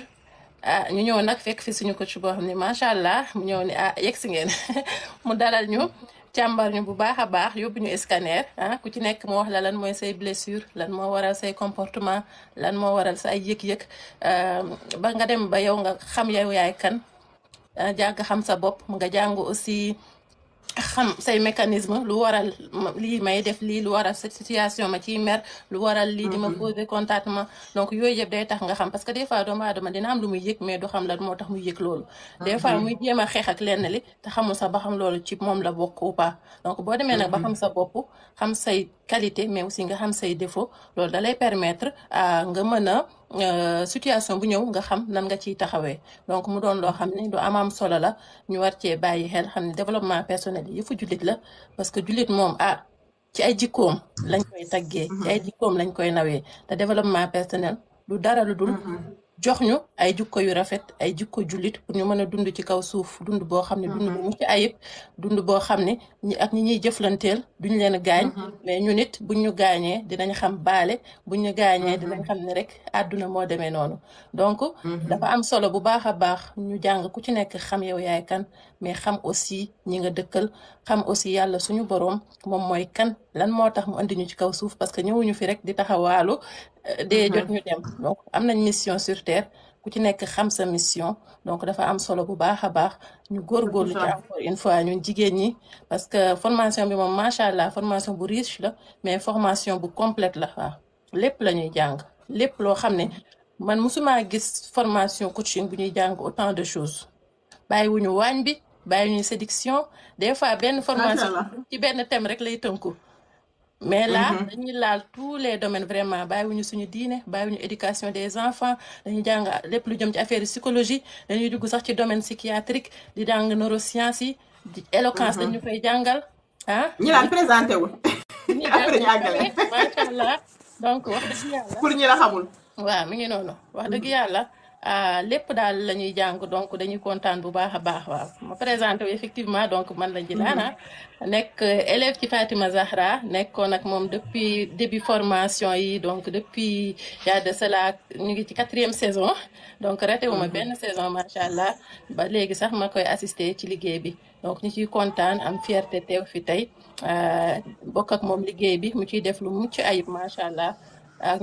Speaker 8: ah ñu ñëw nag fekk fi suñu ko boo ni ne macha allah mu ñëw ni ah yegg si ngeen *laughs* mu dalal ñu càmbar ñu bu baax a baax yóbbu ñu scanner ah ku ci nekk moo wax la lan mooy say blessure lan moo waral say comportement lan moo waral sa ay yëg-yëg euh, ba nga dem ba yow nga xam yow yaay kan ah, jàng xam sa bopp nga jàng aussi. xam say mécanisme lu waral lii may def lii lu waral cette situation ma ci mer lu waral lii di ma mhm. poser contact ma donc yooyu yëpp day tax nga xam parce que des fois doomu aadama dina am lu muy yëg mais du xam la moo tax muy yëg loolu ah, des fois muy jéem a xeex ak lenn li te xamul sa ba xam loolu ci moom la bokk pa pas donc boo demee nag ba mhm. xam sa bopp xam say qualité mais aussi nga xam say défaut loolu dalay permettre euh, nga mën a euh, situation bu ñëw nga xam nan nga ciy taxawee donc mu doon loo xam ne lu amaam solo la ñu war cee bàyyi xel xam ne développement personnel yi yëfu jullit la parce que jullit moom ah ci ay jikkoom lañ koy taggee ci ay jikkoom lañ koy nawee te développement personnel lu dara lu jox ñu ay jikko yu rafet ay jikko jullit pour ñu mën a dund ci kaw suuf dund boo xam ne dund bu mhm. mucc ayib dund boo xam ne ñi ak ñi ñuy jëflanteel duñ leen gaañ mhm. mais ñu nit bu ñu gaañee dinañ xam baale buñ ñu gaañee mhm. dina xam ne rek àdduna moo demee noonu donc dafa am solo bu baax a baax ñu jàng ku ci nekk xam yow yaay kan mais xam aussi ñi nga dëkkal xam aussi yàlla suñu boroom moom mooy kan lan moo tax mu andi ñu ci kaw suuf parce que ñëwuñu fi rek di taxawaalu euh, dee mhm. jot ñu dem donc am nañ mission sur terre ku ci nekk xam sa mission donc dafa am solo bu baax a baax ñu góorgóorlu ci encore une fois ñun jigéen ñi parce que formation bi moom macha allah formation bu riche la mais formation bu complète la waaw lépp la ñuy jàng lépp loo xam ne man musuma gis formation coaching bu ñuy jàng autant de choses bàyyiwuñu waañ bi bàyyi ñuy séduction des fois benn formation ci benn thème rek lay tënku mais là mhm. dañuy laal tous les domaines vraiment ñu suñu diine bàyyiwuñu éducation des enfants dañuy jàng lépp lu jëm ci affaire psychologie dañuy dugg sax ci domaine psychiatrique di jàng neurosciences yi di éloquence mhm. dañu koy jàngal ah ñi laan présenté wul *laughs* après ñu àggale macha allah donc wax dëgg *laughs* ñi la xamul waaw mi ngi noonu wax dëgg mhm. yàlla Euh, lépp daal la ñuy jàng donc dañuy kontaan bu baax a baax waaw ma présenté wu effectivement donc man la Djilane mm-hmm. nekk euh, élève ci Fatima Zahra nekkoon ak moom depuis début formation yi donc depuis y a de cela ñu ngi ci quatrième saison donc raté wu ma mm-hmm. benn saison macha allah ba léegi sax ma koy assister ci liggéey bi donc ñu ciy kontaan am fierté teew fi tey euh, bokk ak moom liggéey bi mu ciy def lu mucc ayib macha allah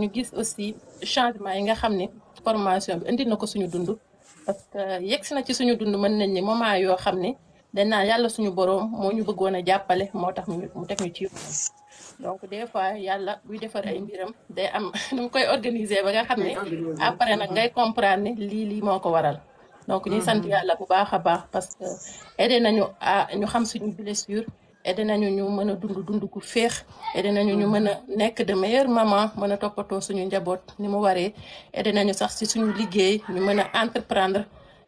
Speaker 8: ñu gis aussi changement yi nga xam ni formation bi indi na ko suñu dund parce que yegg si na ci suñu dund mën nañ ni moment yoo xam ne dañ naan yàlla suñu boroom moo ñu bëggoon a jàppale moo tax mu teg ñu ci donc des fois yàlla buy defar ay mbiram day am *laughs* nu koy organiser ba nga xam ne après nag ngay comprendre ne lii lii moo ko waral donc ñuy sant mm-hmm. yàlla bu baax a baax parce que aidé nañu à ñu xam suñu blessure aidé nañu ñu mën a dund dund gu féex aidé ñu mën a nekk de meilleure maman mën a toppatoo suñu njaboot ni mu waree aidé sax si suñu liggéey ñu mën a entreprendre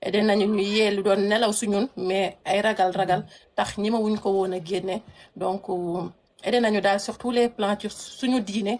Speaker 8: aidé ñu yee lu doon nelaw suñun mais ay ragal-ragal tax ñi ko woon a génne donc aidé nañu daal sur tous les suñu diine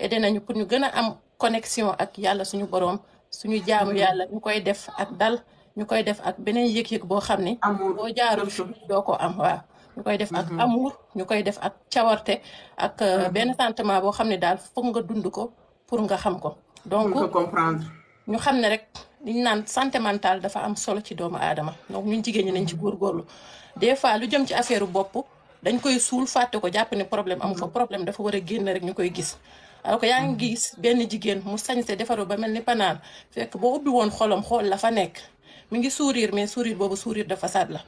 Speaker 8: aidé pour ñu gën a am connexion ak yàlla suñu borom suñu jaamu yàlla ñu koy def ak dal ñu koy def ak beneen yëg-yëg boo xam ne boo jaarul fi doo ko am waaw ñu koy def ak mhm. amour ñu koy def ak cawarte ak euh, mhm. benn sentiment boo xam ne daal foog nga dund ko pour nga xam ko donc comprendre ñu xam ne rek ñu naan santé dafa am solo ci doomu aadama donc ñun jigéen ñi nañ ci góorgóorlu des fois lu jëm ci affaire bopp dañ koy suul fàtte ko jàpp ne problème amu fa mhm. problème dafa war a génn rek ñu koy gis alors que yaa ngi gis benn jigéen mu sañ sañse defaroo ba mel ni panaan fekk boo ubbi woon xolam xool la fa nekk mi ngi sourire mais sourire boobu sourire de façade la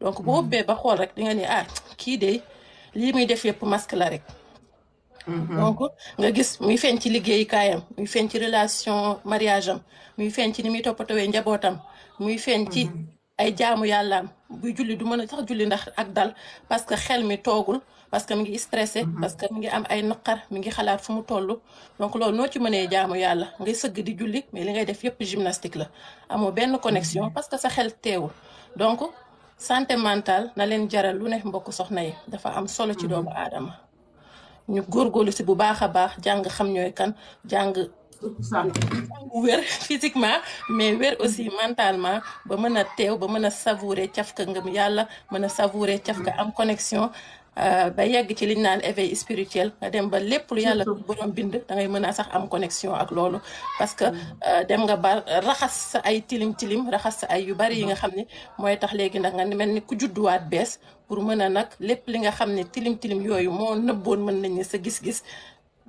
Speaker 8: donc boo ba xool rek di nga ne ah kii de lii muy def yëpp masque la rek. Mm-hmm. donc nga gis muy feeñ ci liggéeyukaayam muy feeñ ci relation mariage am muy feeñ ci ni muy toppatowee njabootam muy feeñ ci. Mm-hmm. ay jaamu yàllaam buy julli du mën a sax julli ndax ak dal parce que xel mi toogul parce que mu ngi stressé. Mm-hmm. parce que mi ngi am ay naqar mu ngi xalaat fu mu toll. donc loolu noo ci mënee jaamu yàlla ngay sëgg di julli mais li ngay def yëpp gymnastique la amoo benn connexion parce que sa xel teewul santé mentale na leen jaral lu ne mbokk soxna yi dafa am solo ci doomu mhm. aadama ñu góorgóorlu si bu baax a baax jàng xam ñooy kan jàng wér *laughs* physiquement mais wér aussi mhm. mentalement ba mën a teew ba mën a savourer caf ka ngëm yàlla mën a savourer caf ka am connexion Euh, ba yegg ci liñ naan éveil spirituel nga dem ba lépp lu yàlla borom bind dangay mën a sax am connexion ak loolu parce que mm. euh, dem nga ba raxas sa ay tilim tilim raxas sa ay yu bari yi nga mm-hmm. xam ne mooy tax léegi nag nga mel ni ku judduwaat bees pour mën a nag lépp li nga xam ne tilim tilim yooyu moo nëbboon mën nañ sa gis-gis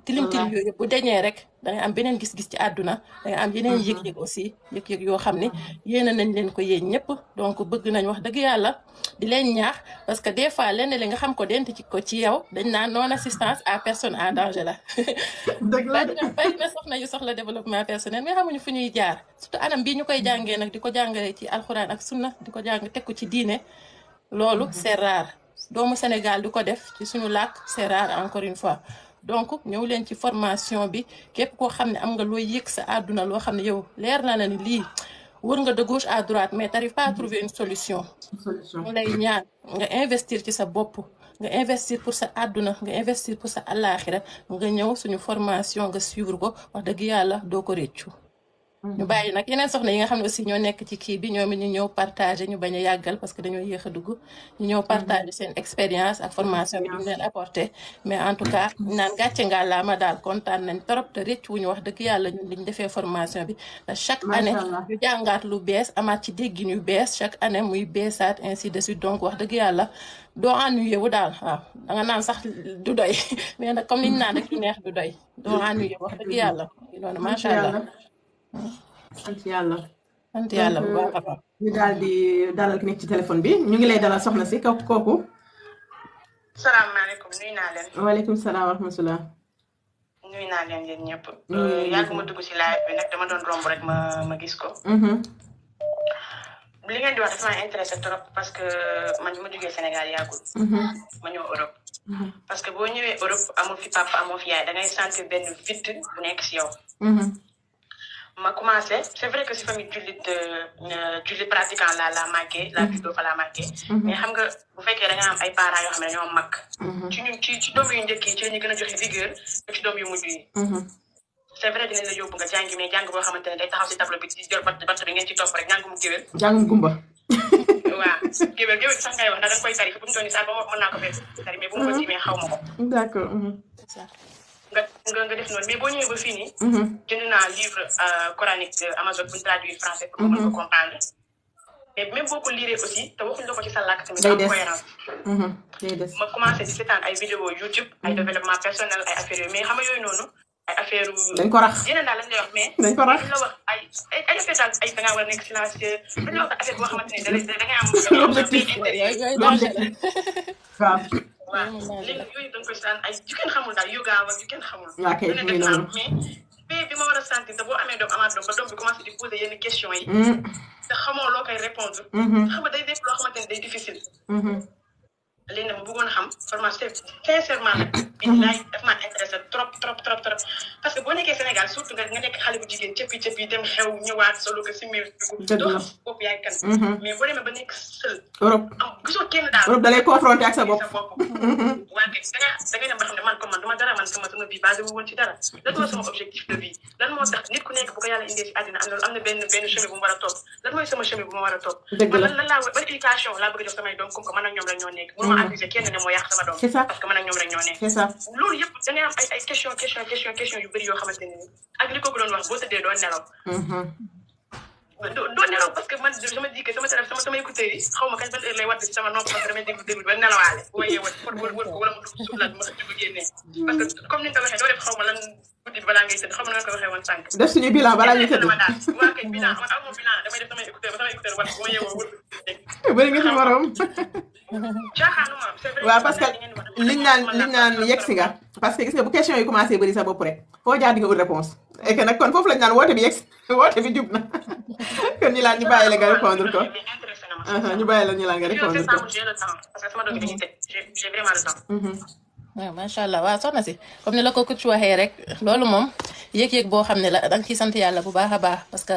Speaker 8: tilim tilim yooyu yëpp bu dañee rek da am beneen gis-gis ci àdduna da nga am yeneen yëg-yëg aussi yëg yoo xam ne yéene nañ leen ko yéen ñëpp donc bëgg nañu wax dëgg yàlla di leen ñaax parce que des fois lenn li nga xam ko dent ci ko ci yow dañ naan non assistance à personne en danger la *laughs* soxna yu soxla développement personnel mais xamuñu fu ñuy jaar surtout anam bii ñu koy jàngee nag di ko jàngale ci alxuraan ak na di ko jàng teg ko ci diine loolu mhm. c'est rare doomu Sénégal di ko def ci suñu làkk c'est rare encore une fois donc ñëw leen ci formation bi képp koo xam ne am nga looy yëg sa àdduna loo xam ne yow leer na la ni lii wër nga de à droite mais t'arrives pas à trouver une solution mu lay ñaan nga investir ci sa bopp nga investir pour sa àdduna nga investir pour sa àllaaxira nga ñëw suñu formation nga suivre ko wax dëgg yàlla doo ko réccu ñu mhm. bàyyi nag yeneen soxna yi nga xam ne ñoo nekk ci kii bi ñoom ñu ñëw partager ñu bañ a yàggal parce que dañoo yéex a dugg ñu ñëw mhm. partager seen expérience ak formation bi ñu leen apporté mais en tout cas naan gàcce ngaa laa ma daal kontaan nañ trop te rëcc wuñu wax dëgg yàlla ñun liñ defee formation bi chaque année ñu jàngaat lu bees amaat ci déggin ñu bees chaque année muy beesaat ainsi de suite donc wax dëgg yàlla doo ennuyé wu daal waaw da nga naan sax du doy *laughs* mais nag comme liñ naan rek du neex du doy yàlla loolu macha allah sant yàlla. sant yàlla bu euh,
Speaker 1: ci bi ñu ngi lay dalal soxna si kaw kooku. naa leen. waaleykum salaam wa rahmatulah.
Speaker 4: nuyu euh, ma gis ko. Mm-hmm. li ngeen di wax dafa ma parce que mm-hmm. ñëw Europe. Mm-hmm. parce boo ñëwee Europe amoo fi papa amoo fi yaay da benn vide bu nekk si yow. ma commencé c'est vrai que si famille jullit euh, euh, jullit pratiquant la la màggee la mhm. juddoo fa la màggee mhm. mais xam nga bu fekkee da nga am ay parents yoo xam ne ñoo mag mhm. ci ñu ci doom yu njëkk yi ci ñu gën a joxe vigueur que ci doom yu mujj yi c'est vrai dinañ la yóbbu nga jàngi mais jàng boo xamante ne day taxaw si tableau bi ci jël bant bant bi ngeen ci topp rek njàngum géwél njàngum gumba *laughs* waaw géwél géwél sax ngay wax na koy tari bu ñu ni sax ba naa ko fekk mais bu ma ko
Speaker 1: tiimee
Speaker 4: nga nga def noonu mais boo ñëwee ba fii nii. Mhm. jënd naa livre euh, coranique de euh, Amazon traduit français pour nga mën ko mhm. comprendre. boo ko liiree aussi te waxuñ la ko ci sa làkk tamit. day des am cohérence. Mhm. ma commencé di seetaan ay vidéo YouTube. ay développement personnel ay affaires yooyu mais xam yooyu noonu. ay affaire dañ ko rax yeneen daal lañ lay wax mais. dañ ko rax la wax ay ay ay affaire daal ay da ngaa war a nekk silencieux. dañ affaire boo xamante ne da *laughs* waaw léegi yooyu da nga koy yu kenn xamul daal yoga ak yu kenn xamul.
Speaker 5: waaw kay muy noonu
Speaker 4: mais bi ma war a sentir te amee doom amaat doom ba doom bi commencé di poser yenn question yi. Mm. te xamoo loo koy répondre. Mm-hmm. xam nga day def loo xamante ni day difficile. Mm-hmm. léegi nag mu bëggoon xam formation sincèrement nag bi laay daf maa intéressé trop trop nekkee Sénégal surtout nga nga nekk xale bu jigéen cëppi cëppi dem xew ñëwaat solo ko mm-hmm. ba nekk seul Europe am gisoo sama objectif de vie lan moo tax nit ku nekk bu ko yàlla indee am na benn benn chemin bu mu war a toog lan a toog man lan laa ban éducation laa bëgg a jox samay doom comme que man ak ñoom la nekk ma mm. accusé kenn ne moo yàq sama doom. c'est ça parce que man ak ñoom rek ñoo nekk. c'est ça loolu yëpp da ngay am ay ay question question question question yu bëri yoo xamante ne nii ak li ko doon wax boo tëddee doo nelaw. Mm-hmm. doo doo nelaw parce que man sama jikko sama téléphone sama sama écouteur yi xaw ma kañ ban heure lay wadd ci sama nopp parce que damay déglu déglu ba nelawaale bu ma yeewal wër wër wër ko wala mu dugg suuf laal ma dugg génnee. parce que comme ni nga ko waxee doo def xaw ma lan. balaa ngay sëdd bilan balaa ñuy sëdd. waaw kay *laughs* ma yeewoo wër.
Speaker 1: nga ci morom. caaxaanuma parce que liñ naan liñ naan yegg nga. parce que question yi commencé bëri sa bopp rek foo jaar di nga ut réponse et que nag kon foofu lañ naan woote bi yegg si *laughs* woote bi jub na *laughs* ko ñu laal ñu la nga répondre ko. Uh-huh, ñu bàyyi la ñu laal nga répondre ko.
Speaker 8: waaw macha allah waaw soxna si comme ni la ko ku ci waxee rek loolu moom yëg-yëg boo xam ne la da nga ciy sant yàlla a baax parce que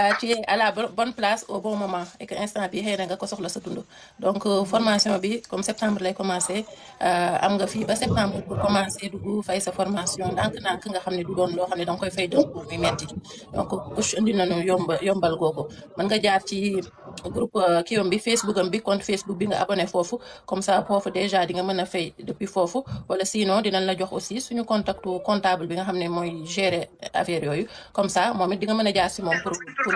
Speaker 8: la *laughs* euh, bonne place au bon moment et que instant bi xëy nga ko soxla sa dund. donc euh, formation bi comme septembre lay commencé euh, am nga fii ba septembre pour commencé dugg fay sa formation ndànk-ndànk nga xam ne du doon loo xam ne danga koy fay dënk pour muy metti donc couche indi yombal googu mën nga jaar ci groupe kii bi Facebook am bi Facebook bi nga abonné abonné foofu comme ça foofu déjà di nga mën a fay depuis foofu wala sinon dinañ la jox aussi suñu contact comptable bi nga xam ne mooy gérer affaire yooyu comme moom it di a jaar si moom pour pour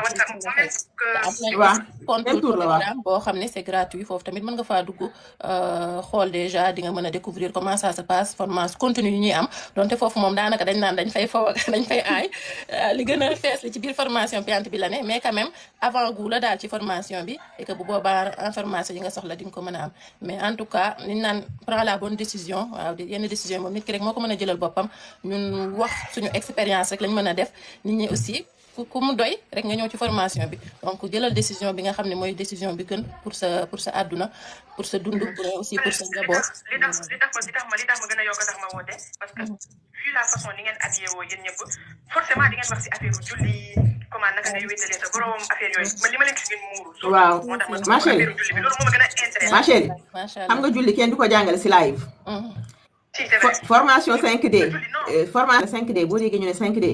Speaker 8: am compte Telegram boo xam ne c'est gratuit foofu tamit mën nga faa dugg euh, xool déjà di mën a découvrir comment ça passe formation continue yi am donte foofu moom daanaka dañ naan dañ fay faw *laughs* dañ fay aay euh, li a ci biir formation payante bi la ne mais quand même avant goût daal ci formation bi et que bu mën a am mais en tout cas liñ naan prend la bonne décision waaw yenn décision moom nit ki rek moo ko mën a jëlal boppam ñun wax suñu expérience rek lañ mën a def nit ñi aussi ku mu doy rek nga ñëw ci formation bi donc jëlal décision bi nga xam ne mooy décision bi gën pour sa pour sa àdduna pour sa dund pour aussi pour sa njaboot
Speaker 5: li tax
Speaker 4: ma li tax ma gën a yokk tax ma woote parce que mm-hmm. vu la façon ni ngeen habillé woo yéen ñëpp forcément di ngeen julli comment waaw ma chérie
Speaker 5: loolu
Speaker 4: xam nga
Speaker 1: julli kenn du ko jàngale si live. Eh, formation cinq d formation 5D boo déggee ñu ne 5D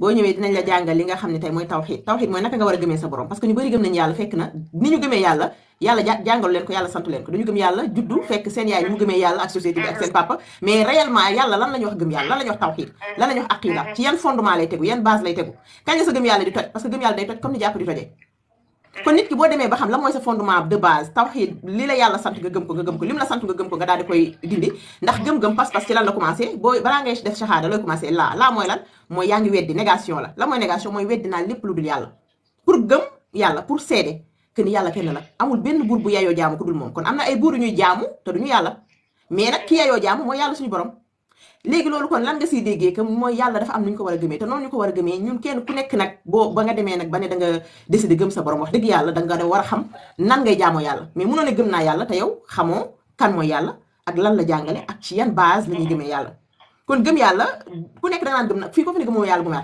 Speaker 1: boo ñëwee dinañ la jàngal li nga xam ne tey mooy tawxiid tawxiid mooy naka nga war a gëmee sa borom parce que ñu bëri gëm nañu yàlla fekk na ni ñu gëmee yàlla. yàlla jàngalu leen ko yàlla santu leen ko dañu gëm yàlla juddu fekk seen yaay ni mu gëmee yàlla ak société bi ak seen papa mais réellement yàlla lan la wax gëm yàlla lan la ñu wax tawxiid lan la wax aqida ci yan fondement lay tegu yan base lay tegu kon nit ki boo demee ba xam la mooy sa fondement de base tawxiid li la yàlla sant nga gëm ko nga gëm ko nga daal di koy dindi ndax gëm-gëm pas-pas ci lan la commencé boo balaa ngay def shahada que ni yàlla kenn la amul benn buur bu yaayoo jaamu ku dul moom kon am na ay buur yu ñuy jaamu te duñu yàlla mais nag ki yaayoo jaamu mooy yàlla suñu borom léegi loolu kon lan nga siy déggee mooy yàlla dafa am nu war a gëmee te noonu ñu war a gëmee ñun kenn ku nekk nag boo ba nga demee nag ba wax dëgg yàlla da nga war a xam nan ngay jaamoo yàlla mais munoo ne gëm naa yàlla te yow xamoo kan mooy yàlla ak lan la jàngale ak ci yan base la ñuy gëmee yàlla kon gëm yàlla ku nekk da nga naan gëm nag fii ko fi gëmoo yàlla bu mu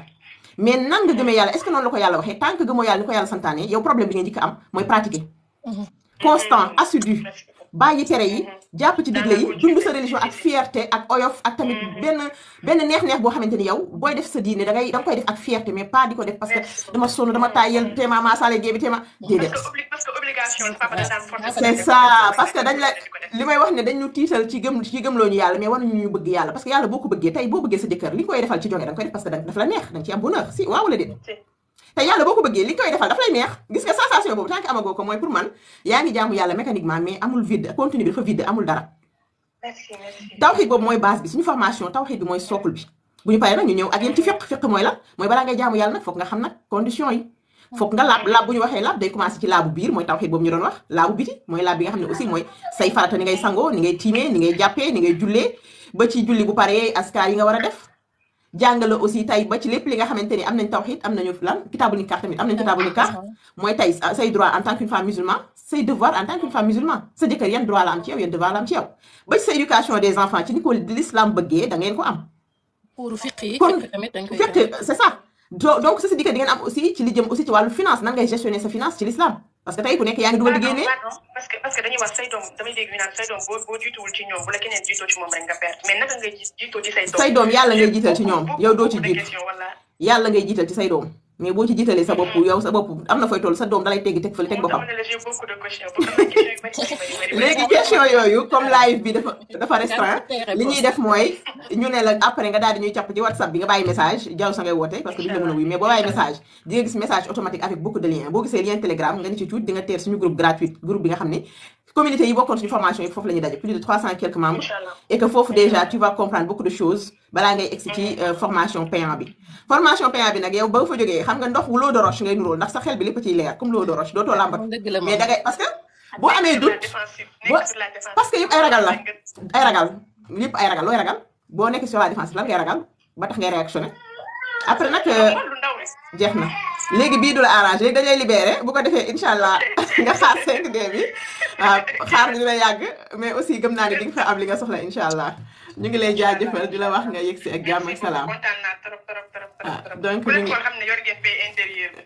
Speaker 1: mais nan nga mm-hmm. yàlla est-ce que noonu la yàlla waxee tant que gëmoo yàlla ni ko yàlla santaane yow problème bi nga am mooy pratiquer. Mm-hmm. constant assidu bàyyi tere yi mhm. jàpp ci digle yi dund sa religion ak fierté ak oyof ak tamit mhm. benn benn neex-neex boo xamante ni yow booy def sa diine da ngay da nga koy def ak fierté mais pas di ko def parce dañ la li may wax ne dañu tiital ci gëm ci gëmloo ñu yàlla mais war nañu ñu bëgg yàlla parce yàlla boo ko bëggee tey boo bëggee sa jëkkër li koy defal ci jonge da koy def parce daf la neex da ci am bonheur si waaw wala déet te yàlla boo ko bëggee li nga koy defal daf lay neex gis nga sensation boobu tant que amagoo ko mooy pour man yaa ngi jaamu yàlla mécaniquement mais amul vide contenu bi dafa vide amul dara. merci merci tawxiid boobu mooy base bi suñu formation tawxiid bi mooy socle bi. bu ñu paree nag ñu ñëw ak yéen ci fiq fiq mooy lan mooy balaa ngay jaamu yàlla nag foog nga xam nag condition yi. foog nga laab laab bu ñu waxee laab day commencé ci laabu biir mooy tawxiid boobu ñu doon wax laabu biti mooy laab bi nga xam ne aussi mooy say farata ni ngay sangoo ni ngay tiimee ni ngay jàppee ni ngay jullee ba ci julli bu paree askar yi nga war a def jàngale aussi tay ba ci lépp li nga xamante ni am nañ tawhid am nañu lan kitaabul nikah tamit ah, ah. mooy tay ah, say droit en tant qu'une femme musulmane say devoir en tant qu'une femme musulmane sa jëkkër yan droit la am ci yow yan devoir la am ci yow ba ci sa éducation des enfants ci ni ko l'islam bëggee da ko am
Speaker 8: pour c'est
Speaker 1: ça donc ceci dit que di ngeen am aussi ci li jëm aussi ci wàllu finance nan gestionner sa finance ci l'islam parce que tey ku nekk yaa ngi dugal di
Speaker 4: parce que parce que dañuy say doom damay dégg ñu naan say doom boo boo ci ñoom bu keneen jiitoo ci
Speaker 1: moom rek nga mais naka ngay jiitoo ci say doom yàlla ngay jiital ci ñoom yow doo ci jiitu yàlla ngay jiital ci say doom mais boo ci jiitalee sa bopp yow sa bopp am na fooy toll sa doom dalay teggi teg fële teg boppam. léegi question yooyu comme live bi dafa dafa restreint li ñuy def mooy ñu ne la après nga daal di ñuy càpp ci whatsapp bi nga bàyyi message jarul sa ngay woote parce que duñu la mën a wuyu mais boo bàyyi message di gis message automatique avec beaucoup de liens boo gisee lien telegram nga ni ci tuut di teer suñu groupe gratuit groupe bi nga xam ne communauté euh, bi formation PA bi nag yow ba fa jógee xam nga ndox l'eau de roche ngay nuróol ndax sa xel bi lépp ciy leer comme l'eau de roche dootoo làmbat mais da ngay parce que boo amee doute boo parce que yëpp ay ragal la ay ragal boo nekk sur la défense lan ngay ragal ba tax ngay réactionné après nag euh, na léegi bii du la arrangé dañ lay libéré bu ko defee incha allah *laughs* nga xaar 5D bi waaw xaar ñu la mais aussi gëm naa ne di nga fa am li nga soxla incha allah ñu ngi lay jaajëfal di la wax nga yegg si ak jàmm ak Ah, donc ñu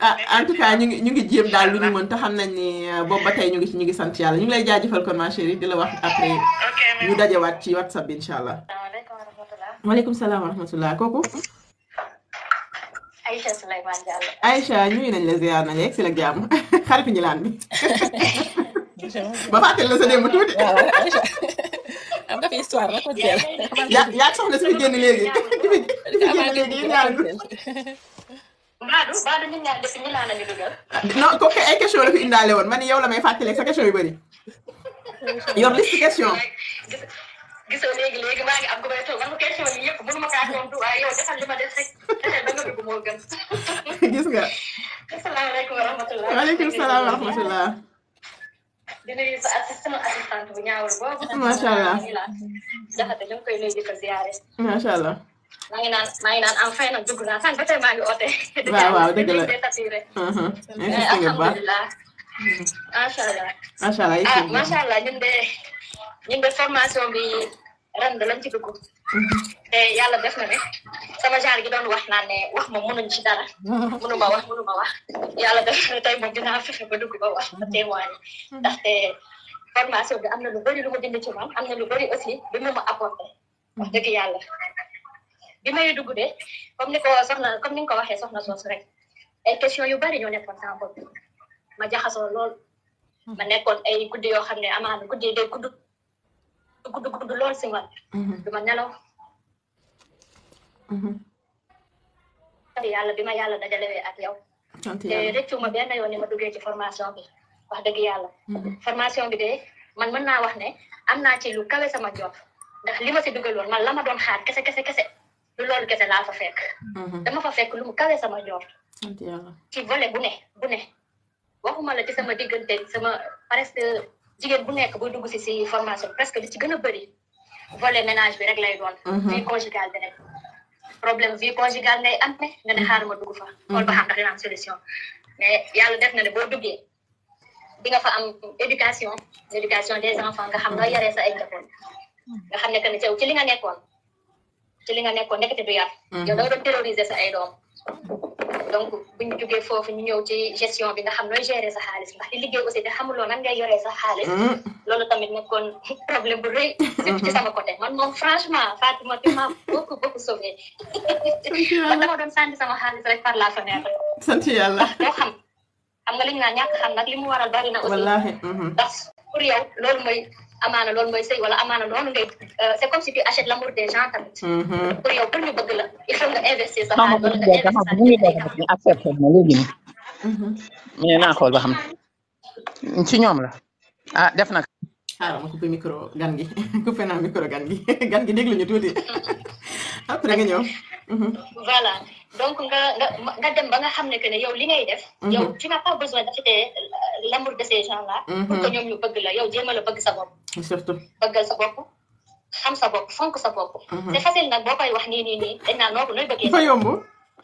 Speaker 1: ah en ñu ngi ñu ngi jéem daal lu ñu mën te xam nañ ni euh, boobu ba tey ñu ngi ñu ngi sant yàlla ñu ngi lay jaajëfal kon ma chérie di la wax après ñu dajewaat ci whatsapp bi incha allah. maaleykum salaam wa rahmatulah kooku. ñu ngi nañ la ziar nañ si la jàmm *laughs* xaritu ñilaan bi.
Speaker 12: ba *laughs* *laughs* fàttali la sa démb tuuti. am fi histoire rek ak jël yaa
Speaker 1: yaa soxna si génn léegi.
Speaker 12: Badou Badou ñun ñaar defi ñu naan lañu dugal.
Speaker 1: non kooku ay question la fi indaale woon man yow la may fàttali sa question yu bëri.
Speaker 12: yor liste question. gisoo léegi léegi maa ngi am ko may toog man question yi yëpp mënu ma kaa tontu waaye yow defal li ma def rek defal ba nga dugg moo gën. gis nga. asalaamaaleykum wa rahmatulah. waaleykum salaam wa rahmatulah. dinañu sa assist sama assistante bu ñaawul boobu. macha allah jaxate ñu ngi koy nuyu di maa ngi naan maa ngi naan am fay nag dugg naa sànq ba tey maa ngi oote. *laughs* waaw waaw *laughs* uh-huh. allah. Ah, macha allah ñun de ñun bi. ren lañ ci dugg te yàlla def na ne sama genre gi doon wax naan ne wax ma mënuñ ci dara mënu ma wax mënu ma wax yàlla def na tey moom dinaa fexe ba dugg ba wax ba témoigné ndaxte formation bi am na lu bëri lu mu dindi ci man am na lu bëri aussi lu mu ma apporté yàlla bi may de comme ni ko soxna comme ni nga ko waxee soxna soosu rek ay question yu bëri ñoo nekkoon sama bopp ma jaxasoo lool ma nekkoon ay guddi yoo xam ne amaana guddi day gudd gudd gudd lool si ma du ma nelaw. yàlla bi ma yàlla dajalewee ak yow. sant yàlla te rëccu ma benn yoon ni ma duggee ci formation bi wax dëgg yàlla. formation bi de man mën naa wax ne am naa ci lu sama jot ndax li ma si dugaloon man la ma doon xaar kese kese kese lu loolu kese laa fa fekk. dama fa fekk lu mu kawe sama jot. sant yàlla volet bu ne bu ne waxuma la ci sama diggante sama presque. jigéen bu nekk buy dugg si si formation presque di ci gën a bëri volet ménage bi rek lay doon. Mhm. vie conjugale problème vie conjugale ngay am ne nga ne mhm. xaaral ma dugg fa. xool ba xam ndax solution mais yàlla def na ne boo duggee di nga fa am éducation éducation des enfants nga xam nga yaree sa ay njaboot nga xam ne que ne ci li nga nekkoon ci li nga nekkoon nekkati du yar. Mhm. yow sa ay doom. donc buñ jugee foofu ñu ñëw ci gestion bi nga xam nooy gérer sa xaalis ndax di liggéey aussi te xamuloo nan ngay yoree sa xaalis hmm. loolu tamit nekkoon *laughs* problème bu rëy hmm. surtout ci sama côté man moom franchement Fatima tu m'as *laughs* beaucoup beaucoup sauvé man dama doon sànni sama xaalis rek par la fenêtre
Speaker 1: sant yàlla doo xam
Speaker 12: xam nga li ñu naan ñàkk xam nag li mu waral bari na aussi hmm. ndax pour yow loolu mooy amaana loolu mooy sëy wala amaana noonu ngay euh, c' est comme si tu achètes l' amour des gens tamit. Mm-hmm. pour yow pour ñu bëgg la il faut nga investir sa xaalis wala nga investir sa
Speaker 11: xaalis accepté na léegi nii. Mm-hmm. mais naa xool ba xam ci ñoom la
Speaker 1: ah def na. xaaral ah, ma coupé micro gan gi *laughs* coupé naa micro gan gi *laughs* gan gi déglu ñu tuuti *laughs* après nga ñëw.
Speaker 12: Mm-hmm. voilà. donc nga nga dem ba nga xam ne que ne yow li ngay def. Mhm. yow tu na pas besoin d'acheter l'amour de ces gens mhm. pour que ñoom ñu bëgg la yow jéem a la bëgg sa bopp. surtout bëggal sa bopp xam sa bopp fonk sa bopp. Mhm. c'est facile nag boo koy wax nii nii ni dañ naan noo ko nooy bëggee. dafa yomb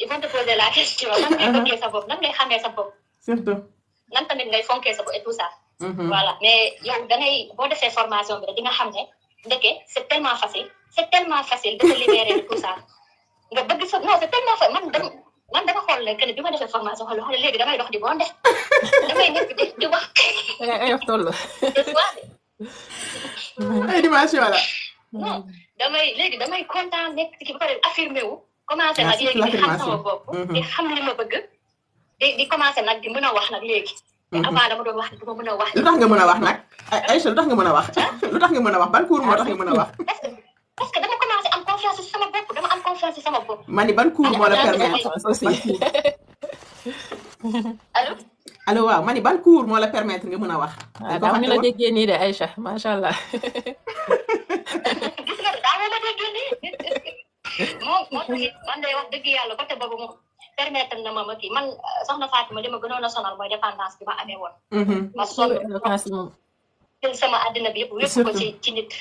Speaker 12: ils vont te poser la question nan ngay bëggee sa bopp nan ngay xamee sa bopp. surtout nan tamit ngay fonkee sa bopp et tout ça. voilà mais yow da ngay boo defee formation bi rek di nga xam ne ndeke c'est tellement facile c'est tellement facile de nga bëgg sa non c'est tellement man dama man dama xool que ne bi ma defee formation xool xool léegi damay dox di bon de damay nekk di di wax. da
Speaker 1: ngay ayof toll. ay dimension la.
Speaker 12: damay léegi damay kontaan nekk ci ba pare affirmé wu. commencé nag léegi di xam sama bopp. di mm-hmm. xam li ma bëgg. di di nag di mën a wax nag léegi. mais mm-hmm. avant dama doon wax du ma mën a wax. lu tax nga mën a wax
Speaker 1: nag ay Aïcha lu tax nga mën a wax. lu tax nga mën a wax ban cours moo tax nga mën a wax.
Speaker 12: parce que dama commencé. confiance ci sama bopp
Speaker 1: dama ni ban cours moo la permettre aussi. allo. *laughs* allo waaw ma ni ban cours moo la permettre nga mën a wax. waaw ah, daaw ñu la
Speaker 8: nii de Aïcha macha allah.
Speaker 12: ma la déggee man day wax dëgg yàlla côté boobu moom permettre na ma ma ma a sonal mooy dépendance ma amee woon. Mhm. ma sonn
Speaker 8: dépendance moom.
Speaker 12: jël bi yëpp ci nit.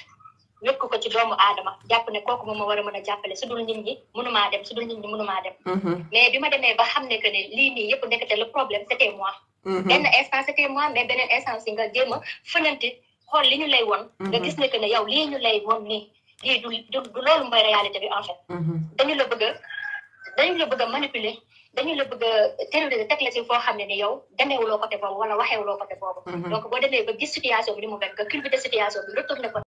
Speaker 12: yokk ko ci doomu aadama jàpp ne kooku moom ma war a mën a jàppale su dul nit ñi mënumaa dem su dul nit ñi mënumaa dem mm-hmm. mais bi ma demee ba xam ne que ne lii nii yëpp nekkate le problème c'était moi mm-hmm. benn instant c'était moi mais beneen instant si nga jéem a fënanti xool li ñu lay woon mm-hmm. nga gis ne que ne yow lii ñu lay won nii lii du du loolu mooy réalité bi en fait dañu la bëgg a dañu la bëgg a manipuler dañu la bëgg a terroriser teg la ci foo xam ne ni yow demeewuloo côté boobu wala waxeewuloo côté boobu donc boo demee ba situation bi ni mu mel nga culbuté situation ko